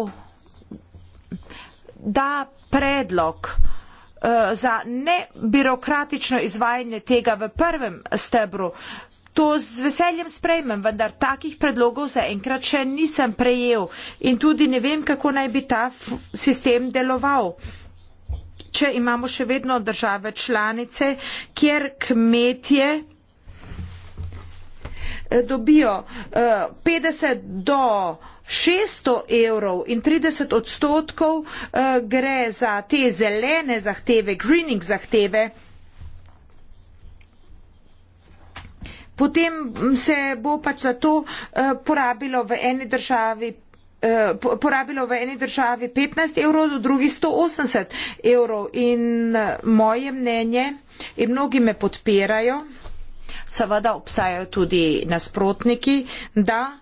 da predlog, Eh, za nebirokratično izvajanje tega v prvem stebru. To z veseljem sprejmem, vendar takih predlogov zaenkrat še nisem prejel in tudi ne vem, kako naj bi ta sistem deloval. Če imamo še vedno države članice, kjer kmetje eh, dobijo 50 eh, do 600 evrov in 30 odstotkov eh, gre za te zelene zahteve, greening zahteve. Potem se bo pač za to eh, porabilo v eni državi eh, porabilo v eni državi 15 evrov, v drugi 180 evrov. In moje mnenje, in mnogi me podpirajo, seveda obstajajo tudi nasprotniki, da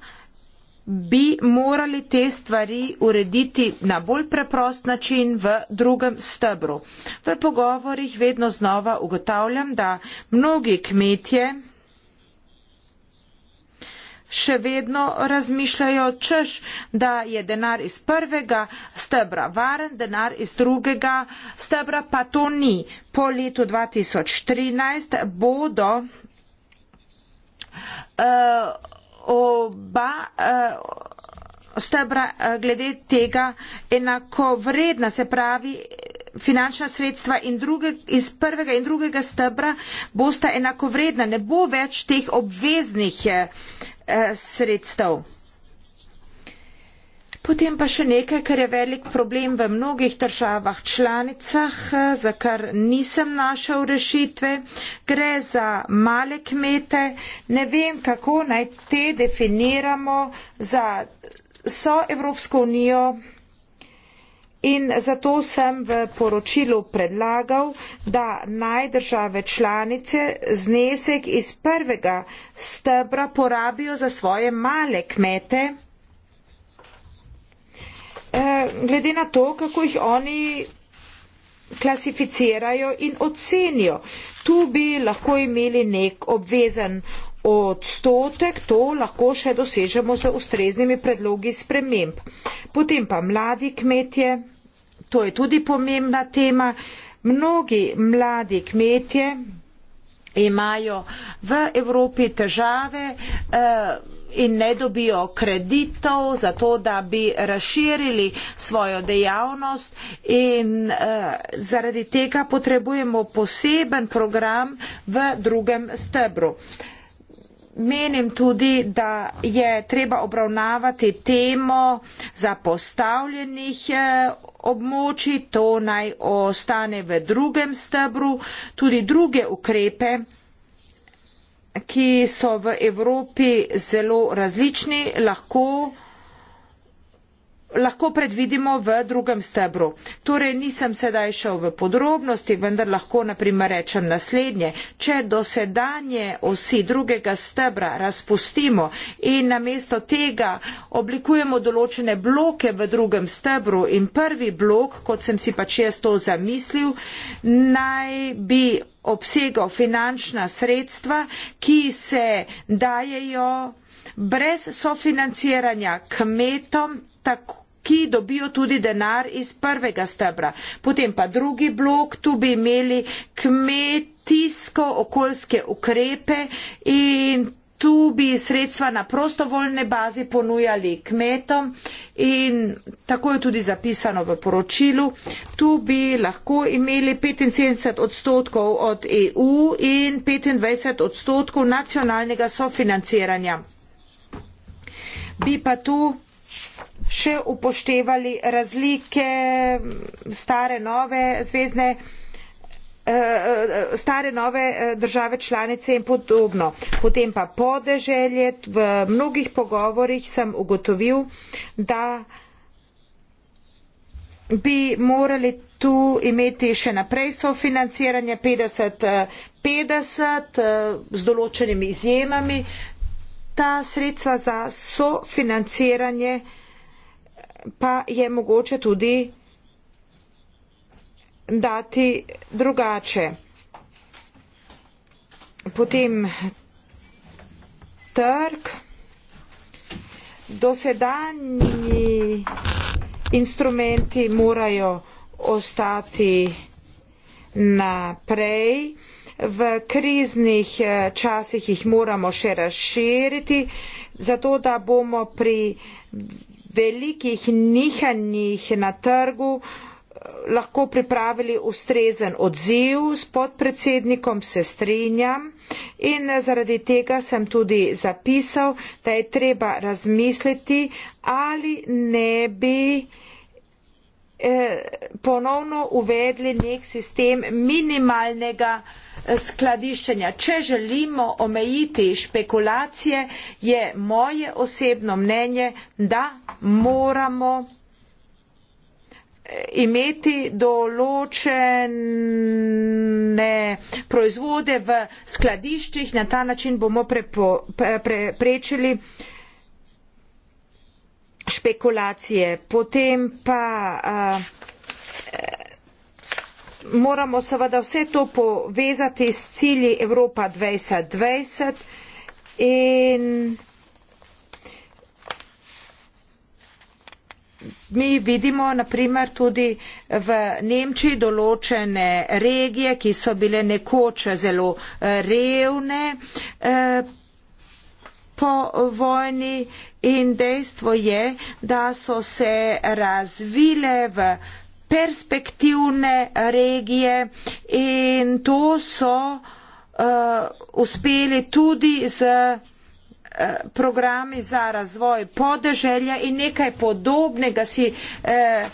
bi morali te stvari urediti na bolj preprost način v drugem stebru. V pogovorjih vedno znova ugotavljam, da mnogi kmetje še vedno razmišljajo, češ, da je denar iz prvega stebra varen, denar iz drugega stebra pa to ni. Po letu 2013 bodo uh, oba uh, stebra uh, glede tega enakovredna, se pravi finančna sredstva in druge, iz prvega in drugega stebra bosta enakovredna, ne bo več teh obveznih uh, sredstev. Potem pa še nekaj, kar je velik problem v mnogih državah članicah, eh, za kar nisem našel rešitve. Gre za male kmete. Ne vem, kako naj te definiramo za so Evropsko unijo. In zato sem v poročilu predlagal, da naj države članice znesek iz prvega stebra porabijo za svoje male kmete. Eh, glede na to, kako jih oni klasificirajo in ocenijo. Tu bi lahko imeli nek obvezen odstotek, to lahko še dosežemo z ustreznimi predlogi sprememb. Potem pa mladi kmetje, to je tudi pomembna tema. Mnogi mladi kmetje imajo v Evropi težave. Eh, in ne dobijo kreditov za to, da bi razširili svojo dejavnost in uh, zaradi tega potrebujemo poseben program v drugem stebru. Menim tudi, da je treba obravnavati temo zapostavljenih eh, območij, to naj ostane v drugem stebru, tudi druge ukrepe ki so v Evropi zelo različni, lahko lahko predvidimo v drugem stebru. Torej nisem sedaj šel v podrobnosti, vendar lahko naprimer rečem naslednje. Če dosedanje osi drugega stebra razpustimo in namesto tega oblikujemo določene bloke v drugem stebru in prvi blok, kot sem si pač jaz to zamislil, naj bi obsegal finančna sredstva, ki se dajejo brez sofinanciranja kmetom tako ki dobijo tudi denar iz prvega stebra. Potem pa drugi blok, tu bi imeli kmetijsko okoljske ukrepe in tu bi sredstva na prostovoljne bazi ponujali kmetom in tako je tudi zapisano v poročilu. Tu bi lahko imeli 75 odstotkov od EU in 25 odstotkov nacionalnega sofinanciranja. Bi pa tu še upoštevali razlike stare nove zvezdne eh, eh, stare nove eh, države članice in podobno. Potem pa podeželje, v mnogih pogovorjih sem ugotovil, da bi morali tu imeti še naprej sofinanciranje 50-50 z določenimi izjemami. Ta sredstva za sofinanciranje 50-50 pa je mogoče tudi dati drugače. Potem trg. Dosedanji instrumenti morajo ostati naprej. V kriznih eh, časih jih moramo še razširiti, zato da bomo pri velikih nihanjih na trgu eh, lahko pripravili ustrezen odziv s podpredsednikom, se strinjam in eh, zaradi tega sem tudi zapisal, da je treba razmisliti, ali ne bi uh, Eh, ponovno uvedli nek sistem minimalnega eh, skladiščenja. Če želimo omejiti špekulacije, je moje osebno mnenje, da moramo eh, imeti določene proizvode v skladiščih, na ta način bomo preprečili pre, pre, špekulacije. Potem pa uh, moramo seveda vse to povezati s cilji Evropa 2020 in mi vidimo naprimer tudi v Nemčiji določene regije, ki so bile nekoč zelo uh, revne. Uh, Po vojni eh, in dejstvo je, da so se razvile v perspektivne regije in to so uh, uspeli tudi z eh, programi za razvoj podeželja in nekaj podobnega si eh,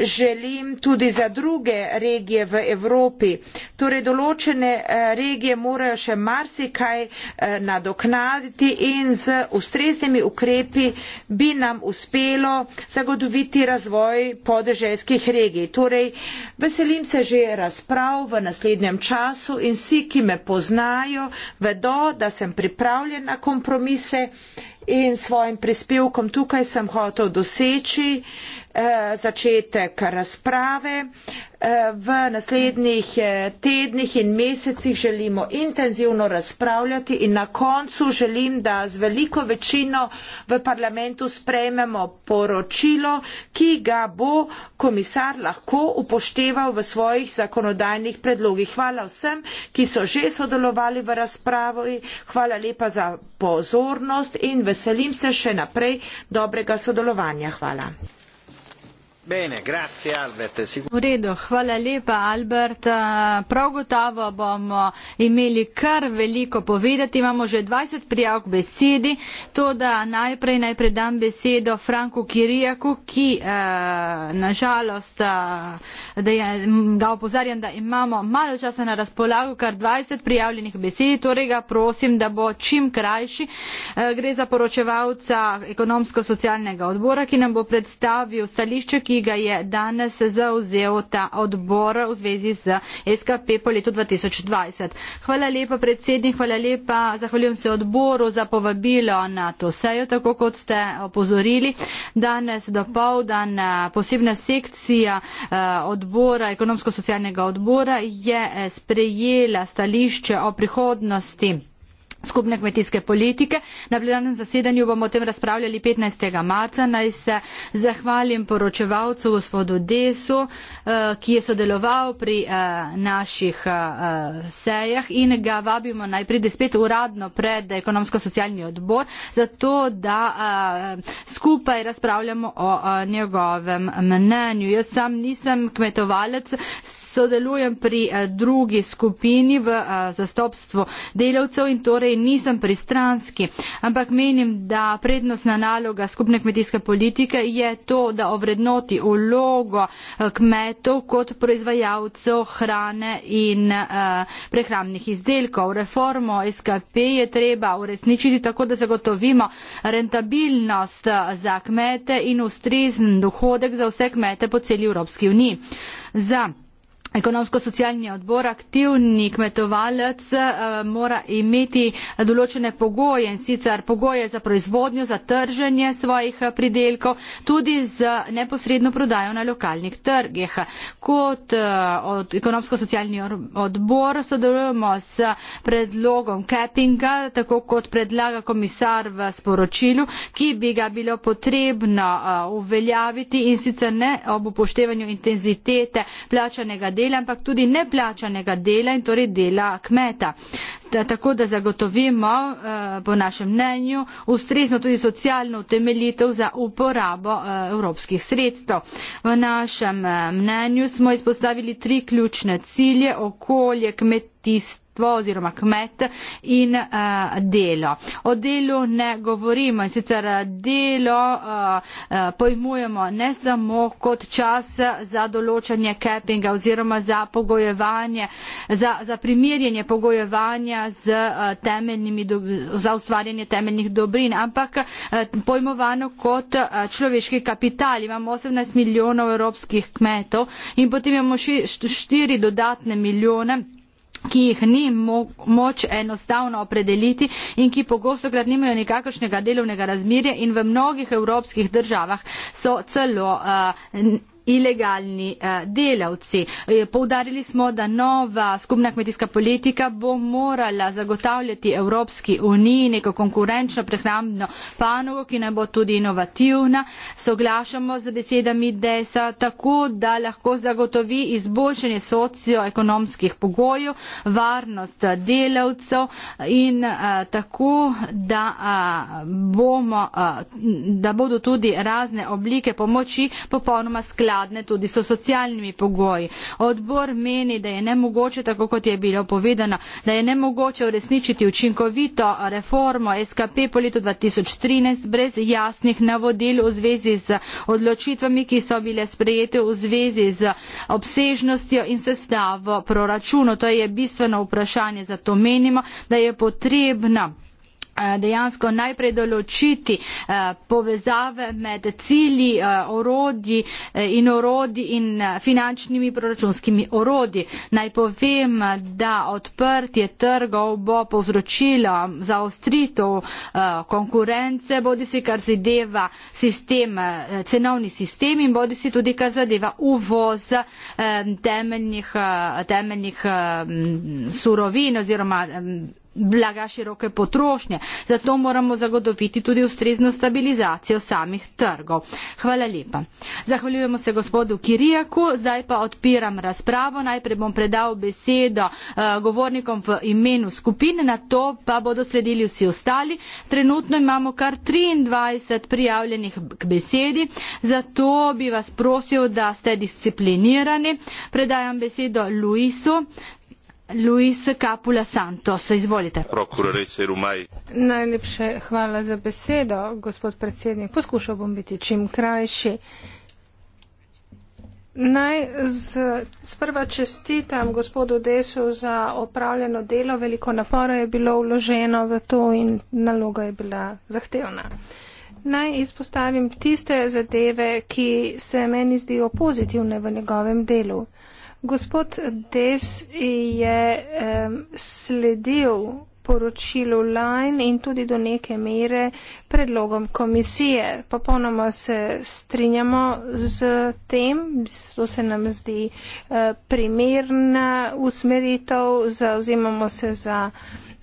želim tudi za druge regije v Evropi. Torej, določene eh, regije morajo še marsikaj eh, nadoknaditi in z ustreznimi ukrepi bi nam uspelo zagotoviti razvoj podeželskih regij. Torej, veselim se že razprav v naslednjem času in vsi, ki me poznajo, vedo, da sem pripravljen na kompromise. In svojim prispevkom tukaj sem hotel doseči, Eh, začetek razprave. Eh, v naslednjih eh, tednih in mesecih želimo intenzivno razpravljati in na koncu želim, da z veliko večino v parlamentu sprejmemo poročilo, ki ga bo komisar lahko upošteval v svojih zakonodajnih predlogih. Hvala vsem, ki so že sodelovali v razpravi. Hvala lepa za pozornost in veselim se še naprej dobrega sodelovanja. Hvala. Bene, grazie Albert. Sicur- v redu, hvala lepa Albert. Eh, prav gotovo bomo imeli kar veliko povedati. Imamo že 20 prijav k besedi. To, da najprej naj predam besedo Franku Kirijaku, ki eh, nažalost, eh, da, je, da opozarjam, da imamo malo časa na razpolago, kar 20 prijavljenih besedi, torej ga prosim, da bo čim krajši. Eh, gre za poročevalca ekonomsko-socialnega odbora, ki nam bo predstavil stališče, ki ga je danes zauzel ta odbor v zvezi z SKP po letu 2020. Hvala lepa predsednik, hvala lepa, zahvaljujem se odboru za povabilo na to sejo, tako kot ste opozorili. Danes do povdan eh, posebna sekcija eh, odbora, ekonomsko-socialnega odbora je eh, sprejela stališče o prihodnosti skupne kmetijske politike. Na plenarnem zasedanju bomo o tem razpravljali 15. marca. Naj se zahvalim poročevalcu gospodu Desu, eh, ki je sodeloval pri eh, naših eh, sejah in ga vabimo naj pride spet uradno pred ekonomsko-socialni odbor, zato da skupaj razpravljamo o njegovem mnenju. Jaz sam nisem kmetovalec, sodelujem pri eh, drugi skupini v eh, zastopstvu delavcev in torej nisem pristranski. Ampak menim, da prednostna naloga skupne kmetijske politike je to, da ovrednoti vlogo eh, kmetov kot proizvajalcev hrane in prehrambnih izdelkov. Reformo SKP je treba uresničiti tako, da zagotovimo rentabilnost za kmete in ustrezen dohodek za vse kmete po celi Evropski uniji. Za ekonomsko-socialni odbor, aktivni kmetovalec eh, mora imeti določene pogoje in sicer pogoje za proizvodnjo, za trženje svojih eh, pridelkov, tudi z neposredno prodajo na lokalnih trgih. Kot eh, ekonomsko-socialni odbor sodelujemo s predlogom capinga, tako kot predlaga komisar v sporočilu, ki bi ga bilo potrebno uveljaviti in sicer ne ob upoštevanju intenzitete plačanega dela, dela, ampak tudi neplačanega dela in torej dela kmeta. Da, tako da zagotovimo, eh, po našem mnenju, ustrezno tudi socialno utemeljitev za uporabo eh, evropskih sredstev. V našem eh, mnenju smo izpostavili tri ključne cilje, okolje, kmetijstvo, kmetstvo oziroma kmet in uh, delo. O delu ne govorimo in sicer eh, delo uh, uh, pojmujemo ne samo kot čas za določanje kepinga oziroma za pogojevanje, za, za primirjenje pogojevanja z uh, temeljnimi, do, za ustvarjanje temeljnih dobrin, ampak uh, pojmovano kot uh, človeški kapital. Imamo 18 milijonov evropskih kmetov in potem imamo 4 dodatne milijone ki jih ni mo moč enostavno opredeliti in ki pogosto krat nimajo nikakršnega delovnega razmirja in v mnogih evropskih državah so celo uh, ilegalni eh, delavci. Eh, poudarili smo, da nova skupna kmetijska politika bo morala zagotavljati Evropski uniji neko konkurenčno prehrambno panovo, ki naj bo tudi inovativna. Soglašamo z besedami DESA tako, da lahko zagotovi izboljšanje socioekonomskih pogojev, varnost delavcev in eh, tako, da, bomo, da bodo tudi razne oblike pomoči popolnoma skladne skladne tudi so socialnimi pogoji. Odbor meni, da je nemogoče, tako kot je bilo povedano, da je nemogoče uresničiti učinkovito reformo SKP po letu 2013 brez jasnih navodil v zvezi z odločitvami, ki so bile sprejete v zvezi z obsežnostjo in sestavo proračunu. To je bistveno vprašanje, zato menimo, da je potrebna Eh, dejansko najprej določiti eh, povezave med cilji, eh, orodji in orodji in finančnimi proračunskimi orodji. Naj povem, da odprtje trgov bo povzročilo zaostritev konkurence, bodi si kar zadeva sistem, cenovni sistem in bodi si tudi kar zadeva uvoz temeljnih, temeljnih surovin oziroma blaga široke potrošnje. Zato moramo zagotoviti tudi ustrezno stabilizacijo samih trgov. Hvala lepa. Zahvaljujemo se gospodu Kirijaku, zdaj pa odpiram razpravo. Najprej bom predal besedo uh, govornikom v imenu skupine, na to pa bodo sledili vsi ostali. Trenutno imamo kar 23 prijavljenih k besedi, zato bi vas prosil, da ste disciplinirani. Predajam besedo Luisu. Luis Capula Santos. Izvolite. Najlepše hvala za besedo, gospod predsednik. Poskušal bom biti čim krajši. Naj sprva čestitam gospodu Desu za opravljeno delo. Veliko napora je bilo vloženo v to in naloga je bila zahtevna. Naj izpostavim tiste zadeve, ki se meni zdijo pozitivne v njegovem delu. Gospod Des je um, sledil poročilu Line in tudi do neke mere predlogom komisije. Popolnoma se strinjamo z tem, to se nam zdi uh, primerna usmeritev, zauzimamo se za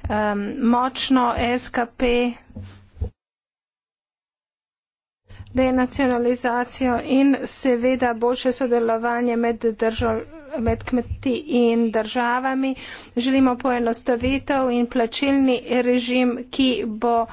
um, močno SKP. Denacionalizacijo in seveda boljše sodelovanje med držav, med kmeti in državami. Želimo poenostavitev in plačilni režim, ki bo uh,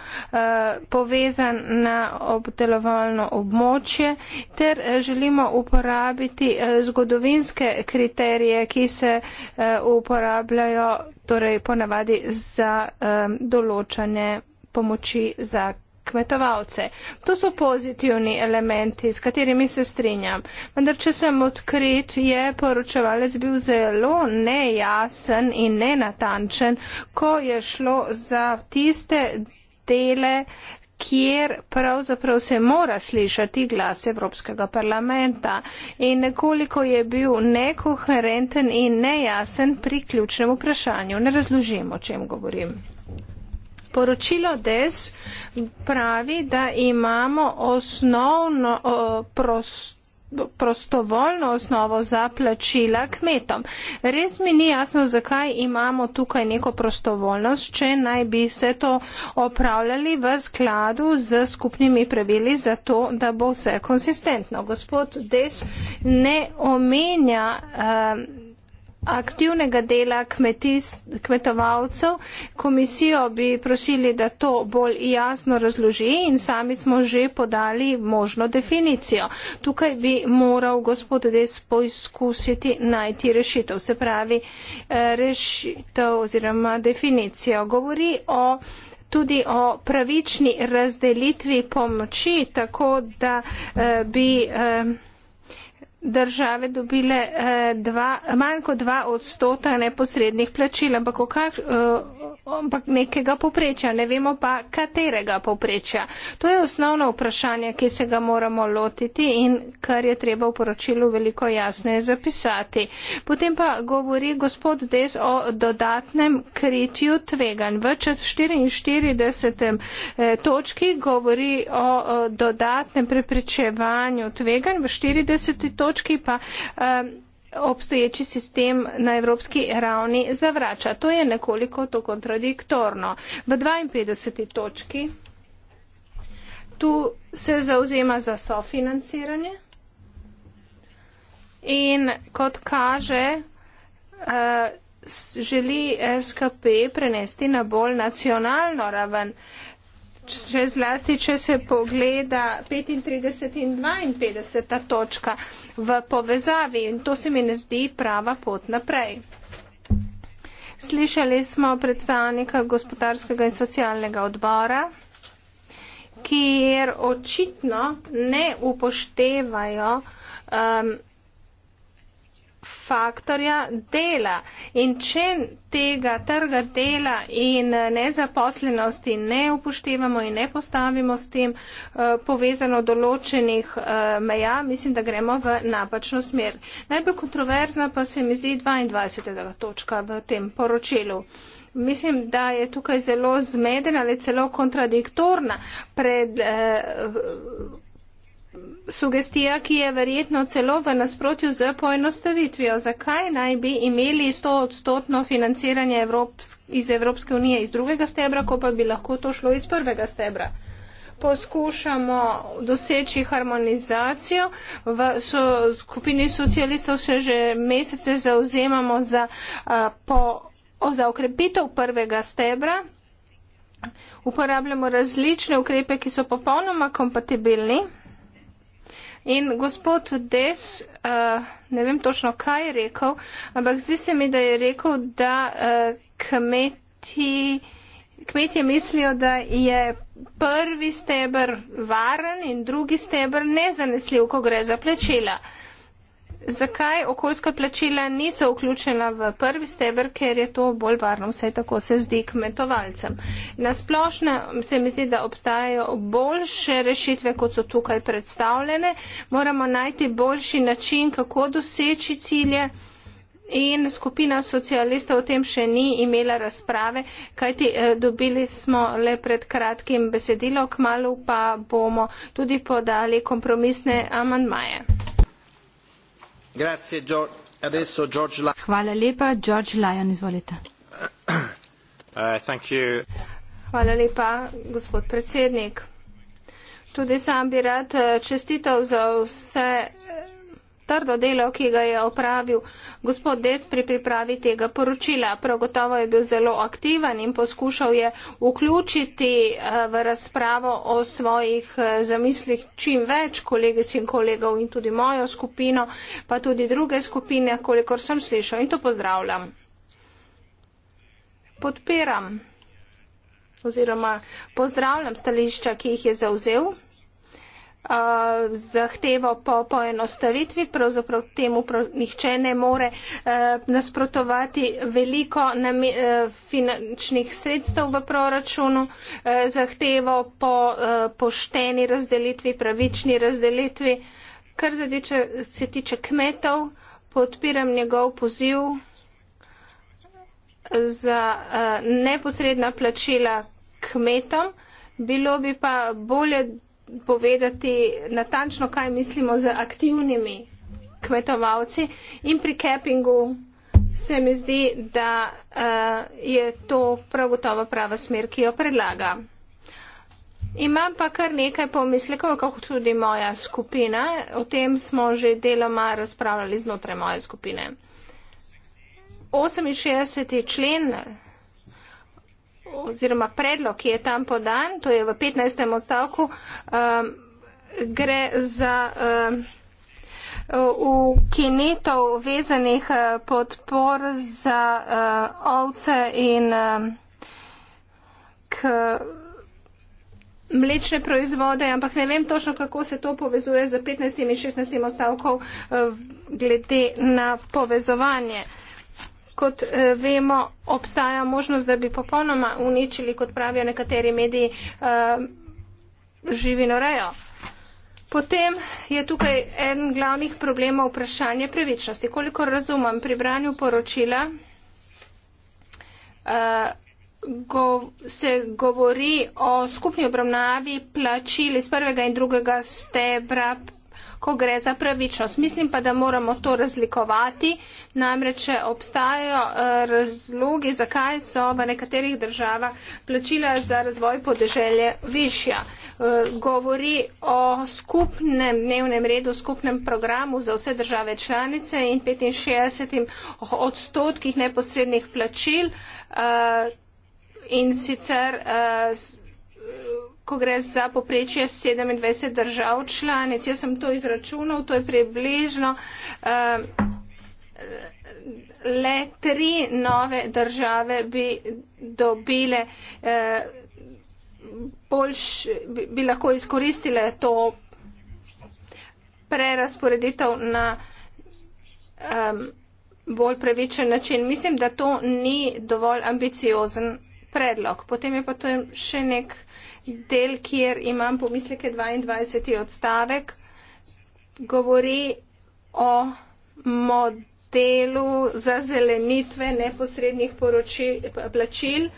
povezan na obdelovalno območje, ter eh, želimo uporabiti uh, zgodovinske kriterije, ki se uh, uporabljajo torej ponavadi za um, določanje pomoči za kmetovalce. To so pozitivni elementi, s katerimi se strinjam. Vendar, če sem odkrit, je poročevalec bil zelo nejasen in nenatančen, ko je šlo za tiste dele, kjer pravzaprav se mora slišati glas Evropskega parlamenta. In nekoliko je bil nekoherenten in nejasen pri ključnem vprašanju. Ne razložimo, o čem govorim. Poročilo DES pravi, da imamo osnovno o, prost prostovoljno osnovo za plačila kmetom. Res mi ni jasno, zakaj imamo tukaj neko prostovoljnost, če naj bi vse to opravljali v skladu z skupnimi pravili, zato da bo vse konsistentno. Gospod Des ne omenja. Uh, aktivnega dela kmetist, kmetovalcev. Komisijo bi prosili, da to bolj jasno razloži in sami smo že podali možno definicijo. Tukaj bi moral gospod Des poizkusiti najti rešitev, se pravi eh, rešitev oziroma definicijo. Govori o tudi o pravični razdelitvi pomoči, tako da eh, bi. Eh, države dobile eh, dva, manj kot dva odstota neposrednih plačil, ampak, kak, eh, ampak nekega poprečja, ne vemo pa katerega poprečja. To je osnovno vprašanje, ki se ga moramo lotiti in kar je treba v poročilu veliko jasneje zapisati. Potem pa govori gospod Des o dodatnem kritju tveganj. V 44. Eh, točki govori o dodatnem preprečevanju tveganj v 40. točki točki pa um, obstoječi sistem na evropski ravni zavrača. To je nekoliko to kontradiktorno. V 52. točki tu se zauzema za sofinanciranje in kot kaže, uh, želi SKP prenesti na bolj nacionalno raven uh, še zlasti, če se pogleda 35 in 52 točka v povezavi in to se mi ne zdi prava pot naprej. Slišali smo predstavnika gospodarskega in socialnega odbora, kjer očitno ne upoštevajo um, faktorja dela. In če tega trga dela in eh, nezaposlenosti ne upoštevamo in ne postavimo s tem eh, povezano določenih eh, meja, mislim, da gremo v napačno smer. Najbolj kontroverzna pa se mi zdi 22. točka v tem poročilu. Mislim, da je tukaj zelo zmedena ali celo kontradiktorna pred. Eh, sugestija, ki je verjetno celo v nasprotju z poenostavitvijo. Zakaj naj bi imeli 100-odstotno financiranje Evropsk iz Evropske unije iz drugega stebra, ko pa bi lahko to šlo iz prvega stebra? Poskušamo doseči harmonizacijo. V so, skupini socialistov se že mesece zauzemamo za, a, po, o, za okrepitev prvega stebra. Uporabljamo različne ukrepe, ki so popolnoma kompatibilni. In gospod Des, uh, ne vem točno, kaj je rekel, ampak zdi se mi, da je rekel, da uh, kmeti, kmetje mislijo, da je prvi stebr varen in drugi stebr nezanesljiv, ko gre za plečila. Uh, Zakaj okoljska plačila niso vključena v prvi steber, ker je to bolj varno, vsaj tako se zdi kmetovalcem. Nasplošno se mi zdi, da obstajajo boljše rešitve, kot so tukaj predstavljene. Moramo najti boljši način, kako doseči cilje. In skupina socialistov o tem še ni imela razprave, kajti eh, dobili smo le pred kratkim besedilo, k malu pa bomo tudi podali kompromisne amandmaje. Hvala lepa. George Lyon, izvolite. Uh, Hvala lepa, gospod predsednik. Tudi sam bi rad eh, čestital za vse trdo delo, ki ga je opravil gospod Des pri pripravi tega poročila. Prav gotovo je bil zelo aktiven in poskušal je vključiti eh, v razpravo o svojih eh, zamislih čim več kolegic in kolegov in tudi mojo skupino, pa tudi druge skupine, kolikor sem slišal in to pozdravljam. Podpiram oziroma pozdravljam stališča, ki jih je zauzel zahtevo po poenostavitvi, pravzaprav temu pro, nihče ne more uh, nasprotovati veliko nami, uh, e, finančnih sredstev v proračunu, uh, zahtevo po uh, pošteni razdelitvi, pravični razdelitvi. Kar zadiče, se tiče kmetov, podpiram njegov poziv za uh, neposredna plačila kmetom. Bilo bi pa bolje, povedati natančno, kaj mislimo z aktivnimi kmetovalci in pri kepingu se mi zdi, da uh, je to prav gotovo prava smer, ki jo predlaga. Imam pa kar nekaj pomislekov, kako tudi moja skupina. O tem smo že deloma razpravljali znotraj moje skupine. 68. člen oziroma predlog, ki je tam podan, to je v 15. odstavku, um, gre za ukinitev um, vezanih uh, podpor za um, ovce in um, k mlečne proizvode, ampak ne vem točno, kako se to povezuje z 15. in 16. odstavkov uh, glede na povezovanje kot eh, vemo, obstaja možnost, da bi popolnoma uničili, kot pravijo nekateri mediji, eh, živino rejo. Potem je tukaj en glavnih problemov vprašanje previčnosti. Koliko razumem pri branju poročila, eh, se govori o skupni obravnavi plačil iz prvega in drugega stebra ko gre za pravičnost. Mislim pa, da moramo to razlikovati. Namreč obstajajo eh, razlogi, zakaj so v nekaterih državah plačila za razvoj podeželje višja. Eh, govori o skupnem dnevnem redu, skupnem programu za vse države članice in 65 odstotkih neposrednih plačil eh, in sicer ko gre za poprečje 27 držav članic. Jaz sem to izračunal, to je približno eh, le tri nove države bi dobile eh, boljš, bi lahko izkoristile to prerasporeditev na um, bolj pravičen način. Mislim, da to ni dovolj ambiciozen predlog. Potem je pa to še nek uh, del, kjer imam pomisleke 22. odstavek, govori o modelu zazelenitve neposrednih plačil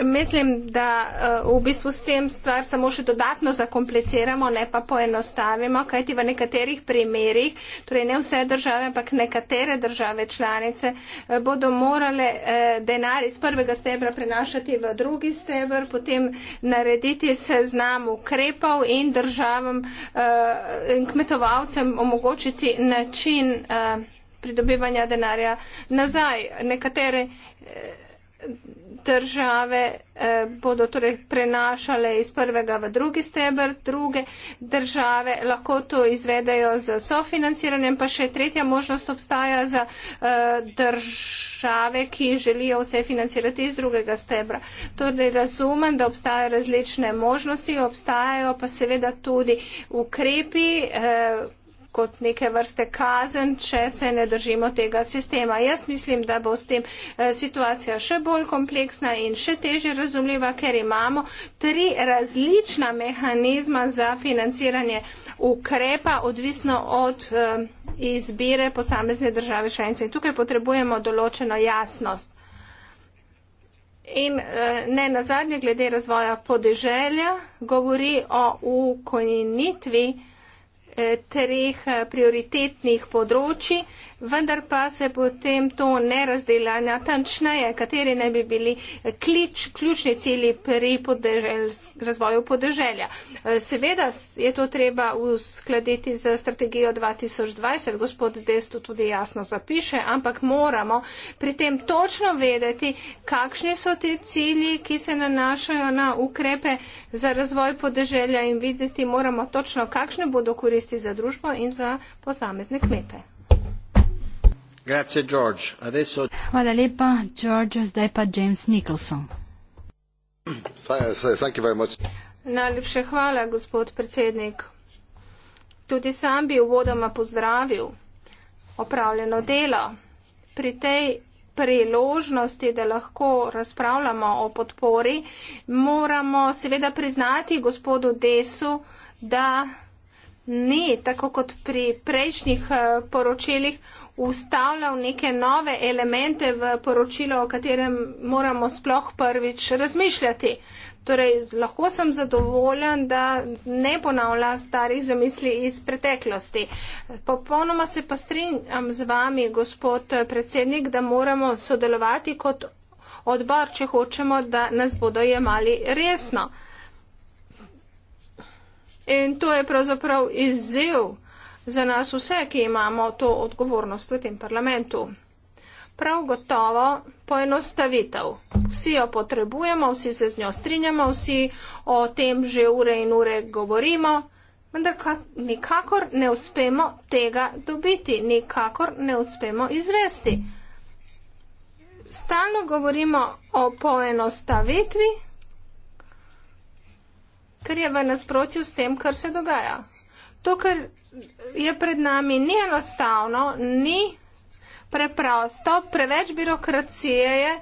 mislim, da uh, v bistvu s tem stvar samo še dodatno zakompliciramo, ne pa poenostavimo, kajti v nekaterih primerjih, torej ne vse države, ampak nekatere države članice uh, bodo morale uh, denar iz prvega stebra prenašati v drugi stebr, potem narediti seznam ukrepov in državam uh, in kmetovalcem omogočiti način uh, pridobivanja denarja nazaj. Nekatere, uh, države eh, bodo torej prenašale iz prvega v drugi steber, druge države lahko to izvedejo z sofinanciranjem, pa še tretja možnost obstaja za eh, države, ki želijo vse financirati iz drugega stebra. Torej razumem, da obstajajo različne možnosti, obstajajo pa seveda tudi ukrepi, eh, kot neke vrste kazen, če se ne držimo tega sistema. Jaz mislim, da bo s tem eh, situacija še bolj kompleksna in še teže razumljiva, ker imamo tri različna mehanizma za financiranje ukrepa, odvisno od eh, izbire posamezne države članice. Tukaj potrebujemo določeno jasnost. In eh, ne na zadnje, glede razvoja podeželja, govori o ukoninitvi Eh, treh eh, prioritetnih področji, vendar pa se potem to ne razdela natančneje, kateri ne bi bili klič, ključni cilji pri podežel, razvoju podeželja. Eh, seveda je to treba uskladiti z strategijo 2020, gospod Desto tudi jasno zapiše, ampak moramo pri tem točno vedeti, kakšni so ti cilji, ki se nanašajo na ukrepe za razvoj podeželja in videti moramo točno, kakšne bodo koristi za družbo in za posamezne kmete. Grazie George. Adesso... Hvala lepa, George, zdaj pa James Nicholson. Najlepše hvala, gospod predsednik. Tudi sam bi uvodoma pozdravil opravljeno delo. Pri tej priložnosti, da lahko razpravljamo o podpori, moramo seveda priznati gospodu Desu, da ni tako kot pri prejšnjih eh, poročilih ustavljal neke nove elemente v poročilo, o katerem moramo sploh prvič razmišljati. Torej, lahko sem zadovoljen, da ne ponavlja starih zamisli iz preteklosti. Popolnoma se pa strinjam z vami, gospod predsednik, da moramo sodelovati kot odbor, če hočemo, da nas bodo jemali resno. In to je pravzaprav izziv za nas vse, ki imamo to odgovornost v tem parlamentu. Prav gotovo poenostavitev. Vsi jo potrebujemo, vsi se z njo strinjamo, vsi o tem že ure in ure govorimo, vendar nikakor ne uspemo tega dobiti, nikakor ne uspemo izvesti. Stalno govorimo o poenostavitvi, ker je v nasprotju s tem, kar se dogaja. To, kar je pred nami, ni enostavno, ni preprosto, preveč birokracije je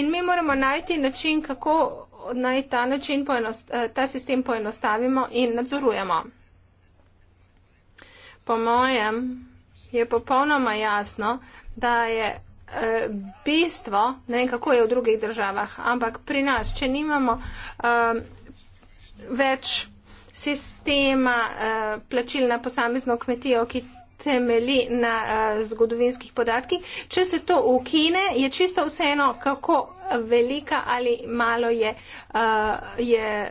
in mi moramo najti način, kako naj ta, način eh, ta sistem poenostavimo in nadzorujemo. Po mojem je popolnoma jasno, da je eh, bistvo, ne vem kako je v drugih državah, ampak pri nas, če nimamo um, več sistema eh, plačil na posamezno kmetijo, ki temeli na eh, zgodovinskih podatkih. Če se to ukine, je čisto vseeno, kako velika ali malo je, eh, je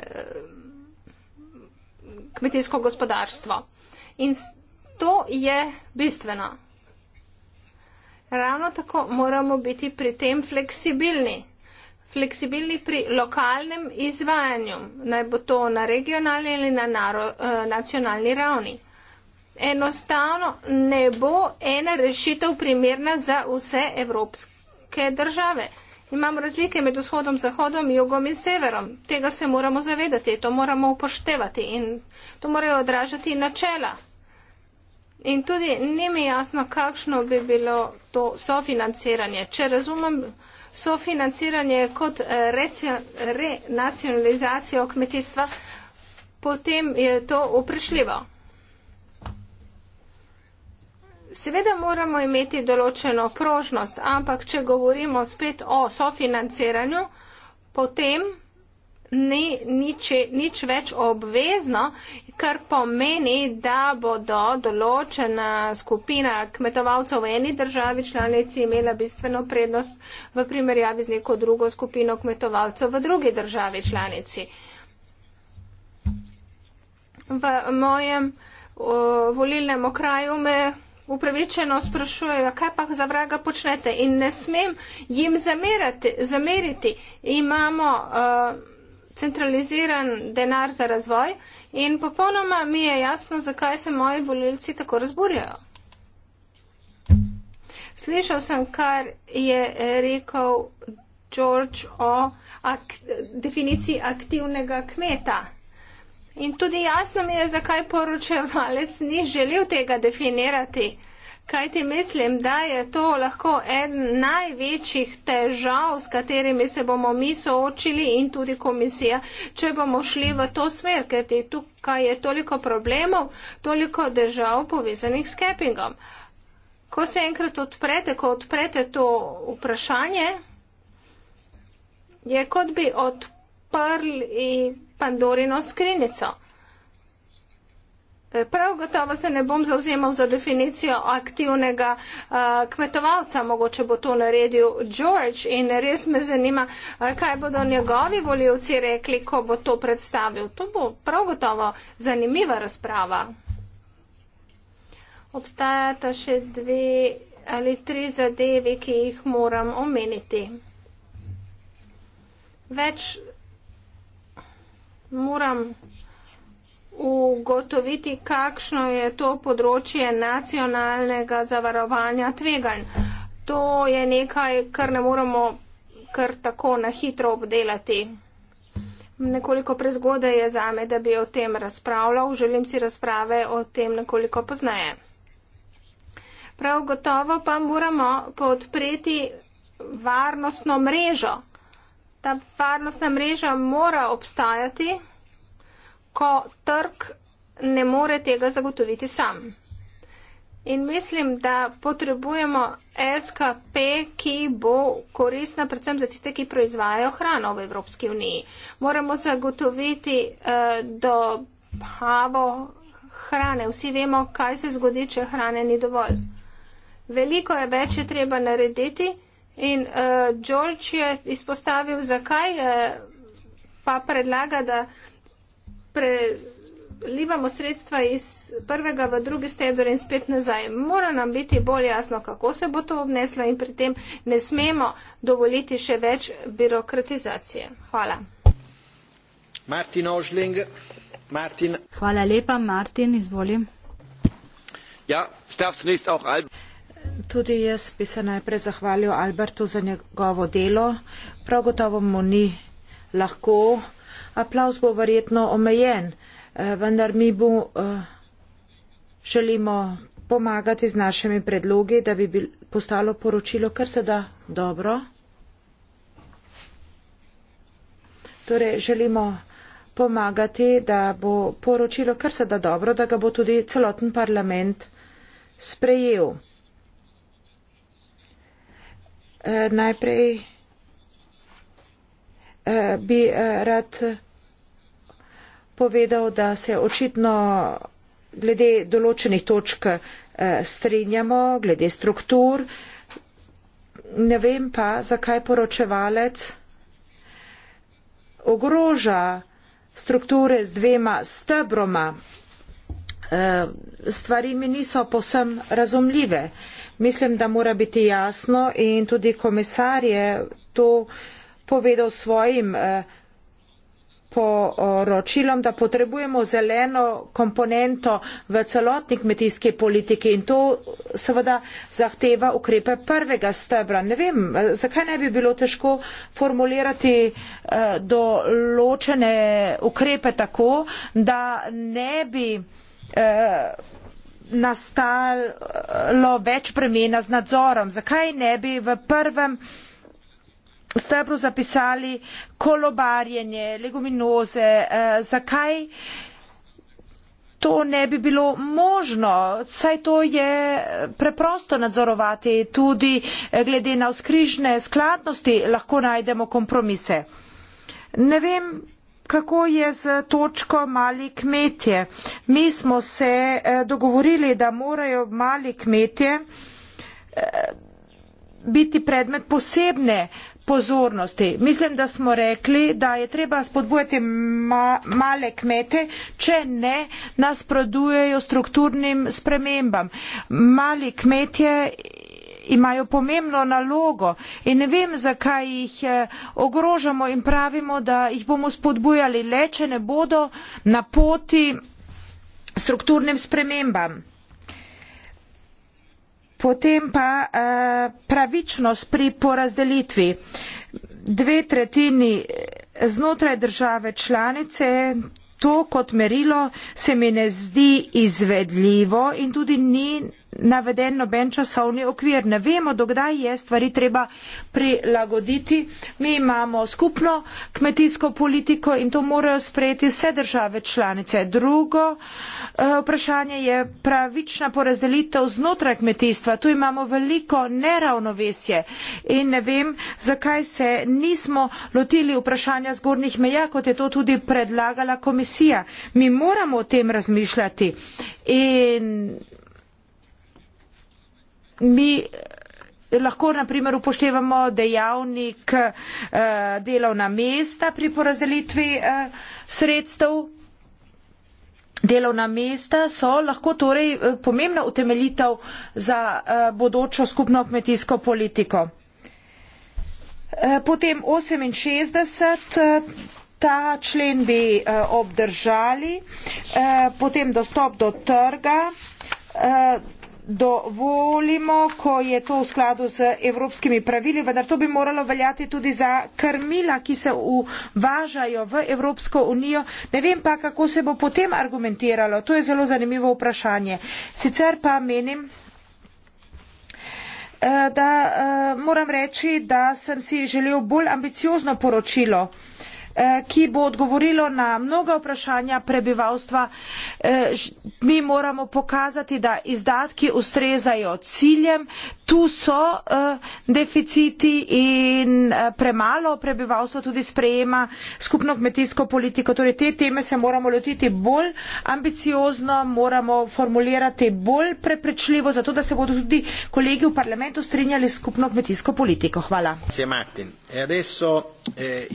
kmetijsko gospodarstvo. In to je bistveno. Ravno tako moramo biti pri tem fleksibilni fleksibilni pri lokalnem izvajanju, naj bo to na regionalni ali na naro, eh, nacionalni ravni. Enostavno ne bo ena rešitev primerna za vse evropske države. Imamo razlike med vzhodom, zahodom, jugom in severom. Tega se moramo zavedati, to moramo upoštevati in to morajo odražati načela. In tudi ni mi jasno, kakšno bi bilo to sofinanciranje. Če razumem, sofinanciranje kot eh, renacionalizacijo kmetijstva, potem je to uprešljivo. Seveda moramo imeti določeno prožnost, ampak če govorimo spet o sofinanciranju, potem ni, nič, nič več obvezno, kar pomeni, da bodo določena skupina kmetovalcev v eni državi članici imela bistveno prednost v primerjavi z neko drugo skupino kmetovalcev v drugi državi članici. V mojem o, volilnem okraju me upravičeno sprašujejo, kaj pa za vraga počnete in ne smem jim zamerati. zameriti. Imamo uh, centraliziran denar za razvoj in popolnoma mi je jasno, zakaj se moji volilci tako razburjajo. Slišal sem, kar je rekel George o ak definiciji aktivnega kmeta. In tudi jasno mi je, zakaj poročevalec ni želel tega definirati. Kaj ti mislim, da je to lahko en največjih težav, s katerimi se bomo mi soočili in tudi komisija, če bomo šli v to smer, ker ti tukaj je toliko problemov, toliko držav povezanih s kepingom. Ko se enkrat odprete, ko odprete to vprašanje, je kot bi odprli Pandorino skrinico. Eh, prav gotovo se ne bom zauzemal za definicijo aktivnega uh, kmetovalca, mogoče bo to naredil George in res me zanima, uh, kaj bodo njegovi voljivci rekli, ko bo to predstavil. To bo prav gotovo zanimiva razprava. Obstajata še dve ali tri zadevi, ki jih moram omeniti. Več moram ugotoviti, kakšno je to področje nacionalnega zavarovanja tveganj. To je nekaj, kar ne moramo kar tako na hitro obdelati. Nekoliko prezgodaj je za me, da bi o tem razpravljal. Želim si razprave o tem nekoliko poznaje. Prav gotovo pa moramo podpreti varnostno mrežo. Ta varnostna mreža mora obstajati ko trg ne more tega zagotoviti sam. In mislim, da potrebujemo SKP, ki bo korisna predvsem za tiste, ki proizvajajo hrano v Evropski uniji. Moramo zagotoviti eh, dobavo hrane. Vsi vemo, kaj se zgodi, če hrane ni dovolj. Veliko je več, je treba narediti. In eh, George je izpostavil, zakaj eh, pa predlaga, da prelivamo sredstva iz prvega v drugi steber in spet nazaj. Mora nam biti bolj jasno, kako se bo to obneslo in pri tem ne smemo dovoliti še več birokratizacije. Hvala. Martin Ožling. Martin. Hvala lepa, Martin, izvolim. Ja, Tudi jaz bi se najprej zahvalil Albertu za njegovo delo. Prav gotovo mu ni lahko aplavz bo verjetno omejen, eh, vendar mi bo, eh, želimo pomagati z našimi predlogi, da bi postalo poročilo kar se da dobro. Torej, želimo pomagati, da bo poročilo kar se da dobro, da ga bo tudi celoten parlament sprejel. E, najprej e, bi e, rad. E, povedal, da se očitno glede določenih točk eh, strinjamo, glede struktur. Ne vem pa, zakaj poročevalec ogroža strukture z dvema stebroma. Eh, stvari mi niso posem razumljive. Mislim, da mora biti jasno in tudi komisar je to povedal svojim eh, poročilom, da potrebujemo zeleno komponento v celotni kmetijski politiki in to seveda zahteva ukrepe prvega stebra. Ne vem, zakaj ne bi bilo težko formulirati eh, določene ukrepe tako, da ne bi eh, nastalo eh, več premena z nadzorom. Zakaj ne bi v prvem stebru zapisali kolobarjenje, leguminoze, uh, zakaj to ne bi bilo možno, saj to je preprosto nadzorovati, tudi eh, glede na skrižne skladnosti lahko najdemo kompromise. Ne vem, kako je z točko mali kmetje. Mi smo se eh, dogovorili, da morajo mali kmetje biti predmet posebne pozornosti. Mislim, da smo rekli, da je treba spodbujati ma, male kmete, če ne nas produjejo strukturnim spremembam. Mali kmetje imajo pomembno nalogo in ne vem, zakaj jih eh, ogrožamo in pravimo, da jih bomo spodbujali le, če ne bodo na poti strukturnim spremembam. Potem pa eh, pravičnost pri porazdelitvi. Dve tretjini eh, znotraj države članice, to kot merilo se mi ne zdi izvedljivo in tudi ni naveden noben časovni okvir. Ne vemo, dokdaj je stvari treba prilagoditi. Mi imamo skupno kmetijsko politiko in to morajo sprejeti vse države članice. Drugo eh, vprašanje je pravična porazdelitev znotraj kmetijstva. Tu imamo veliko neravnovesje in ne vem, zakaj se nismo lotili vprašanja zgornjih meja, kot je to tudi predlagala komisija. Mi moramo o tem razmišljati. In mi eh, lahko naprimer upoštevamo dejavnik eh, delovna mesta pri porazdelitvi eh, sredstev. Delovna mesta so lahko torej pomembna utemeljitev za bodočo skupno kmetijsko politiko. Potem 68, ta člen bi obdržali, potem dostop do trga, dovolimo, ko je to v skladu z evropskimi pravili, vendar to bi moralo veljati tudi za krmila, ki se uvažajo v Evropsko unijo. Ne vem pa, kako se bo potem argumentiralo. To je zelo zanimivo vprašanje. Sicer pa menim, eh, da eh, moram reči, da sem si želel bolj ambiciozno poročilo. Eh, ki bo odgovorilo na mnoga vprašanja prebivalstva. Eh, mi moramo pokazati, da izdatki ustrezajo ciljem. Tu so eh, deficiti in premalo prebivalstva tudi sprejema skupno kmetijsko politiko. Torej te teme se moramo lotiti bolj ambiciozno, moramo formulirati bolj prepričljivo, zato da se bodo tudi kolegi v parlamentu strinjali s skupno kmetijsko politiko. Hvala. Grazie, Eh,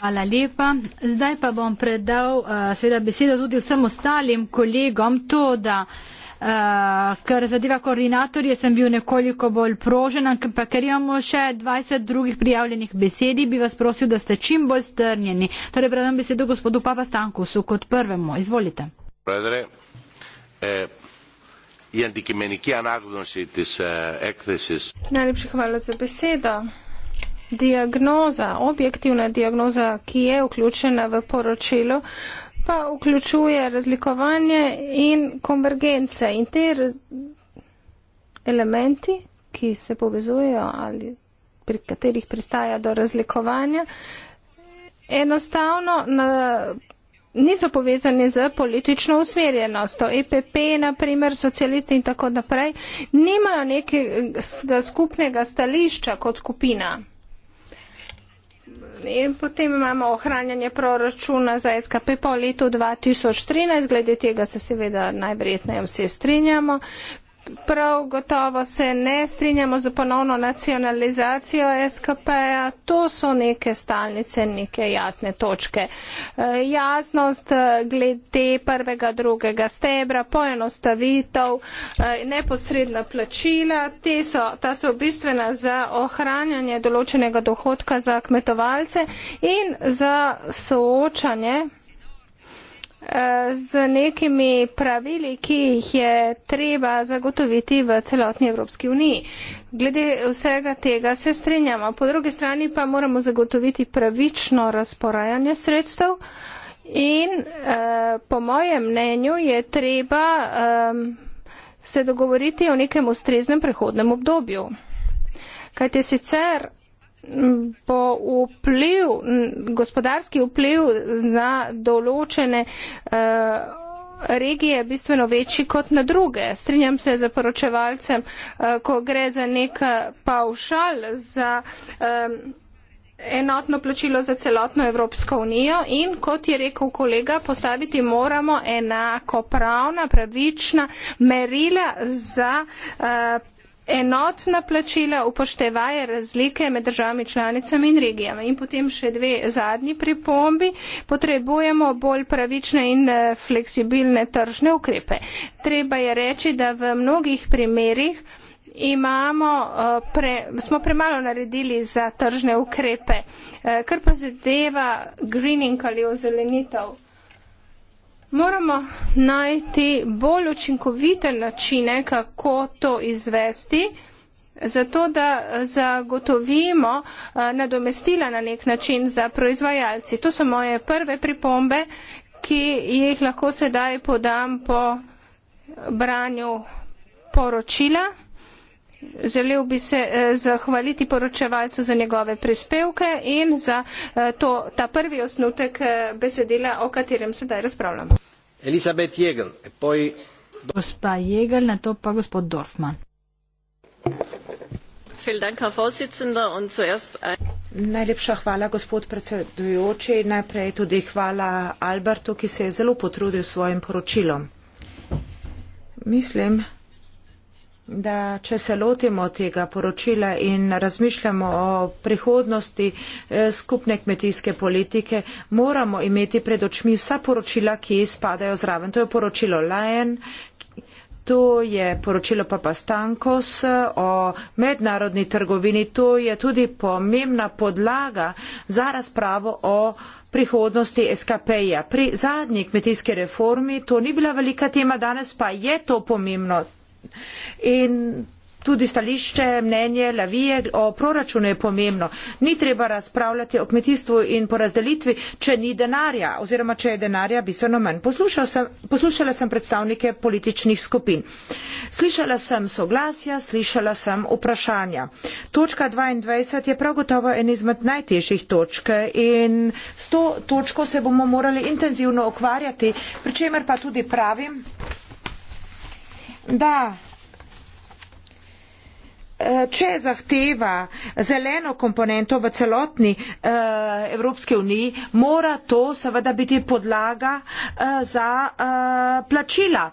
hvala lepa. Zdaj pa bom predal eh, seveda besedo tudi vsem ostalim kolegom to, da eh, kar zadeva koordinatorje, sem bil nekoliko bolj prožen, ampak ker imamo še 20 drugih prijavljenih besedi, bi vas prosil, da ste čim bolj strnjeni. Torej, predam besedo gospodu Papa Stankusu kot prvemu. Izvolite. Predre, eh, je antikimeniki anagdonsitis eh, ekthesis. Najlepša hvala za besedo diagnoza, objektivna diagnoza, ki je vključena v poročilu, pa vključuje razlikovanje in konvergence. In te elementi, ki se povezujejo ali pri katerih pristaja do razlikovanja, enostavno na, niso povezani z politično usmerjenostjo. EPP, na primer, socialisti in tako naprej, nimajo nekega skupnega stališča kot skupina. Potem imamo ohranjanje proračuna za SKP po letu 2013, glede tega se seveda najverjetneje vsi strinjamo. Prav gotovo se ne strinjamo za ponovno nacionalizacijo SKP-ja. To so neke stalnice, neke jasne točke. E, jasnost e, glede prvega, drugega stebra, poenostavitev, e, neposredna plačila, so, ta so bistvena za ohranjanje določenega dohodka za kmetovalce in za soočanje z nekimi pravili, ki jih je treba zagotoviti v celotni Evropski uniji. Glede vsega tega se strinjamo. Po drugi strani pa moramo zagotoviti pravično razporajanje sredstev in eh, po mojem mnenju je treba ehm, se dogovoriti o nekem ustreznem prehodnem obdobju. Kajte sicer bo vpliv, gospodarski vpliv za določene eh, regije bistveno večji kot na druge. Strinjam se z poročevalcem, eh, ko gre za nek eh, paušal, za enotno plačilo za celotno Evropsko unijo in kot je rekel kolega, postaviti moramo enako pravna, pravična merila za uh, enotna plačila upoštevaje razlike med državami članicami in regijami. In potem še dve zadnji pripombi. Potrebujemo bolj pravične in eh, fleksibilne tržne ukrepe. Treba je reči, da v mnogih primerjih imamo, eh, pre, smo premalo naredili za tržne ukrepe. Eh, kar pa zadeva greening ali ozelenitev moramo najti bolj učinkovite načine, kako to izvesti, zato da zagotovimo eh, nadomestila na nek način za proizvajalci. To so moje prve pripombe, ki jih lahko sedaj podam po branju poročila. Želel bi se eh, zahvaliti poročevalcu za njegove prispevke in za eh, to, ta prvi osnutek eh, besedila, o katerem sedaj razpravljamo. Elizabeth Jegel, e poi... Gospa Jegel, na to pa gospod Dorfman. Najlepša hvala, gospod predsedujoči. Najprej tudi hvala Albertu, ki se je zelo potrudil s svojim poročilom. Mislim, da če se lotimo tega poročila in razmišljamo o prihodnosti eh, skupne kmetijske politike, moramo imeti pred očmi vsa poročila, ki spadajo zraven. To je poročilo Lajen, to je poročilo Papa Stankos eh, o mednarodni trgovini, to je tudi pomembna podlaga za razpravo o prihodnosti SKP-ja. Pri zadnji kmetijski reformi to ni bila velika tema, danes pa je to pomembno In tudi stališče, mnenje, lavije o proračunu je pomembno. Ni treba razpravljati o kmetijstvu in porazdelitvi, če ni denarja oziroma če je denarja bistveno manj. Sem, poslušala sem predstavnike političnih skupin. Slišala sem soglasja, slišala sem vprašanja. Točka 22 je prav gotovo en izmed najtežjih točk in s to točko se bomo morali intenzivno okvarjati, pri čemer pa tudi pravim, da eh, Če zahteva zeleno komponento v celotni uh, eh, Evropske unije, mora to seveda biti podlaga uh, za uh, plačila.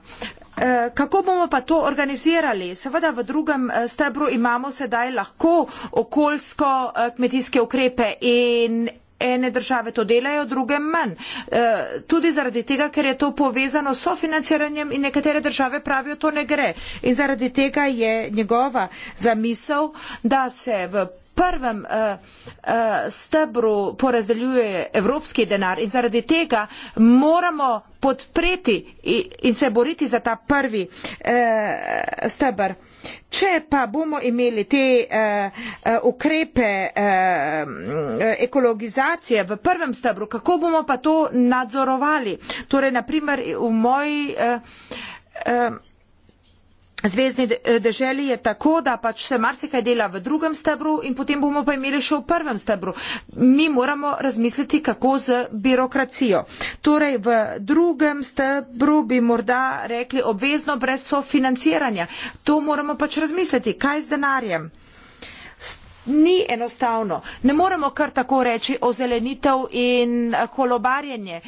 Uh, kako bomo pa to organizirali? Seveda v drugem stebru imamo sedaj lahko okoljsko uh, kmetijske ukrepe in ene države to delajo, druge manj. E, tudi zaradi tega, ker je to povezano s sofinanciranjem in nekatere države pravijo, to ne gre. In zaradi tega je njegova zamisel, da se v prvem uh, uh, stebru porazdeljuje evropski denar in zaradi tega moramo podpreti in, in se boriti za ta prvi uh, stebr. Če pa bomo imeli te uh, ukrepe uh, ekologizacije v prvem stebru, kako bomo pa to nadzorovali? Torej, naprimer, v moji. Uh, uh, zvezdni eh, deželi je tako, da pač se marsikaj dela v drugem stebru in potem bomo pa imeli še v prvem stebru. Mi moramo razmisliti, kako z birokracijo. Torej, v drugem stebru bi morda rekli obvezno brez sofinanciranja. To moramo pač razmisliti. Kaj z denarjem? ni enostavno. Ne moremo kar tako reči o zelenitev in eh, kolobarjenje. E,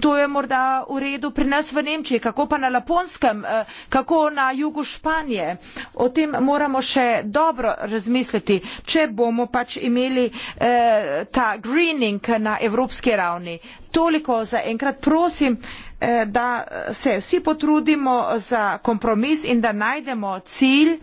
to je morda v redu pri nas v Nemčiji, kako pa na Laponskem, e, kako na jugu Španije. O tem moramo še dobro razmisliti, če bomo pač imeli e, ta greening na evropski ravni. Toliko za enkrat prosim da se vsi potrudimo za kompromis in da najdemo cilj,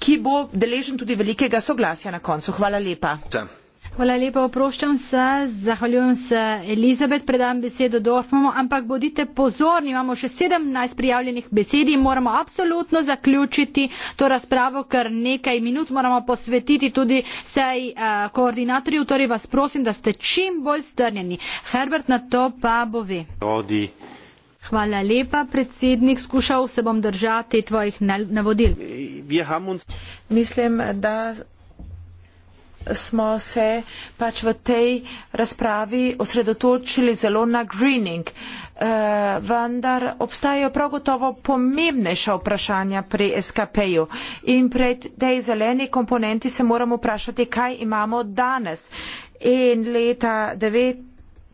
ki bo deležen tudi velikega soglasja na koncu. Hvala lepa. Ta. Hvala lepa, oproščam se, zahvaljujem se Elizabet, predam besedo Dorfmanu, ampak bodite pozorni, imamo še 17 prijavljenih besedi in moramo absolutno zaključiti to razpravo, ker nekaj minut moramo posvetiti tudi sej uh, koordinatorju, torej vas prosim, da ste čim bolj strnjeni. Herbert na to pa bo ve. Rodi. Hvala lepa, predsednik. Skušal se bom držati tvojih navodil. Mislim, da smo se pač v tej razpravi osredotočili zelo na greening, eh, vendar obstajajo prav gotovo pomembnejša vprašanja pri SKP-ju in pred tej zeleni komponenti se moramo vprašati, kaj imamo danes. In leta 2019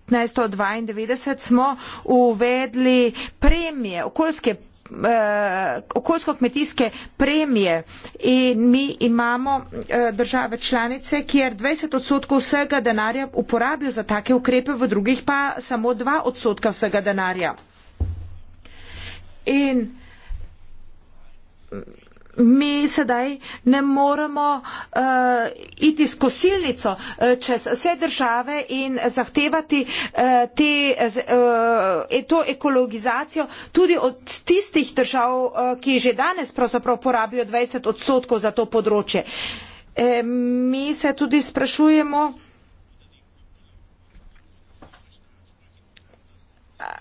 1992 smo uvedli premije, okoljske eh, okoljsko-kmetijske premije in mi imamo eh, države članice, kjer 20 odstotkov vsega denarja uporabijo za take ukrepe, v drugih pa samo 2 odstotka vsega denarja. In mi sedaj ne moremo uh, iti s kosilnico uh, čez vse države in zahtevati uh, te, uh, to ekologizacijo tudi od tistih držav, uh, ki že danes pravzaprav porabijo 20 odstotkov za to področje. E, mi se tudi sprašujemo,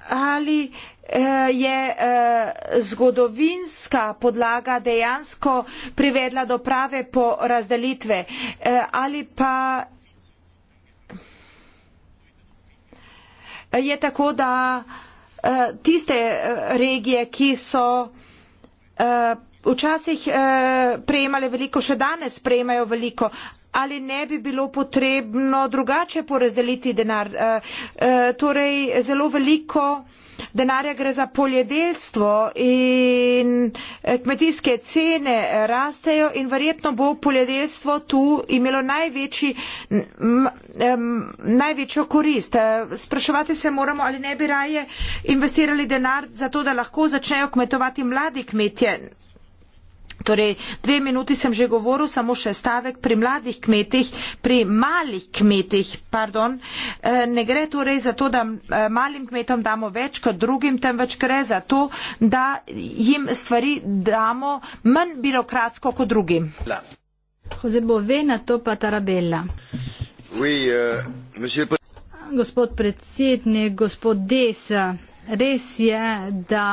ali Eh, je eh, zgodovinska podlaga dejansko privedla do prave po razdelitve eh, ali pa je tako, da tiste regije, ki so včasih prejemale veliko, še danes prejemajo veliko, ali ne bi bilo potrebno drugače porazdeliti denar. Eh, eh, torej, zelo veliko denarja gre za poljedelstvo in eh, kmetijske cene rastejo in verjetno bo poljedelstvo tu imelo največji, največjo korist. Spraševati se moramo, ali ne bi raje investirali denar za to, da lahko začnejo kmetovati mladi kmetje. Torej, dve minuti sem že govoril, samo še stavek pri mladih kmetih, pri malih kmetih, pardon. E, ne gre torej za to, da e, malim kmetom damo več kot drugim, temveč gre za to, da jim stvari damo manj birokratsko kot drugim. Euh, gospod predsednik, gospod Desa, res je, da.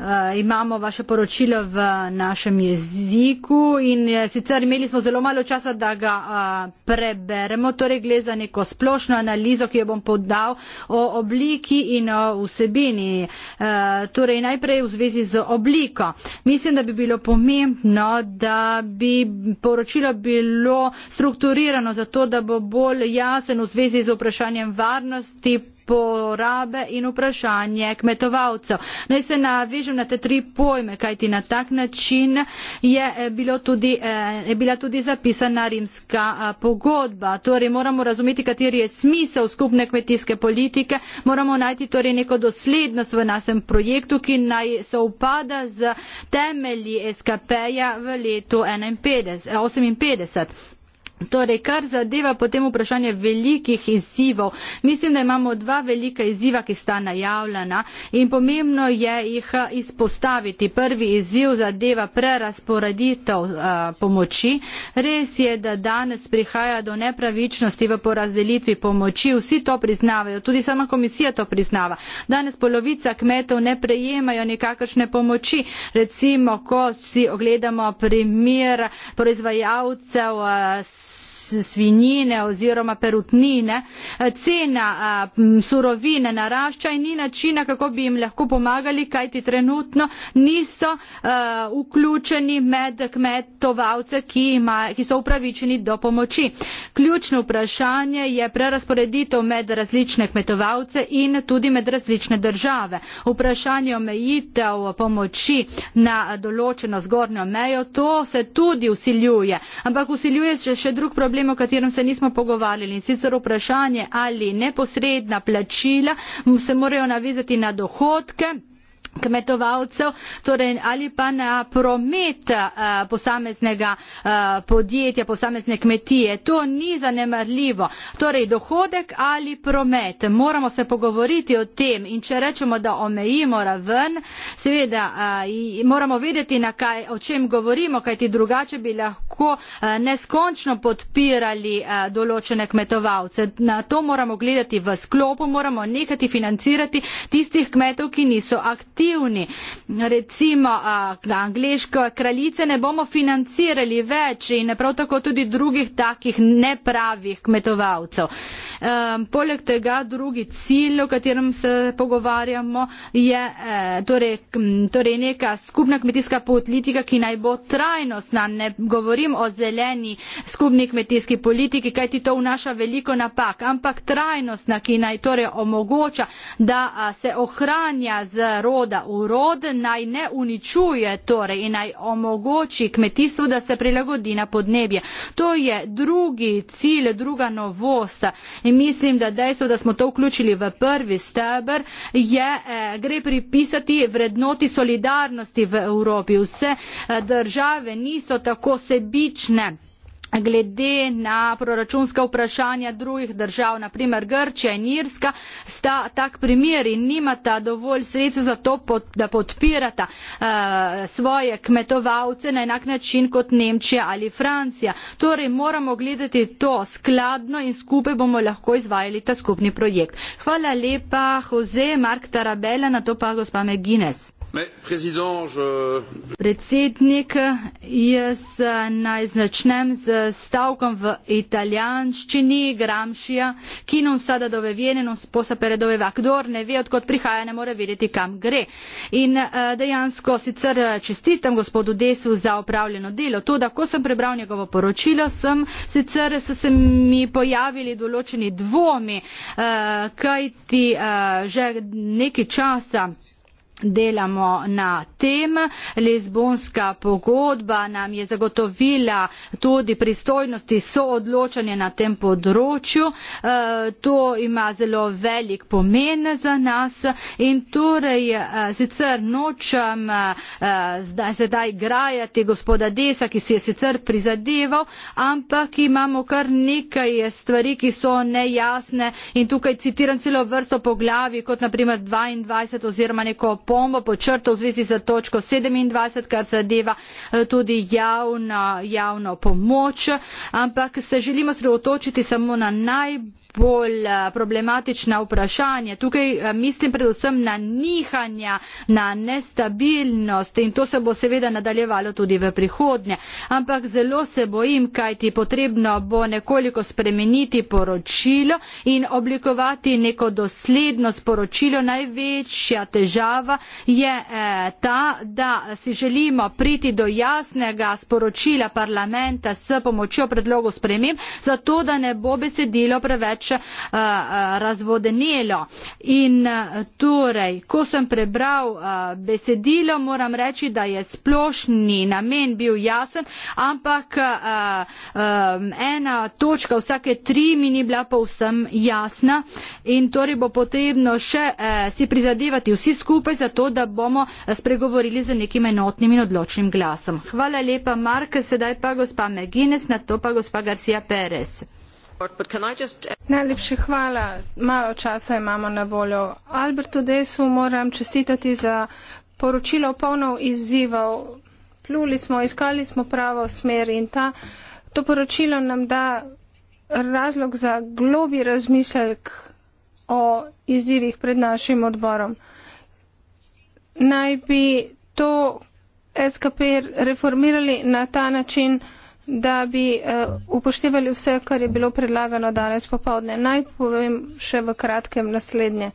Uh, imamo vaše poročilo v našem jeziku in sicer imeli smo zelo malo časa, da ga uh, preberemo, torej gre za neko splošno analizo, ki jo bom podal o obliki in o vsebini. Uh, torej najprej v zvezi z obliko. Mislim, da bi bilo pomembno, da bi poročilo bilo strukturirano zato, da bo bolj jasen v zvezi z vprašanjem varnosti porabe in vprašanje kmetovalcev. Naj se navežem na te tri pojme, kajti na tak način je, eh, tudi, eh, je bila tudi zapisana rimska eh, pogodba. Torej moramo razumeti, kateri je smisel skupne kmetijske politike, moramo najti torej neko doslednost v našem projektu, ki naj se upada z temelji SKP-ja v letu 1958. Torej, kar zadeva potem vprašanje velikih izzivov. Mislim, da imamo dva velika izziva, ki sta najavljena in pomembno je jih izpostaviti. Prvi izziv zadeva prerasporeditev a, pomoči. Res je, da danes prihaja do nepravičnosti v porazdelitvi pomoči. Vsi to priznavajo, tudi sama komisija to priznava. Danes polovica kmetov ne prejemajo nikakršne pomoči. Recimo, ko si ogledamo primer proizvajalcev. A, svinjine oziroma perutnine, cena surovine narašča in ni načina, kako bi jim lahko pomagali, kajti trenutno niso vključeni med kmetovalce, ki, ima, ki so upravičeni do pomoči. Ključno vprašanje je prerasporeditev med različne kmetovalce in tudi med različne države. Vprašanje omejitev pomoči na določeno zgornjo mejo, to se tudi usiljuje, ampak usiljuje se še drug problem problem, o katerem se nismo pogovarjali in sicer vprašanje, ali neposredna plačila se morajo navezati na dohodke kmetovalcev, torej ali pa na promet uh, posameznega uh, podjetja, posamezne kmetije. To ni zanemarljivo. Torej dohodek ali promet. Moramo se pogovoriti o tem in če rečemo, da omejimo raven, seveda uh, moramo vedeti, kaj, o čem govorimo, kajti drugače bi lahko uh, neskončno podpirali uh, določene kmetovalce. Na to moramo gledati v sklopu, moramo nekati financirati tistih kmetov, ki niso aktivni aktivni. Recimo, da angliško kraljice ne bomo financirali več in prav tako tudi drugih takih nepravih kmetovalcev. Poleg tega drugi cilj, o katerem se pogovarjamo, je e, torej, torej neka skupna kmetijska politika, ki naj bo trajnostna. Ne govorim o zeleni skupni kmetijski politiki, kajti to vnaša veliko napak, ampak trajnostna, ki naj torej omogoča, da se ohranja z rodom voda, urod naj ne uničuje torej in naj omogoči kmetijstvu, da se prilagodi na podnebje. To je drugi cilj, druga novost in mislim, da dejstvo, da smo to vključili v prvi stebr, je, eh, gre pripisati vrednoti solidarnosti v Evropi. Vse eh, države niso tako sebične glede na proračunska vprašanja drugih držav, naprimer Grčija in Irska, sta tak primer in nimata dovolj sredstva za to, da podpirata uh, svoje kmetovalce na enak način kot Nemčija ali Francija. Torej moramo gledati to skladno in skupaj bomo lahko izvajali ta skupni projekt. Hvala lepa, Jose, Mark Tarabella, na to pa gospa Meginez. Predsednik, jaz naj začnem z stavkom v italijanščini Gramšija, ki non sa da dove viene, non sposa pere dove va. Kdor ne ve, odkot prihaja, ne more vedeti, kam gre. In eh, dejansko sicer eh, čestitam gospodu Desu za opravljeno delo. To, da ko sem prebral njegovo poročilo, sem, sicer so se mi pojavili določeni dvomi, eh, kajti že nekaj časa delamo na tem. Lizbonska pogodba nam je zagotovila tudi pristojnosti soodločanje na tem področju. E, to ima zelo velik pomen za nas in torej e, sicer nočem e, zdaj, zdaj grajati gospoda Desa, ki si je sicer prizadeval, ampak imamo kar nekaj stvari, ki so nejasne in tukaj citiram celo vrsto poglavi, kot naprimer 22 oziroma neko pripombo pod črto v zvezi z točko sedemindvajset kar zadeva eh, tudi javno, javno pomoč ampak se želimo osredotočiti samo na najbolj bolj eh, problematična vprašanja. Tukaj eh, mislim predvsem na nihanja, na nestabilnost in to se bo seveda nadaljevalo tudi v prihodnje. Ampak zelo se bojim, kaj ti potrebno bo nekoliko spremeniti poročilo in oblikovati neko dosledno sporočilo. Največja težava je eh, ta, da si želimo priti do jasnega sporočila parlamenta s pomočjo predlogov sprememb, zato da ne bo besedilo preveč pač uh, eh, eh, razvodenilo. In uh, torej, ko sem prebral uh, besedilo, moram reči, da je splošni namen bil jasen, ampak uh, um, ena točka vsake tri mi ni bila povsem jasna in torej bo potrebno še uh, si prizadevati vsi skupaj za to, da bomo spregovorili z nekim enotnim in odločnim glasom. Hvala lepa, Mark, sedaj pa gospa McGuinness, na to pa gospa Garcia Perez. Uh, Najlepša hvala. Malo časa imamo na voljo. Albertu Desu moram čestitati za poročilo polno izzivov. Pluli smo, iskali smo pravo smer in ta, to poročilo nam da razlog za globi razmislek o izzivih pred našim odborom. Naj bi to SKP reformirali na ta način, da bi eh, upoštevali vse, kar je bilo predlagano danes popovdne. Naj povem še v kratkem naslednje.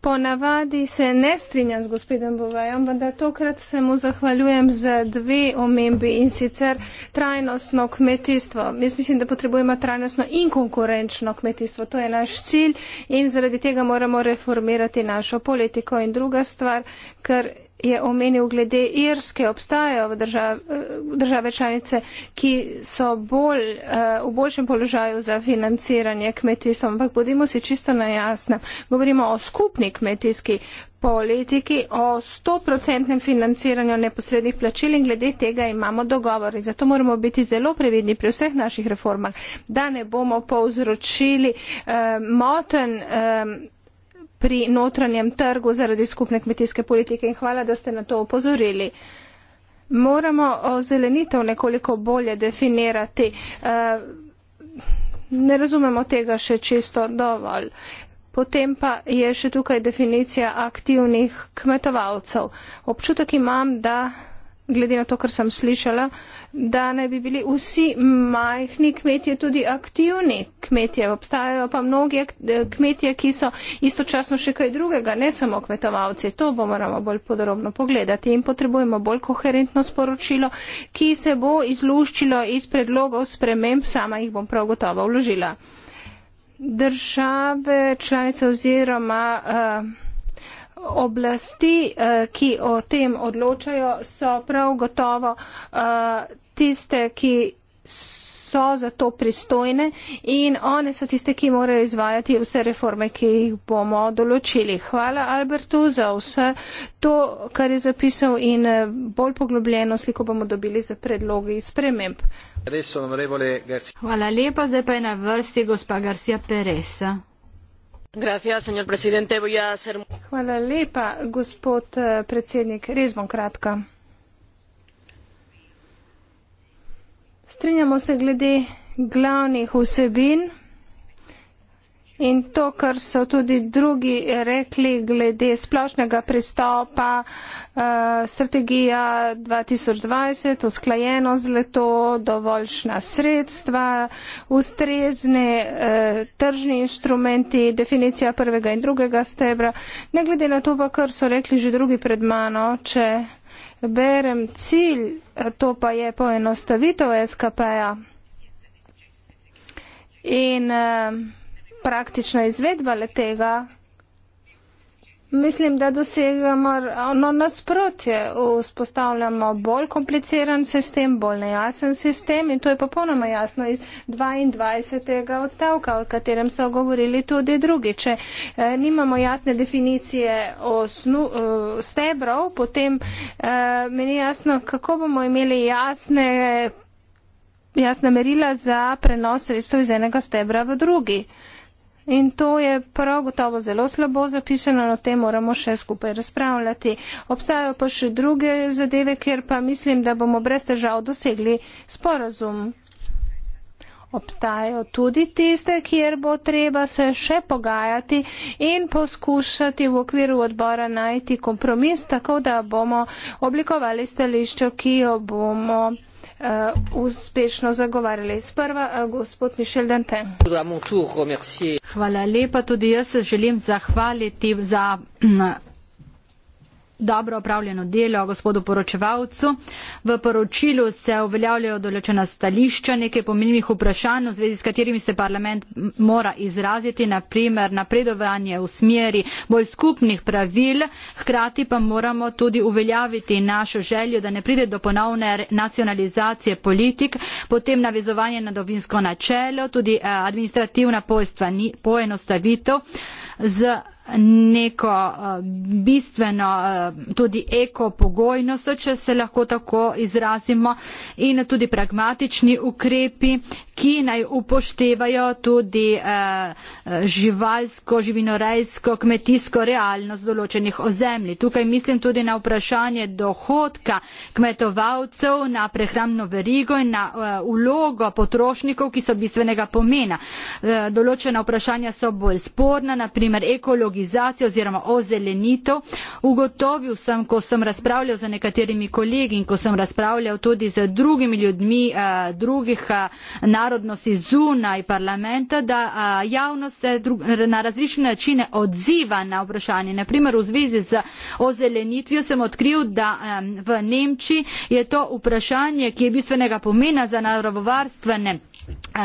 Ponavadi se ne strinjam z gospodem Bovajem, vendar tokrat se mu zahvaljujem za dve omembi in sicer trajnostno kmetijstvo. Jaz mislim, da potrebujemo trajnostno in konkurenčno kmetijstvo. To je naš cilj in zaradi tega moramo reformirati našo politiko. In druga stvar, ker je omenil glede Irske, obstajajo držav, države članice, ki so bolj, eh, v boljšem položaju za financiranje kmetijstva, ampak bodimo si čisto najjasne. Govorimo o skupni kmetijski politiki, o 100% financiranju neposrednih plačil in glede tega imamo dogovor. In zato moramo biti zelo previdni pri vseh naših reformah, da ne bomo povzročili eh, moten. Eh, pri notranjem trgu zaradi skupne kmetijske politike in hvala, da ste na to upozorili. Moramo o zelenitev nekoliko bolje definirati. Eh, ne razumemo tega še čisto dovolj. Potem pa je še tukaj definicija aktivnih kmetovalcev. Občutek imam, da glede na to, kar sem slišala, da naj bi bili vsi majhni kmetje tudi aktivni kmetje. Obstajajo pa mnogi kmetje, ki so istočasno še kaj drugega, ne samo kmetovalci. To bomo moramo bolj podrobno pogledati in potrebujemo bolj koherentno sporočilo, ki se bo izluščilo iz predlogov sprememb, sama jih bom prav gotovo vložila. Države članice oziroma. Uh, oblasti, eh, ki o tem odločajo, so prav gotovo eh, tiste, ki so za to pristojne in one so tiste, ki morajo izvajati vse reforme, ki jih bomo določili. Hvala Albertu za vse to, kar je zapisal in eh, bolj poglobljeno sliko bomo dobili za predlogi sprememb. Hvala lepa, zdaj pa je na vrsti gospa Garcia Peresa. Señor presidente, voy a ser... Hvala lepa, gospod eh, predsednik. Res bom kratka. Strinjamo se glede glavnih vsebin in to, kar so tudi drugi rekli glede splošnega pristopa. Uh, uh, strategija 2020, usklajeno z leto, dovoljšna sredstva, ustrezne uh, tržni instrumenti, definicija prvega in drugega stebra. Ne glede na to, pa, kar so rekli že drugi pred mano, če berem cilj, eh, to pa je poenostavitev SKP-ja. In uh, praktična izvedba le tega Mislim, da dosegamo ono nasprotje, vzpostavljamo bolj kompliciran sistem, bolj nejasen sistem in to je popolnoma jasno iz 22. odstavka, o katerem so govorili tudi drugi. Če e, nimamo jasne definicije o snu, e, eh, stebrov, potem e, meni je jasno, kako bomo imeli jasne, jasne merila za prenos sredstva iz enega stebra v drugi. In to je prav gotovo zelo slabo zapisano, no, o tem moramo še skupaj razpravljati. Obstajajo pa še druge zadeve, kjer pa mislim, da bomo brez težav dosegli sporazum. Obstajajo tudi tiste, kjer bo treba se še pogajati in poskušati v okviru odbora najti kompromis, tako da bomo oblikovali stališče, ki jo bomo. Eh, uspešno zagovarjali. Sprva eh, gospod Mišel Danten. Hvala lepa, tudi jaz se želim zahvaliti za. Na, dobro opravljeno delo gospodu poročevalcu. V poročilu se uveljavljajo določena stališča, nekaj pomenljivih vprašanj, v zvezi s katerimi se parlament mora izraziti, naprimer napredovanje v smeri bolj skupnih pravil, hkrati pa moramo tudi uveljaviti našo željo, da ne pride do ponovne nacionalizacije politik, potem navezovanje na dovinsko načelo, tudi eh, administrativna poenostavitev z neko eh, bistveno eh, tudi ekopogojnost, če se lahko tako izrazimo, in tudi pragmatični ukrepi, ki naj upoštevajo tudi eh, živalsko, živinorejsko, kmetijsko realnost določenih ozemlji. Tukaj mislim tudi na vprašanje dohodka kmetovalcev, na prehramno verigo in na vlogo potrošnikov, ki so bistvenega pomena. Določena vprašanja so bolj sporna, naprimer ekologija, ekologizacijo oziroma ozelenitev. Ugotovil sem, ko sem razpravljal z nekaterimi kolegi in ko sem razpravljal tudi z drugimi ljudmi eh, drugih eh, narodnosti zunaj parlamenta, da eh, javnost se na različne načine odziva na vprašanje. Naprimer, v zvezi z ozelenitvijo sem odkril, da v Nemčiji je to vprašanje, ki je bistvenega pomena za naravovarstvene Eh,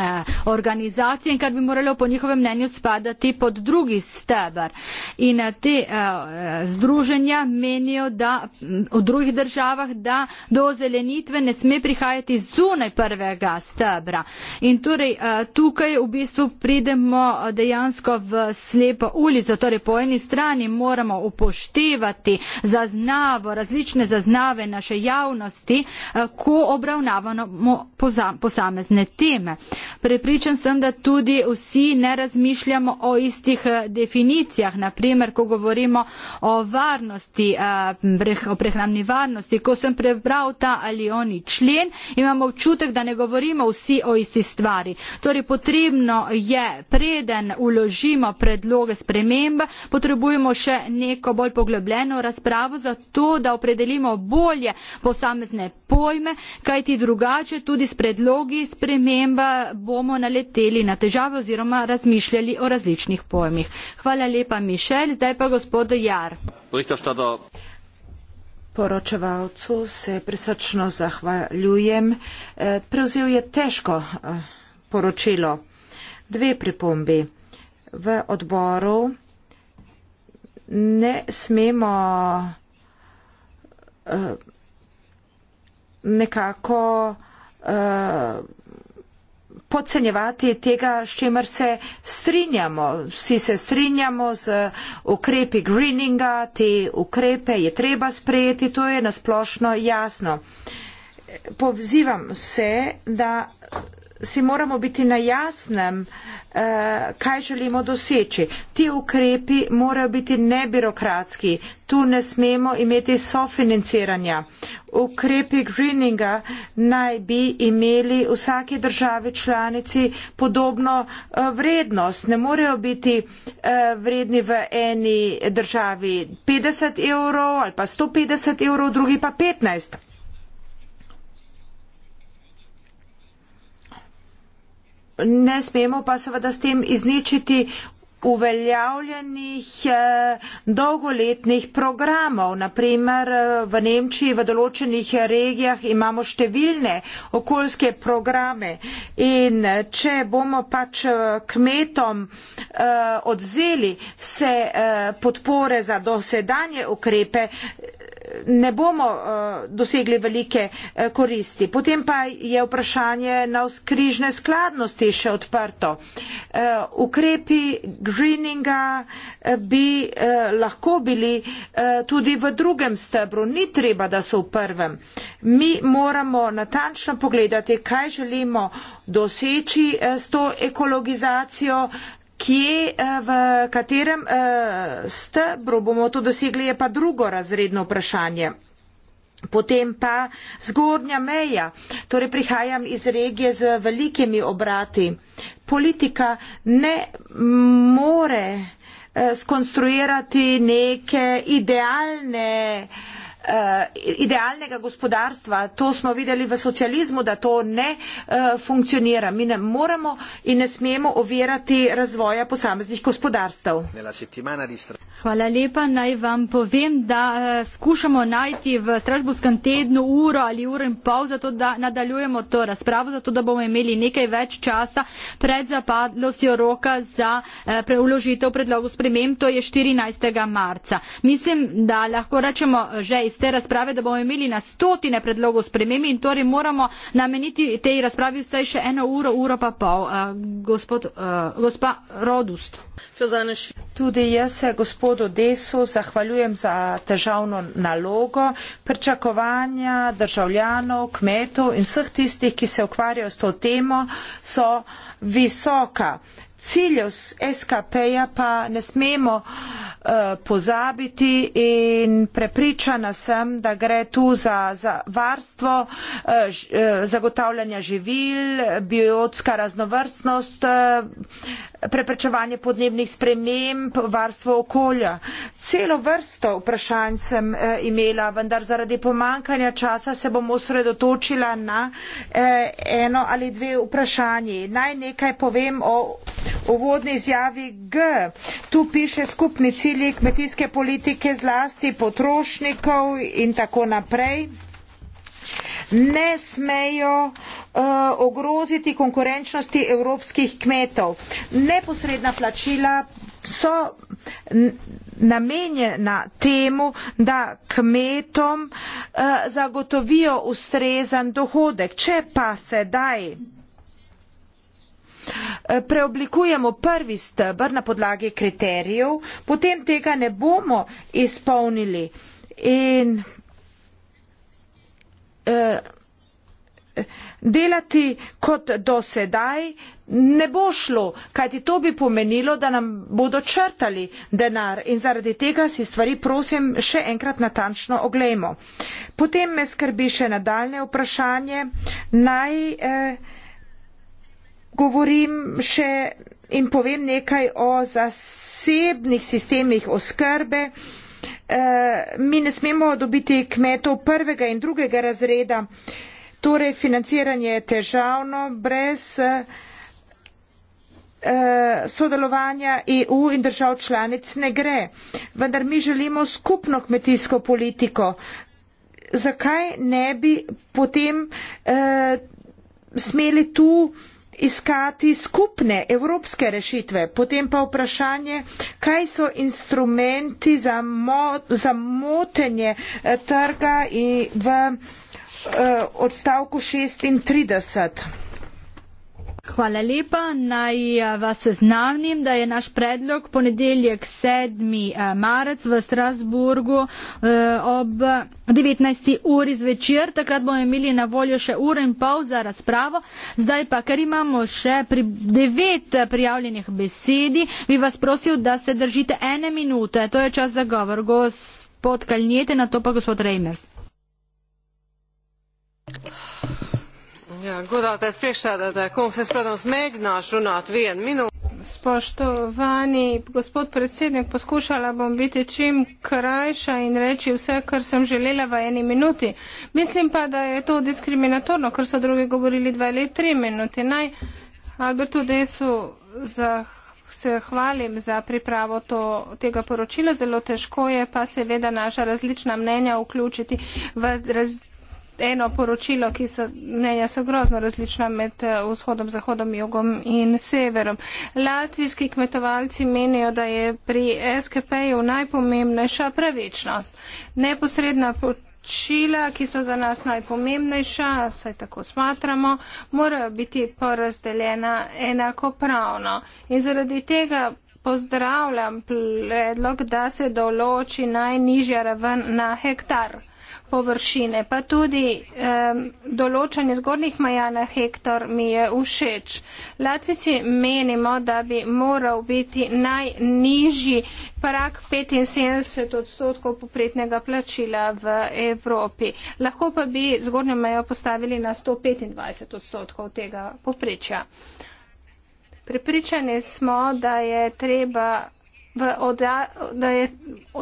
organizacije in kar bi moralo po njihovem mnenju spadati pod drugi stebr. In eh, te eh, združenja menijo, da v drugih državah, da do ozelenitve ne sme prihajati zunaj prvega stebra. In torej tukaj v bistvu pridemo dejansko v slepo ulico. Torej po eni strani moramo upoštevati zaznavo, različne zaznave naše javnosti, ko obravnavamo posamezne teme. Prepričan sem, da tudi vsi ne razmišljamo o istih eh, definicijah. Naprimer, ko govorimo o varnosti, eh, o prehnamni varnosti, ko sem prebral ta ali oni člen, imamo občutek, da ne govorimo vsi o isti stvari. Torej, potrebno je, preden uložimo predloge sprememb, potrebujemo še neko bolj poglobljeno razpravo za to, da opredelimo bolje posamezne pojme, kajti drugače tudi s predlogi sprememb pa bomo naleteli na težave oziroma razmišljali o različnih pojmih. Hvala lepa, Mišel. Zdaj pa gospod Jar. Poročevalcu se prisrčno zahvaljujem. Eh, prevzel je težko eh, poročilo. Dve pripombi. V odboru ne smemo eh, nekako podcenjevati tega, s čemer se strinjamo. Vsi se strinjamo z ukrepi greeninga, te ukrepe je treba sprejeti, to je nasplošno jasno. Povzivam se, da si moramo biti na jasnem, eh, kaj želimo doseči. Ti ukrepi morajo biti nebirokratski. Tu ne smemo imeti sofinanciranja. Ukrepi greeninga naj bi imeli vsake države članici podobno eh, vrednost. Ne morejo biti eh, vredni v eni državi 50 evrov ali pa 150 evrov, v drugi pa 15 evrov. ne smemo pa seveda s tem izničiti uveljavljenih eh, dolgoletnih programov. Naprimer eh, v Nemčiji v določenih regijah imamo številne okoljske programe in eh, če bomo pač kmetom odzeli vse podpore za dosedanje ukrepe, ne bomo eh, dosegli velike eh, koristi. Potem pa je vprašanje na skrižne skladnosti še odprto. Eh, ukrepi greeninga bi lahko bili tudi v drugem stebru, ni treba, da so v prvem. Mi moramo natančno pogledati, kaj želimo doseči s to ekologizacijo, kje, eh, v katerem eh, stebru bomo to dosegli, je pa drugo razredno vprašanje. Potem pa zgornja meja. Torej prihajam iz regije z velikimi obrati. Politika ne more eh, skonstruirati neke idealne uh, Eh, idealnega gospodarstva. To smo videli v socializmu, da to ne eh, funkcionira. Mi ne moramo in ne smemo ovirati razvoja posameznih gospodarstv. Hvala lepa. Naj vam povem, da eh, skušamo najti v Stražbovskem tednu uro ali uro in pol, zato da nadaljujemo to razpravo, zato da bomo imeli nekaj več časa pred zapadlostjo roka za preuložitev predlogu sprememb. To je 14. marca. Mislim, da lahko rečemo že iz iz te razprave, da bomo imeli na stotine predlogov spremembi in torej moramo nameniti tej razpravi vsaj še eno uro, uro pa pol. Uh, gospod, uh, gospa Rodust. Tudi jaz se gospodu Desu zahvaljujem za težavno nalogo. Pričakovanja državljanov, kmetov in vseh tistih, ki se ukvarjajo s to temo, so visoka ciljev SKP-ja pa ne smemo uh, pozabiti in prepričana sem, da gre tu za, za varstvo uh, ž, uh, zagotavljanja živil, biotska raznovrstnost, uh, preprečevanje podnebnih sprememb, varstvo okolja. Celo vrsto vprašanj sem eh, imela, vendar zaradi pomankanja časa se bom osredotočila na eh, eno ali dve vprašanji. Naj nekaj povem o uvodni izjavi G. Tu piše skupni cilji kmetijske politike zlasti potrošnikov in tako naprej. Ne smejo Eh, ogroziti konkurenčnosti evropskih kmetov. Neposredna plačila so namenjena temu, da kmetom eh, zagotovijo ustrezan dohodek. Če pa sedaj eh, preoblikujemo prvi stebr na podlagi kriterijev, potem tega ne bomo izpolnili. In, delati kot do sedaj ne bo šlo, kajti to bi pomenilo, da nam bodo črtali denar in zaradi tega si stvari prosim še enkrat natančno oglejmo. Potem me skrbi še nadaljne vprašanje. Naj eh, govorim še in povem nekaj o zasebnih sistemih oskrbe. Eh, mi ne smemo dobiti kmetov prvega in drugega razreda. Eh, Torej, financiranje je težavno brez eh, sodelovanja EU in držav članic ne gre. Vendar mi želimo skupno kmetijsko politiko. Zakaj ne bi potem eh, smeli tu iskati skupne evropske rešitve? Potem pa vprašanje, kaj so instrumenti za, mo za motenje eh, trga in v eh, uh, odstavku 36. Hvala lepa. Naj eh, vas seznavnim, da je naš predlog ponedeljek 7. Eh, marec v Strasburgu ob 19. uri zvečer. Takrat bomo imeli na voljo še uro in pol za razpravo. Zdaj pa, ker imamo še pri devet prijavljenih besedi, bi vas prosil, da se držite ene minute. To je čas za govor. Gospod Kalnjete, na to pa gospod Reimers. Ja, godātais priekšsēdētāji, kungs, es, protams, mēģināšu runāt vienu minūti. Spošto vani, gospod predsjednik, poskušala bom biti čim krajša in reči vse, kar sem želela v eni minuti. Mislim pa, da je to diskriminatorno, ker so drugi govorili dva ali tri minuti. Naj Albertu Desu za, se hvalim za pripravo to, tega poročila. Zelo težko je pa seveda naša različna mnenja vključiti v različno eno poročilo, ki so mnenja so grozno različna med eh, vzhodom, zahodom, jugom in severom. Latvijski kmetovalci menijo, da je pri SKP-ju najpomembnejša pravičnost. Neposredna poročila, ki so za nas najpomembnejša, saj tako smatramo, morajo biti porazdeljena enakopravno. In zaradi tega. Pozdravljam predlog, da se določi najnižja raven na hektar površine. Pa tudi um, določanje zgornjih maja na hektar mi je všeč. Latvici menimo, da bi moral biti najnižji prak 75 odstotkov popretnega plačila v Evropi. Lahko pa bi zgornjo mejo postavili na 125 odstotkov tega poprečja. Pripričani smo, da je treba v oda, da je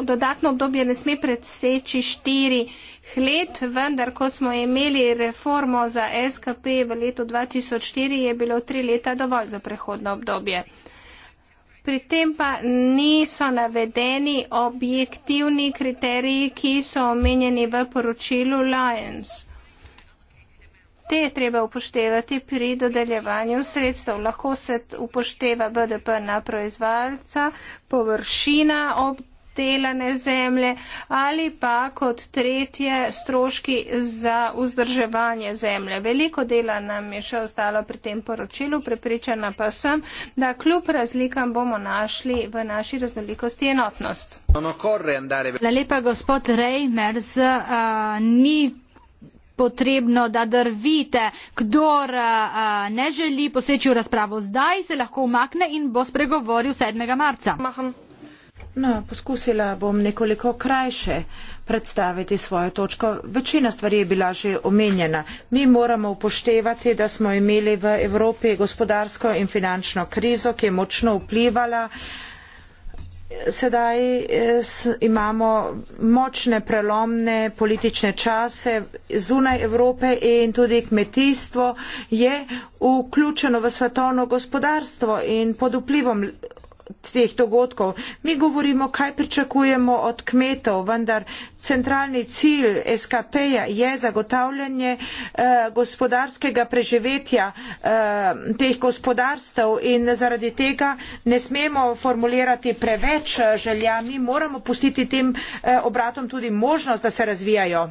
dodatno obdobje ne sme predseči štirih let, vendar ko smo imeli reformo za SKP v letu 2004, je bilo tri leta dovolj za prehodno obdobje. Pri tem pa niso navedeni objektivni kriteriji, ki so omenjeni v poročilu Lions te je treba upoštevati pri dodeljevanju sredstev. Lahko se upošteva BDP na proizvajalca, površina ob delane zemlje ali pa kot tretje stroški za vzdrževanje zemlje. Veliko dela nam je še ostalo pri tem poročilu, prepričana pa sem, da kljub razlikam bomo našli v naši raznolikosti enotnost. Lepa gospod Rejmer, uh, ni potrebno, da drvite. Kdor uh, ne želi poseči v razpravo zdaj, se lahko umakne in bo spregovoril 7. marca. No, poskusila bom nekoliko krajše predstaviti svojo točko. Večina stvari je bila že omenjena. Mi moramo upoštevati, da smo imeli v Evropi gospodarsko in finančno krizo, ki je močno vplivala sedaj eh, imamo močne prelomne politične čase zunaj Evrope in tudi kmetijstvo je vključeno v svetovno gospodarstvo in pod vplivom teh dogodkov. Mi govorimo, kaj pričakujemo od kmetov, vendar centralni cilj SKP-ja je zagotavljanje eh, gospodarskega preživetja eh, teh gospodarstv in zaradi tega ne smemo formulirati preveč eh, želja. Mi moramo pustiti tem eh, obratom tudi možnost, da se razvijajo.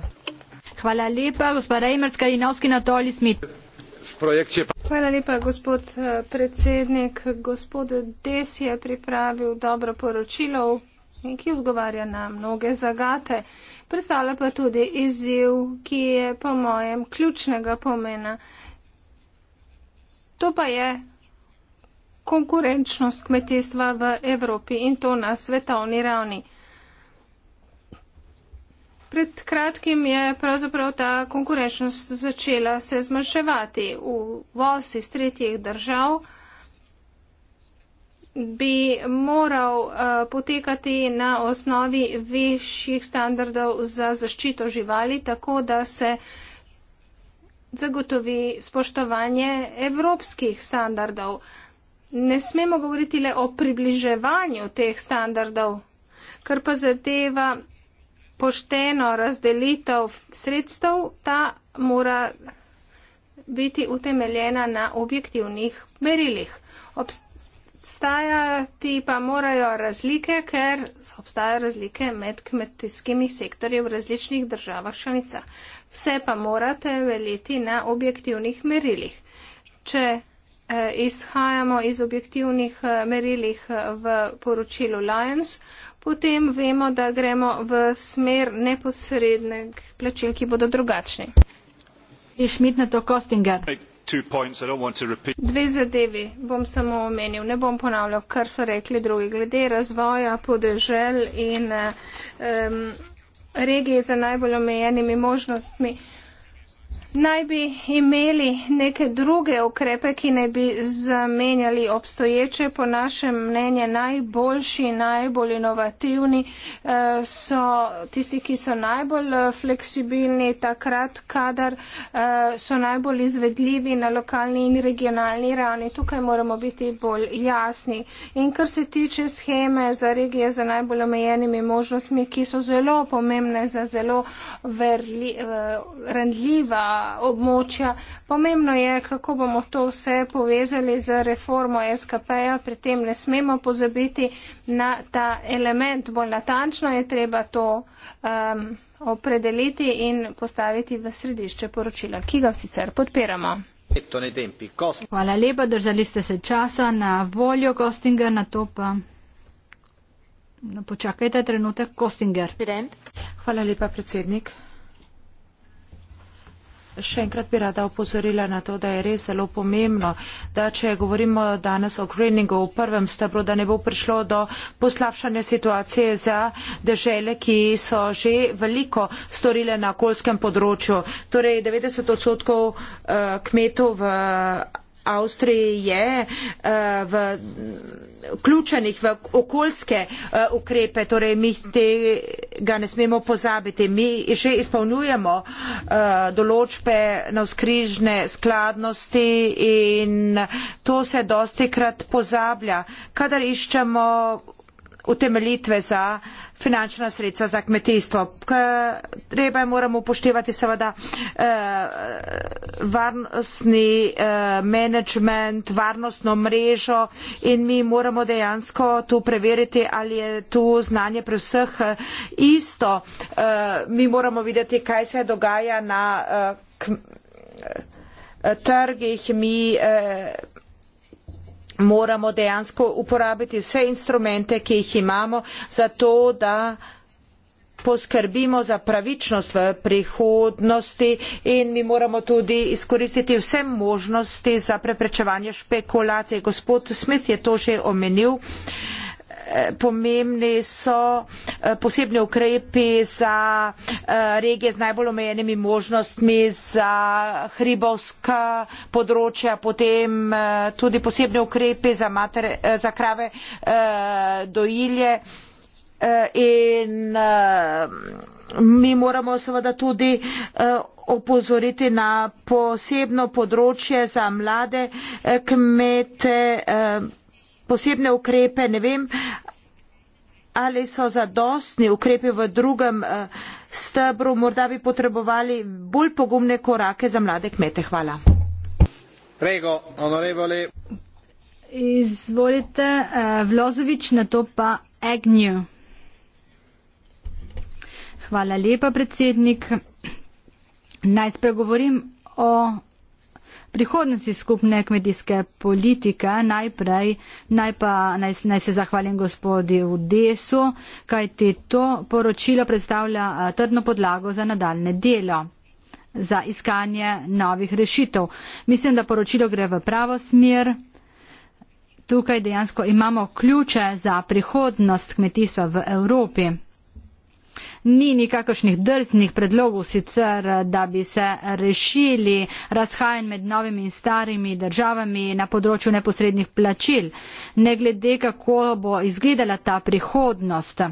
Hvala lepa, gospod Reimerska in Novski Natoli Smit projekcije. Hvala lepa, gospod eh, predsednik. Gospod Des je pripravil dobro poročilo, ki odgovarja na mnoge zagate. Predstavlja pa tudi izziv, ki je po mojem ključnega pomena. To pa je konkurenčnost kmetijstva v Evropi in to na svetovni ravni pred kratkim je pravzaprav ta konkurenčnost začela se zmanjševati. Uvoz iz tretjih držav bi moral uh, potekati na osnovi višjih standardov za zaščito živali, tako da se zagotovi spoštovanje evropskih standardov. Ne smemo govoriti le o približevanju teh standardov, kar pa zadeva pošteno razdelitev sredstev, ta mora biti utemeljena na objektivnih merilih. Obstajati pa morajo razlike, ker obstajajo razlike med kmetijskimi sektorji v različnih državah članica. Vse pa morate veliti na objektivnih merilih. Če eh, izhajamo iz objektivnih eh, merilih eh, v poročilu Lions, potem vemo, da gremo v smer neposrednih plačil, ki bodo drugačni. Dve zadevi bom samo omenil, ne bom ponavljal, kar so rekli drugi, glede razvoja podežel in um, eh, regije za najbolj omejenimi možnostmi naj bi imeli neke druge ukrepe, ki ne bi zamenjali obstoječe. Po našem mnenju najboljši, najbolj inovativni eh, so tisti, ki so najbolj eh, fleksibilni takrat, kadar eh, so najbolj izvedljivi na lokalni in regionalni ravni. Tukaj moramo biti bolj jasni. In kar se tiče scheme za regije za najbolj omejenimi možnostmi, ki so zelo pomembne za zelo verli, ranljiva, območja. Pomembno je, kako bomo to vse povezali z reformo SKP-ja. Pri tem ne smemo pozabiti na ta element. Bolj natančno je treba to um, opredeliti in postaviti v središče poročila, ki ga sicer podpiramo. Hvala lepa, držali ste se časa na voljo Kostinga, na to pa. No, počakajte trenutek, Kostinger. Hvala lepa, predsednik. Še enkrat bi rada opozorila na to, da je res zelo pomembno, da če govorimo danes o greeningu v prvem stebru, da ne bo prišlo do poslabšanja situacije za države, ki so že veliko storile na okoljskem področju. Torej 90 odstotkov eh, kmetov v Avstriji je uh, v, vključenih v okoljske uh, ukrepe, torej mi tega ne smemo pozabiti. Mi še izpolnjujemo uh, določbe na skrižne skladnosti in to se dosti krat pozablja, kadar iščemo utemeljitve za finančna sredstva za kmetijstvo. K, treba je moramo upoštevati seveda eh, varnostni eh, menedžment, varnostno mrežo in mi moramo dejansko tu preveriti, ali je tu znanje pri vseh eh, isto. Eh, mi moramo videti, kaj se dogaja na eh, k, eh, trgih. Mi, eh, moramo dejansko uporabiti vse instrumente, ki jih imamo, zato da poskrbimo za pravičnost v prihodnosti in mi moramo tudi izkoristiti vse možnosti za preprečevanje špekulacij. Gospod Smith je to že omenil. Uh, pomembni so eh, posebni ukrepi za eh, regije z najbolj omejenimi možnostmi, za hribovska področja, potem eh, tudi posebni ukrepi za, mater, za krave dojilje. In mi moramo seveda tudi opozoriti na posebno področje za mlade kmete posebne ukrepe, ne vem, ali so zadostni ukrepi v drugem eh, stebru, morda bi potrebovali bolj pogumne korake za mlade kmete. Hvala. Prego, onorevole. Izvolite, eh, Vlozovič, na to pa Agnew. Hvala lepa, predsednik. Naj spregovorim o prihodnosti skupne kmetijske politike najprej, naj pa naj, naj se zahvalim gospodi v desu, kajti to poročilo predstavlja eh, trdno podlago za nadaljne delo za iskanje novih rešitev. Mislim, da poročilo gre v pravo smer. Tukaj dejansko imamo ključe za prihodnost kmetijstva v Evropi. Ni nikakršnih drznih predlogov sicer, da bi se rešili razhajanj med novimi in starimi državami na področju neposrednih plačil, ne glede kako bo izgledala ta prihodnost.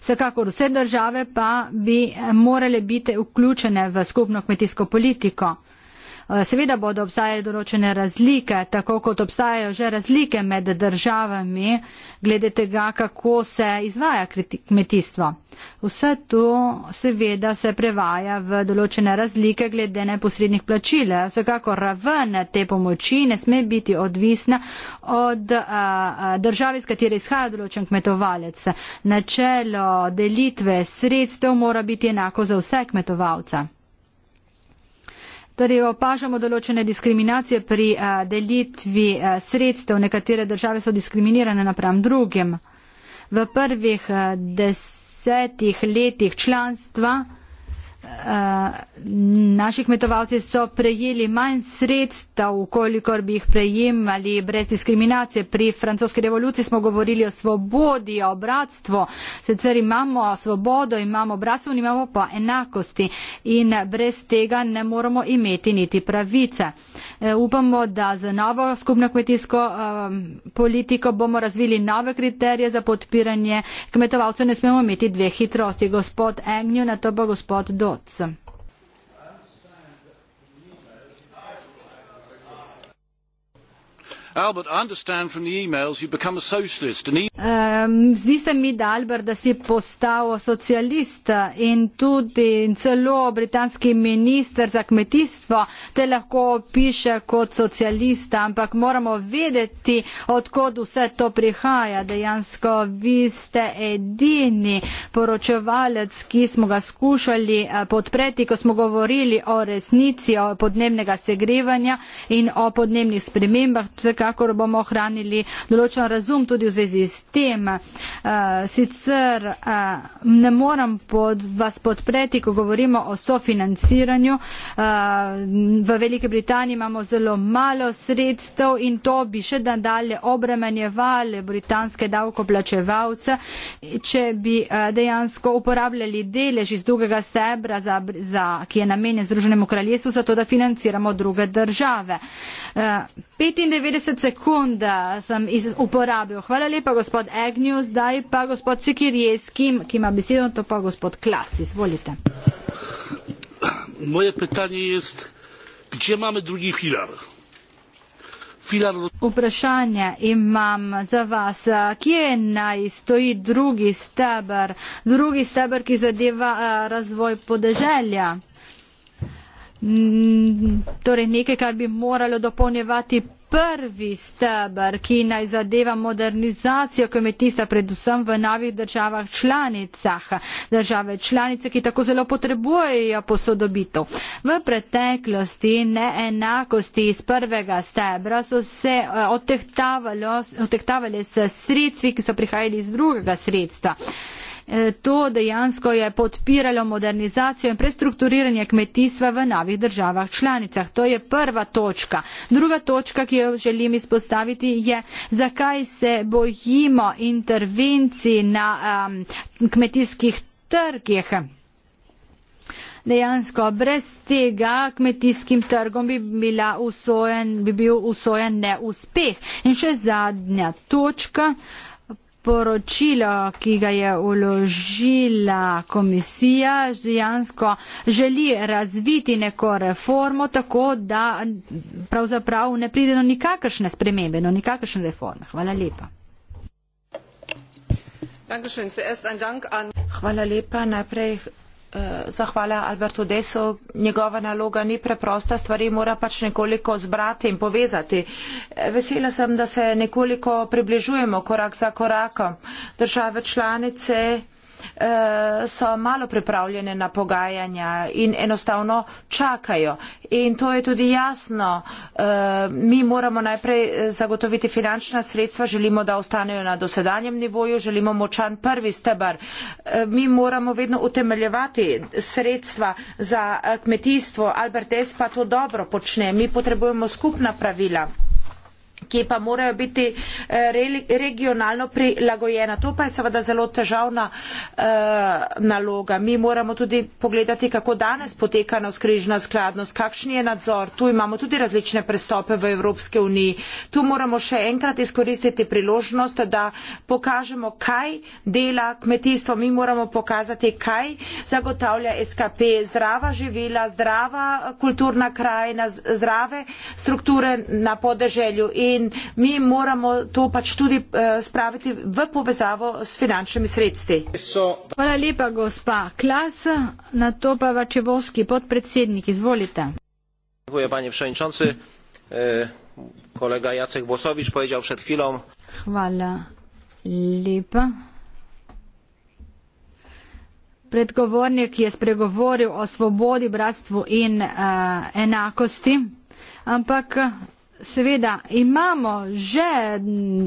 Vsekakor vse države pa bi morale biti vključene v skupno kmetijsko politiko. Eh, seveda bodo obstajale določene razlike, tako kot obstajajo že razlike med državami, glede tega, kako se izvaja kmetijstvo. Vse to seveda se prevaja v določene razlike glede neposrednih plačil. Vsekako raven te pomoči ne sme biti odvisna od eh, eh, države, iz katere izhaja določen kmetovalec. Načelo delitve sredstev mora biti enako za vse kmetovalce. Torej, opažamo določene diskriminacije pri uh, delitvi uh, sredstev. Nekatere države so diskriminirane napram drugim. V prvih uh, desetih letih članstva Eh, naši kmetovalci so prejeli manj sredstev, kolikor bi jih prejemali brez diskriminacije. Pri francoski revoluciji smo govorili o svobodi, o bratstvu. Sicer imamo svobodo, imamo bratstvo, imamo pa enakosti in brez tega ne moramo imeti niti pravice. Eh, upamo, da z novo skupno kmetijsko ehm, politiko bomo razvili nove kriterije za podpiranje kmetovalcev. Ne smemo imeti dve hitrosti. Gospod Engnju, na to pa gospod Dot otcem. Albert, I understand from the emails you've become a socialist. And um, e- zdi se mi, da Albert, da si postal socialist in tudi in celo britanski minister za kmetijstvo te lahko piše kot socialist, ampak moramo vedeti, odkud vse to prihaja. Dejansko vi ste edini poročevalec, ki smo ga skušali eh, podpreti, ko smo govorili o resnici, o podnebnega segrevanja in o podnebnih spremembah vsekakor bomo ohranili določen razum tudi v zvezi s tem. Eh, sicer eh, ne moram pod vas podpreti, ko govorimo o sofinanciranju. Eh, v Veliki Britaniji imamo zelo malo sredstev in to bi še nadalje obremenjevali britanske davkoplačevalce, če bi dejansko uporabljali delež iz drugega stebra, za, za, ki je namenjen Združenemu kraljestvu, za to, da financiramo druge države. 95 30 sekund, da sem iz, uporabil. Hvala lepa, gospod Agnew, zdaj pa gospod Sikirjeski, ki ima besedo, to pa gospod Klas, izvolite. Moje pitanje je, kje imamo drugi filar? filar? Vprašanje imam za vas, kje naj stoji drugi stebr, drugi stebr, ki zadeva eh, razvoj podeželja? Torej nekaj, kar bi moralo dopolnjevati prvi stebr, ki naj zadeva modernizacijo kmetijstva, predvsem v novih državah članicah, države članice, ki tako zelo potrebujejo posodobitev. V preteklosti neenakosti iz prvega stebra so se eh, odtehtavale s sredstvi, ki so prihajali iz drugega sredstva. Eh, to dejansko je podpiralo modernizacijo in prestrukturiranje kmetijstva v novih državah članicah. To je prva točka. Druga točka, ki jo želim izpostaviti, je, zakaj se bojimo intervencij na um, kmetijskih trgih. Dejansko brez tega kmetijskim trgom bi, bila usojen, bi bil usojen neuspeh. In še zadnja točka. Uh, priporočilo, ki ga je uložila komisija, dejansko želi razviti neko reformo tako, da pravzaprav ne pride do nikakršne spremembe, do nikakršne reforme. Hvala lepa. Hvala lepa. Najprej Eh, zahvala Albertu Desu. Njegova naloga ni preprosta, stvari mora pač nekoliko zbrati in povezati. Eh, vesela sem, da se nekoliko približujemo korak za korakom. Države članice so malo pripravljene na pogajanja in enostavno čakajo. In to je tudi jasno. Eh, mi moramo najprej zagotoviti finančna sredstva, želimo, da ostanejo na dosedanjem nivoju, želimo močan prvi stebar. Eh, mi moramo vedno utemeljevati sredstva za eh, kmetijstvo. Albert S. pa to dobro počne. Mi potrebujemo skupna pravila ki pa morajo biti eh, regionalno prilagojena. To pa je seveda zelo težavna eh, naloga. Mi moramo tudi pogledati, kako danes poteka navskrižna skladnost, kakšni je nadzor. Tu imamo tudi različne prestope v Evropske unije. Tu moramo še enkrat izkoristiti priložnost, da pokažemo, kaj dela kmetijstvo. Mi moramo pokazati, kaj zagotavlja SKP, zdrava živila, zdrava kulturna krajina, zdrave strukture na podeželju in in mi moramo to pač tudi eh, spraviti v povezavo s finančnimi sredstvi. Hvala lepa, gospa Klas, na to pa Vačevoski podpredsednik, izvolite. E, kolega Jacek Włosowicz powiedział przed chwilą. Chwala lipa. Predgovornik je spregovoril o svobodi, bratstvu in uh, enakosti, ampak Seveda imamo že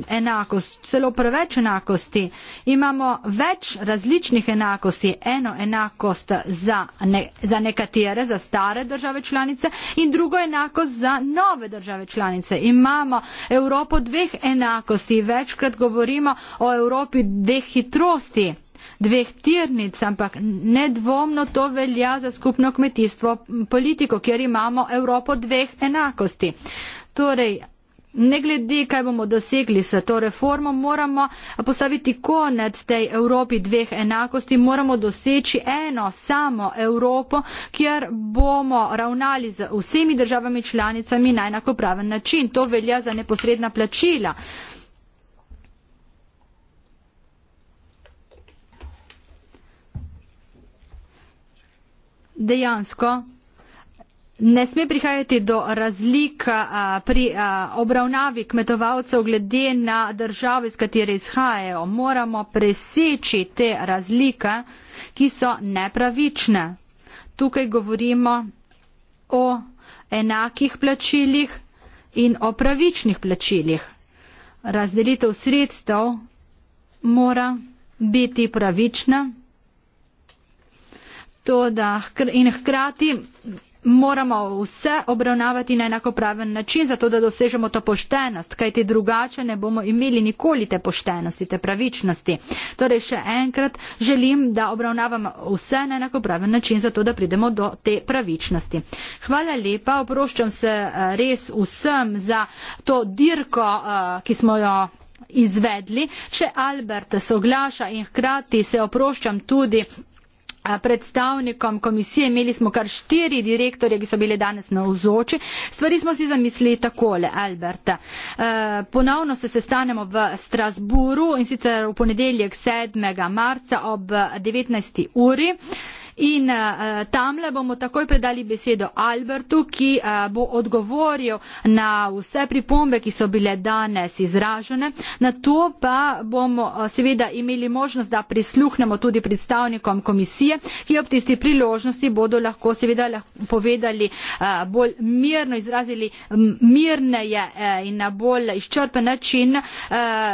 enakost, celo preveč enakosti. Imamo več različnih enakosti. Eno enakost za, ne, za nekatere, za stare države članice in drugo enakost za nove države članice. Imamo Evropo dveh enakosti. Večkrat govorimo o Evropi dveh hitrosti dveh tirnic, ampak nedvomno to velja za skupno kmetijstvo politiko, kjer imamo Evropo dveh enakosti. Torej, ne glede, kaj bomo dosegli s to reformo, moramo postaviti konec tej Evropi dveh enakosti, moramo doseči eno samo Evropo, kjer bomo ravnali z vsemi državami članicami na enakopraven način. To velja za neposredna plačila. Dejansko Ne sme prihajati do razlik pri obravnavi kmetovalcev glede na države, iz katere izhajajo. Moramo preseči te razlike, ki so nepravične. Tukaj govorimo o enakih plačilih in o pravičnih plačilih. Razdelitev sredstev mora biti pravična. To, da in hkrati moramo vse obravnavati na enakopraven način, zato da dosežemo to poštenost, kajti drugače ne bomo imeli nikoli te poštenosti, te pravičnosti. Torej še enkrat želim, da obravnavamo vse na enakopraven način, zato da pridemo do te pravičnosti. Hvala lepa, oproščam se eh, res vsem za to dirko, eh, ki smo jo izvedli. Če Albert se oglaša in hkrati se oproščam tudi predstavnikom komisije, imeli smo kar štiri direktorje, ki so bili danes na vzoči. Stvari smo si zamislili takole, Albert. Ponovno se sestanemo v Strasburu in sicer v ponedeljek 7. marca ob 19. uri. In uh, tamle bomo takoj predali besedo Albertu, ki uh, bo odgovoril na vse pripombe, ki so bile danes izražene. Na to pa bomo uh, seveda imeli možnost, da prisluhnemo tudi predstavnikom komisije, ki ob tisti priložnosti bodo lahko seveda lahko povedali uh, bolj mirno, izrazili mirneje uh, in na bolj izčrpen način uh,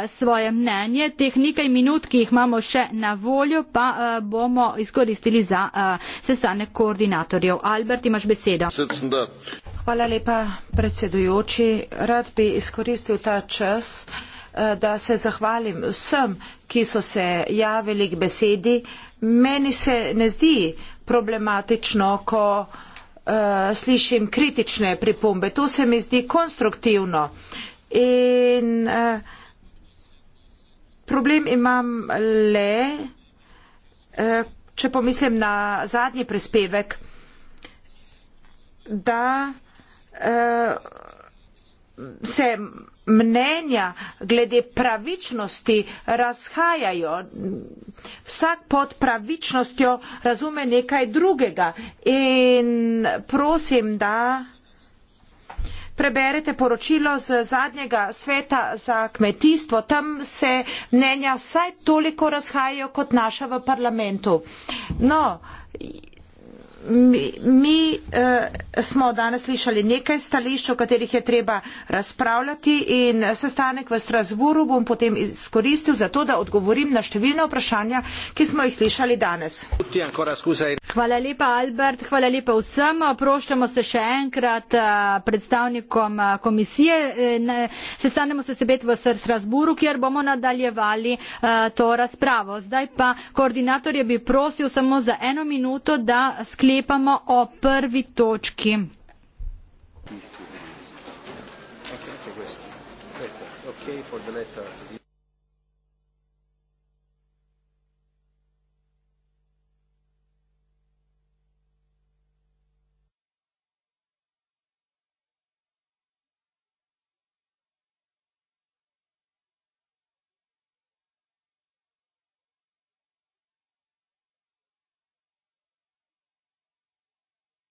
svoje mnenje. Teh nekaj minut, ki jih imamo še na voljo, pa uh, bomo izkoristili za. Uh, uh, sestanek koordinatorjev. Albert, imaš besedo. Hvala lepa, predsedujoči. Rad bi izkoristil ta čas, eh, da se zahvalim vsem, ki so se javili k besedi. Meni se ne zdi problematično, ko uh, slišim kritične pripombe. To se mi zdi konstruktivno. In uh, problem imam le, uh, če pomislim na zadnji prispevek, da uh, se mnenja glede pravičnosti razhajajo. Vsak pod pravičnostjo razume nekaj drugega. In prosim, da preberete poročilo z zadnjega sveta za kmetijstvo, tam se mnenja vsaj toliko razhajajo kot naša v parlamentu. No, mi, mi uh, smo danes slišali nekaj stališč, o katerih je treba razpravljati in sestanek v Strasburu bom potem izkoristil za to, da odgovorim na številne vprašanja, ki smo jih slišali danes. Hvala lepa, Albert, hvala lepa vsem. Proščamo se še enkrat eh, predstavnikom eh, komisije. Sestanemo se sebet v Strasburu, kjer bomo nadaljevali to razpravo. Zdaj pa koordinator je bi prosil samo za eno minuto, da sklepimo sklepamo o prvi točki. Okay, okay,